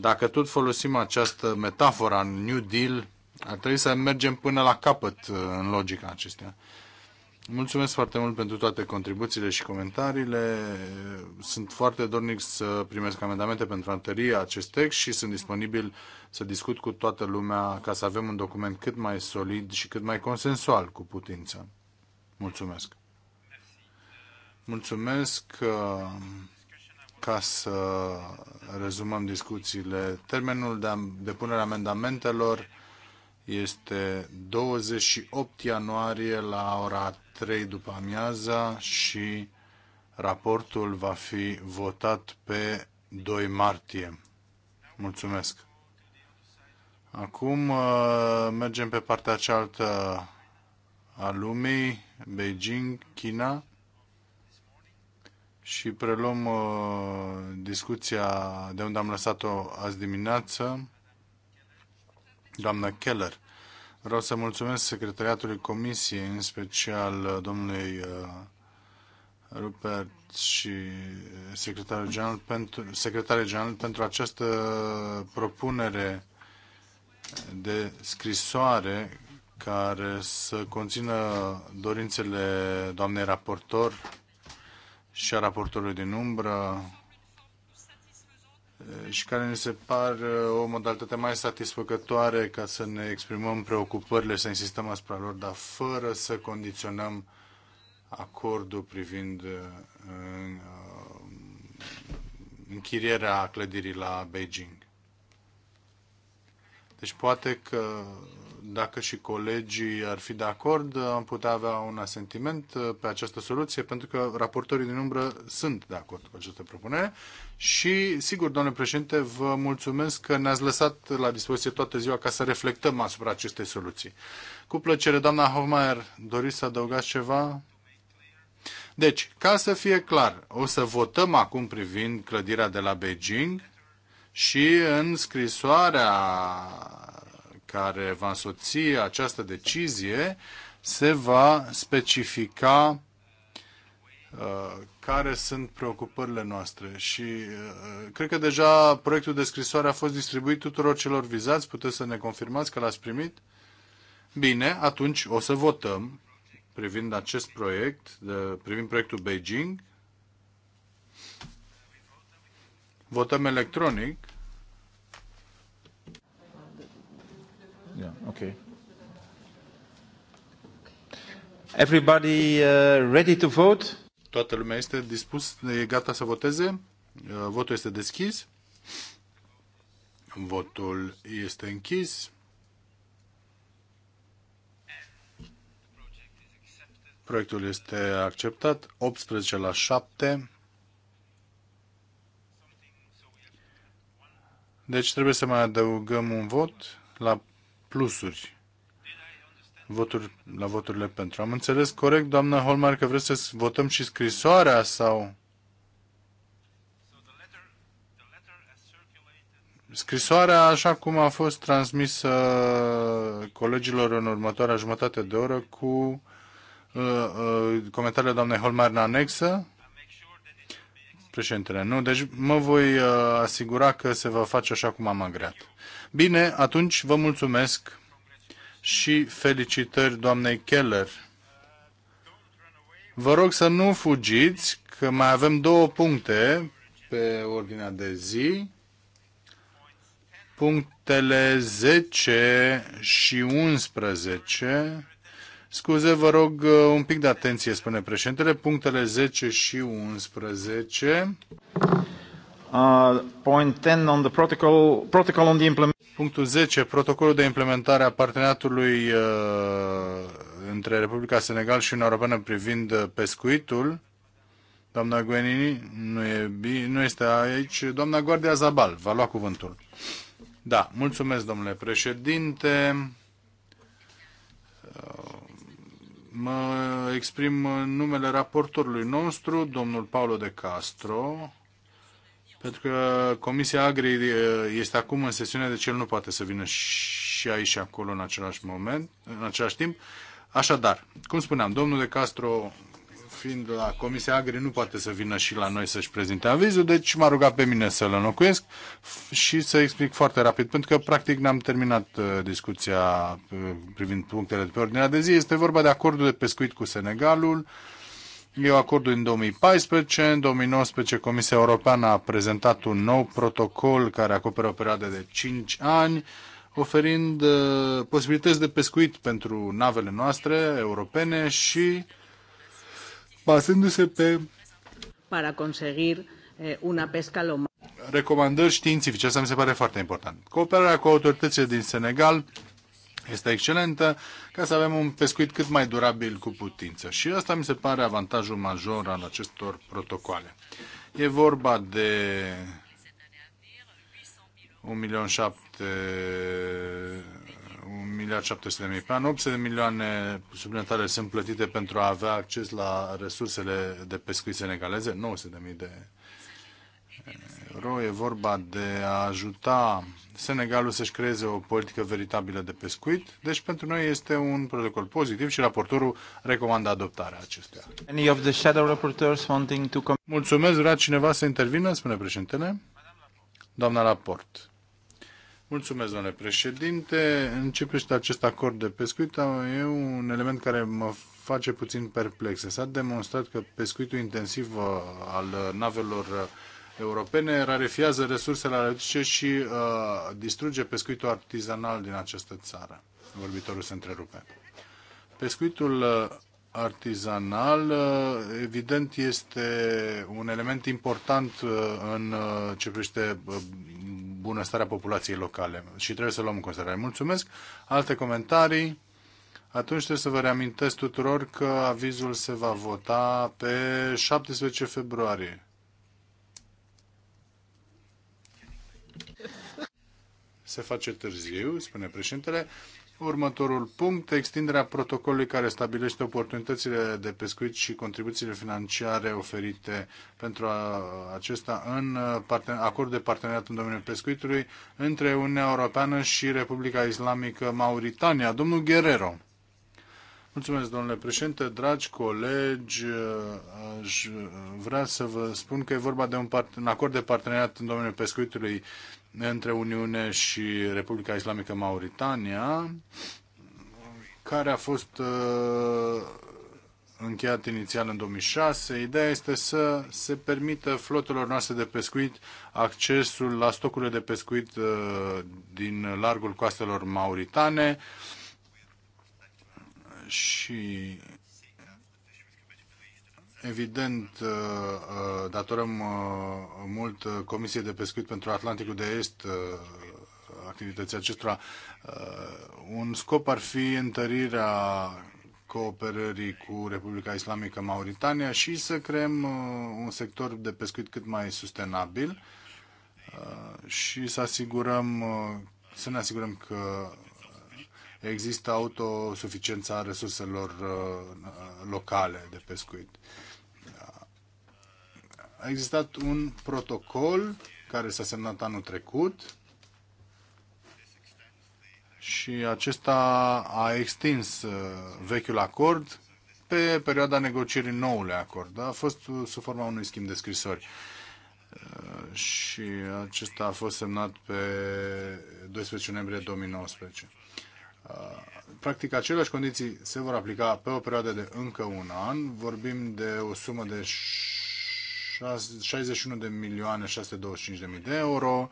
dacă tot folosim această metaforă a New Deal, ar trebui să mergem până la capăt uh, în logica acestea. Mulțumesc foarte mult pentru toate contribuțiile și comentariile. Sunt foarte dornic să primesc amendamente pentru a întări acest text și sunt disponibil să discut cu toată lumea ca să avem un document cât mai solid și cât mai consensual cu putință. Mulțumesc! Mulțumesc! Uh, ca să rezumăm discuțiile. Termenul de depunere amendamentelor este 28 ianuarie la ora 3 după amiaza și raportul va fi votat pe 2 martie. Mulțumesc! Acum uh, mergem pe partea cealaltă a lumii, Beijing, China și preluăm uh, discuția de unde am lăsat-o azi dimineață. Doamna Keller, vreau să mulțumesc secretariatului comisiei, în special uh, domnului uh, Rupert și secretarul general pentru, secretarul general pentru această propunere de scrisoare care să conțină dorințele doamnei raportor și a raportorului din umbră eh, și care ne se par o modalitate mai satisfăcătoare ca să ne exprimăm preocupările și să insistăm asupra lor, dar fără să condiționăm acordul privind eh, eh, închirierea clădirii la Beijing. Deci poate că dacă și colegii ar fi de acord, am putea avea un asentiment uh, pe această soluție, pentru că raportorii din umbră sunt de acord cu această propunere. Și, sigur, domnule președinte, vă mulțumesc că ne-ați lăsat la dispoziție toată ziua ca să reflectăm asupra acestei soluții. Cu plăcere, doamna Hofmeier, doriți să adăugați ceva? Deci, ca să fie clar, o să votăm acum privind clădirea de la Beijing și în scrisoarea care va însoți această decizie se va specifica uh, care sunt preocupările noastre și uh, cred că deja proiectul de scrisoare a fost distribuit tuturor celor vizați, puteți să ne confirmați că l-ați primit? Bine, atunci o să votăm privind acest proiect, privind proiectul Beijing. Votăm electronic. Yeah, okay. Everybody uh, ready to vote? Toată lumea este dispus, e gata să voteze? Uh, votul este deschis. Votul este închis. Proiectul este acceptat. 18 la 7. Deci trebuie să mai adăugăm un vot la plusuri voturi, la voturile pentru. Am înțeles corect, doamna Holmar, că vreți să votăm și scrisoarea sau... Scrisoarea, așa cum a fost transmisă colegilor în următoarea jumătate de oră cu uh, uh, comentariile doamnei Holmar în anexă, Președintele, nu, deci mă voi uh, asigura că se va face așa cum am agreat. Bine, atunci vă mulțumesc și felicitări doamnei Keller. Vă rog să nu fugiți, că mai avem două puncte pe ordinea de zi. Punctele 10 și 11 Scuze, vă rog uh, un pic de atenție, spune președintele. Punctele 10 și 11. Uh, point 10 on the protocol, protocol on the implement... Punctul 10, protocolul de implementare a parteneriatului uh, între Republica Senegal și Uniunea Europeană privind uh, pescuitul. Doamna Guenini nu, e, nu este aici. Doamna Guardia Zabal va lua cuvântul. Da, mulțumesc, domnule președinte. Uh, Mă exprim în numele raportorului nostru, domnul Paulo de Castro, pentru că Comisia Agri este acum în sesiune, deci el nu poate să vină și aici și acolo în același moment, în același timp. Așadar, cum spuneam, domnul de Castro fiind la Comisia Agri, nu poate să vină și la noi să-și prezinte avizul, deci m-a rugat pe mine să-l înlocuiesc și să explic foarte rapid, pentru că practic n-am terminat uh, discuția uh, privind punctele de pe ordinea de zi. Este vorba de acordul de pescuit cu Senegalul. E acordul în 2014. În 2019 Comisia Europeană a prezentat un nou protocol care acoperă o perioadă de 5 ani oferind uh, posibilități de pescuit pentru navele noastre europene și bazându-se pe para conseguir eh, una pesca lo recomandări științifice. Asta mi se pare foarte important. Cooperarea cu autoritățile din Senegal este excelentă ca să avem un pescuit cât mai durabil cu putință. Și asta mi se pare avantajul major al acestor protocoale. E vorba de 1 miliard de mii pe an, 800 de milioane suplimentare sunt plătite pentru a avea acces la resursele de pescuit senegaleze, 900 de mii de euro. E vorba de a ajuta Senegalul să-și creeze o politică veritabilă de pescuit. Deci pentru noi este un protocol pozitiv și raportorul recomandă adoptarea acestuia. Any of the shadow reporters wanting to Mulțumesc, vrea cineva să intervină, spune președintele. Doamna raport. Mulțumesc, domnule președinte. și acest acord de pescuit. E un element care mă face puțin perplex. S-a demonstrat că pescuitul intensiv uh, al navelor europene rarefiază resursele aletice și uh, distruge pescuitul artizanal din această țară. Vorbitorul se întrerupe. Pescuitul uh, artizanal, uh, evident, este un element important în ce privește bunăstarea populației locale și trebuie să luăm în considerare. Mulțumesc! Alte comentarii? Atunci trebuie să vă reamintesc tuturor că avizul se va vota pe 17 februarie. Se face târziu, spune președintele. Următorul punct, extinderea protocolului care stabilește oportunitățile de pescuit și contribuțiile financiare oferite pentru acesta în uh, acord de parteneriat în domeniul pescuitului între Uniunea Europeană și Republica Islamică Mauritania. Domnul Guerrero. Mulțumesc, domnule președinte, dragi colegi, uh, aș vrea să vă spun că e vorba de un, part- un acord de parteneriat în domeniul pescuitului între Uniune și Republica Islamică Mauritania, care a fost uh, încheiat inițial în 2006. Ideea este să se permită flotelor noastre de pescuit accesul la stocurile de pescuit uh, din largul coastelor mauritane și Evident, uh, uh, datorăm uh, mult Comisiei de Pescuit pentru Atlanticul de Est activității acestora. Un scop ar fi întărirea cooperării cu Republica Islamică Mauritania și să creăm un sector de pescuit cât mai sustenabil și să asigurăm să ne asigurăm că există autosuficiența resurselor locale de pescuit a existat un protocol care s-a semnat anul trecut și acesta a extins uh, vechiul acord pe perioada negocierii noului acord. A fost uh, sub forma unui schimb de scrisori uh, și acesta a fost semnat pe 12 noiembrie 2019. Practic, aceleași condiții se vor aplica pe o perioadă de încă un an. Vorbim de o sumă de 61 de milioane 625 de mii de euro,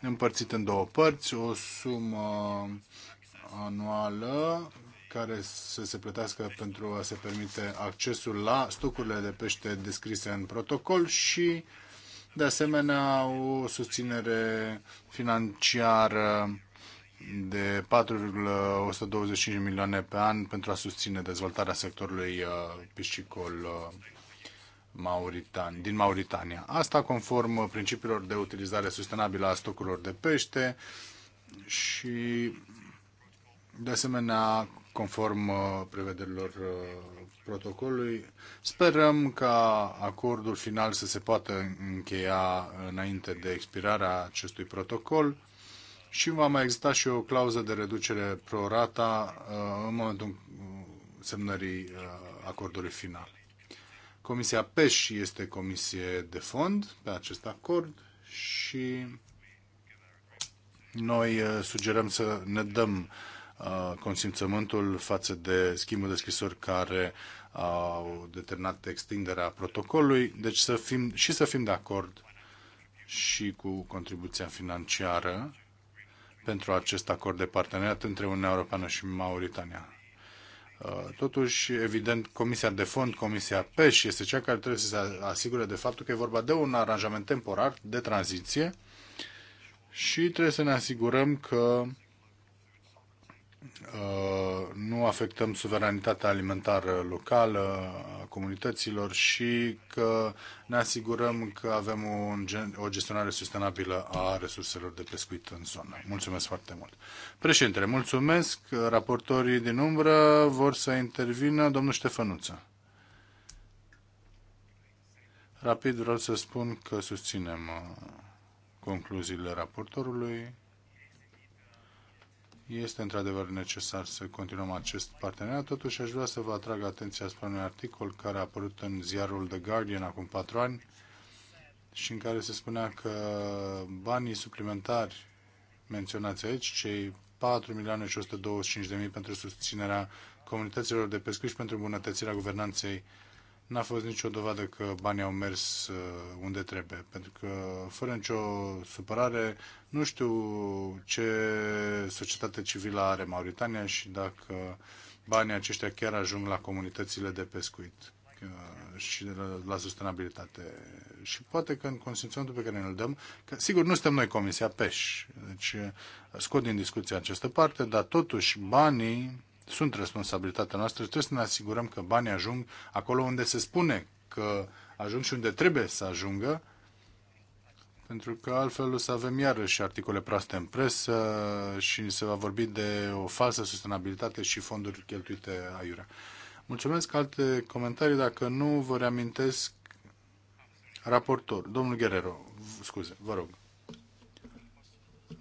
împărțit în două părți, o sumă anuală care să se plătească pentru a se permite accesul la stocurile de pește descrise în protocol și, de asemenea, o susținere financiară de 4,125 milioane pe an pentru a susține dezvoltarea sectorului uh, piscicol uh, Mauritan, din Mauritania. Asta conform principiilor de utilizare sustenabilă a stocurilor de pește și, de asemenea, conform uh, prevederilor uh, protocolului. Sperăm ca acordul final să se poată încheia înainte de expirarea acestui protocol și va mai exista și o clauză de reducere pro rata uh, în momentul semnării acordului final. Comisia PESH este comisie de fond pe acest acord și noi uh, sugerăm să ne dăm uh, consimțământul față de schimbul de scrisori care au determinat extinderea protocolului, deci să fim, și să fim de acord și cu contribuția financiară pentru acest acord de parteneriat între Uniunea Europeană și Mauritania. Uh, totuși, evident, Comisia de Fond, Comisia PEș este cea care trebuie să se asigure de faptul că e vorba de un aranjament temporar de tranziție și trebuie să ne asigurăm că Uh, nu afectăm suveranitatea alimentară locală a comunităților și că ne asigurăm că avem o gestionare sustenabilă a resurselor de pescuit în zonă. Mulțumesc foarte mult. Președintele, mulțumesc. Raportorii din umbră vor să intervină. Domnul Ștefănuță. Rapid vreau să spun că susținem uh, concluziile raportorului. Este într-adevăr necesar să continuăm acest parteneriat, totuși aș vrea să vă atrag atenția asupra unui articol care a apărut în ziarul The Guardian acum patru ani și în care se spunea că banii suplimentari menționați aici, cei 4 milioane și 125 de mii pentru susținerea comunităților de pescuit și pentru îmbunătățirea guvernanței n-a fost nicio dovadă că banii au mers uh, unde trebuie, pentru că, fără nicio supărare, nu știu ce societate civilă are Mauritania și dacă banii aceștia chiar ajung la comunitățile de pescuit uh, și la, la sustenabilitate. Și poate că în consimțământul pe care ne-l dăm, că sigur nu suntem noi Comisia PEș, deci uh, scot din discuție această parte, dar totuși banii sunt responsabilitatea noastră trebuie să ne asigurăm că banii ajung acolo unde se spune că ajung și unde trebuie să ajungă, pentru că altfel o să avem iarăși articole proaste în presă și se va vorbi de o falsă sustenabilitate și fonduri cheltuite aiurea. Mulțumesc. Alte comentarii, dacă nu, vă reamintesc raportor, domnul Guerrero, scuze, vă rog.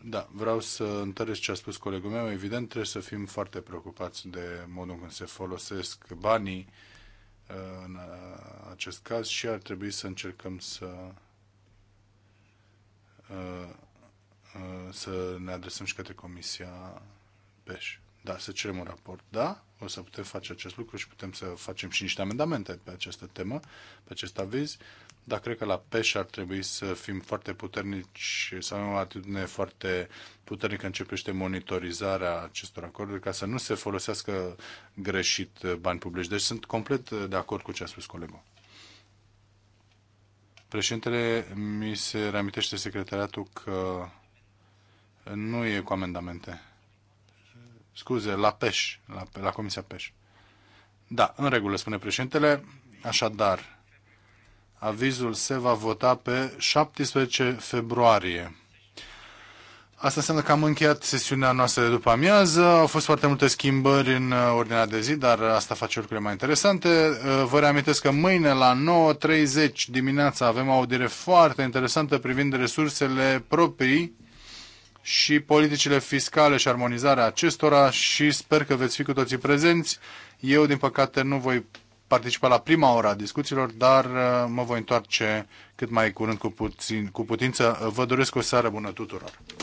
Da, vreau să întăresc ce a spus colegul meu. Evident, trebuie să fim foarte preocupați de modul în care se folosesc banii uh, în uh, acest caz și ar trebui să încercăm să uh, să ne adresăm și către Comisia PEș. Da, să cerem un raport, da? O să putem face acest lucru și putem să facem și niște amendamente pe această temă, pe acest aviz dar cred că la peș ar trebui să fim foarte puternici, să avem o atitudine foarte puternică în ce privește monitorizarea acestor acorduri, ca să nu se folosească greșit bani publici. Deci sunt complet de acord cu ce a spus colegul. Președintele, mi se reamintește secretariatul că nu e cu amendamente. Scuze, la PEș, la, la Comisia PEș. Da, în regulă, spune președintele. Așadar, Avizul se va vota pe 17 februarie. Asta înseamnă că am încheiat sesiunea noastră de după amiază. Au fost foarte multe schimbări în uh, ordinea de zi, dar uh, asta face lucrurile mai interesante. Uh, vă reamintesc că mâine la 9.30 dimineața avem o audiere foarte interesantă privind resursele proprii și politicile fiscale și armonizarea acestora și sper că veți fi cu toții prezenți. Eu, din păcate, nu voi participa la prima ora a discuțiilor, dar uh, mă voi întoarce cât mai curând cu, puțin, cu putință. Vă doresc o seară bună tuturor!